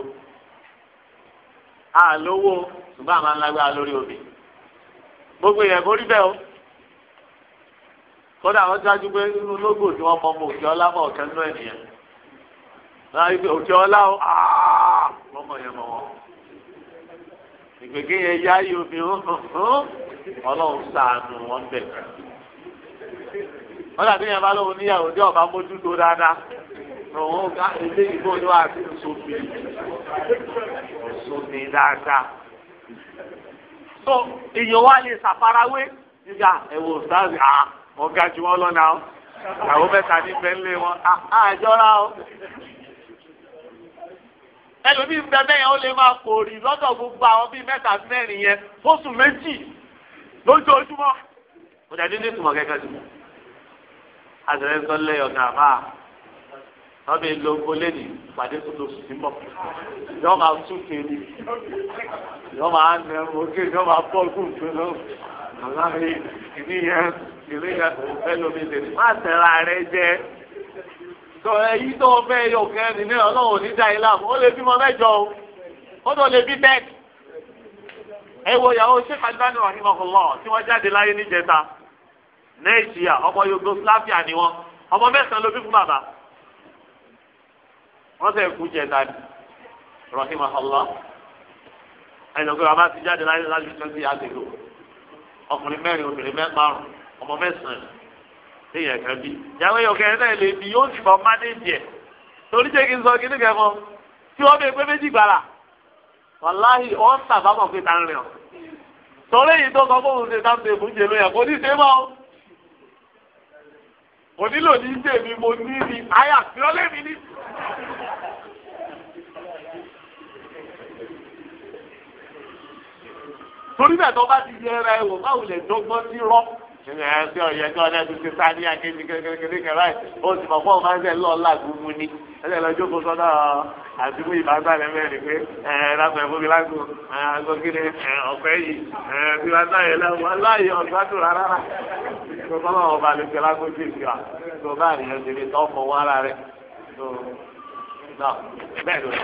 àlówó gbogbo èèyàn kò rí bẹ́ẹ̀ o kódà wọ́n dájú pé ológbò tí wọ́n mọ ọmọ òkè ọlá mọ̀ ọ̀kẹ́ nínú ènìyàn láti pé òkè ọlá o ọmọ yẹn mọ̀ wọ́n ìgbèké yẹn yá yóò fi ọlọ́run sàánù wọn bẹ̀ wọ́n dàbí yẹn bá lóun níyàwó ní ọ̀bá mójútó dáadáa òun ká ilé ìbò ní wàá fi sómi sómi dáadáa tó èèyàn wá lè ṣàfarawé nígbà ẹ̀wò sáàbì à ọ̀gá ju wọn lọ́nà o àwọn mẹ́ta ní bẹ́ńlẹ̀ wọn àjọra o. ẹlòmíín bẹ bẹ́yẹn ó lè máa pòrì lọ́dọ̀ gbogbo àwọn bíi mẹ́ta mẹ́rin yẹn fóṣù méjì lójoojúmọ́. mo dàbí ní ìtumọ̀ kẹ́kẹ́ sí mi. àtẹ̀lẹ́sọ́ lé ọ̀gá àbá wọn bẹ lo olé ní pàdé tó lóṣù tí ń bọ̀ yọọ máa tún kéde yọọ máa nà oge yọọ máa bọ gùn tó lọ àlárí ìní yẹn ìní yẹn kò fẹ́ lómi tèmi má tẹ̀ra rẹ jẹ tọ èyí tó o fẹ́ yọ kẹrin ní Ọlọ́run onídà yìí láàmú ó lè bímọ mẹ́jọ o ó tó lè bí bẹ́ẹ̀ ẹ wo ìyàwó Sheikh Albani rahimahullah tí wọn jáde láyé níjẹta ní èsìyà ọmọ Yugoslavia ni wọn ọmọ mẹ́sàn-án ló bí fún bàbá wọ́n sẹ̀ kú jẹta ni rahima allah ẹnì ọgbẹ́ bàbá ti jáde láyé láti twenty years ago ọkùnrin mẹ́rin obìnrin márùn ọmọ mẹ́sàn-án èèyàn kan bí ìyàwó ẹ̀yọ̀ kẹrin náà lè bí yóò sì bọ́ mádéjì ẹ̀ torí jẹ́ kí n sọ kí ní kẹfọ́ tí wọ́n bẹ pé méjì gbàrà wàláhì wọ́n ń tàbámọ̀ pé ta ń rìn ọ́ torí èyí tó sọ fóun ṣe sáńtẹ̀ ìbújẹ ló yẹ kó ní ṣe mọ́ onílò ní ṣèmi mo ní ní àyà tí ó lé mi ní. torí bẹ́ẹ̀ tó bá ti di ẹra ẹ̀wò báwo lè dọ́gbọ́n sí rọ́ ẹ̀ẹ́dẹ́ ọ̀yẹ́ kí ọ̀dẹ́ tó ti sáré akéjì kékeré kẹrẹ ó sì mọ̀ fọ́ọ̀mù máa ń sẹ́ lọ́ọ̀lá gbogbo ni ẹ̀ẹ́dẹ́ lọ́jọ́ kó sọ́dọ̀ àdúgbò ìbáṣálẹ̀ mẹ́rin pé ẹ̀ẹ́ lápẹ̀ fúnmi lágbo àgọ́ kíni ọ̀pẹ yìí ẹ̀ẹ́ fi wá sáyẹ lẹ́wọ̀n láàyè ọ̀gbádùn rárá tó kọ́lọ́ ọba lè fi lágbo sí ìfìwà tó bá àríyàn ti fi tọ́ fọ wá ara rẹ̀ tó náà bẹ́ẹ̀ ló ti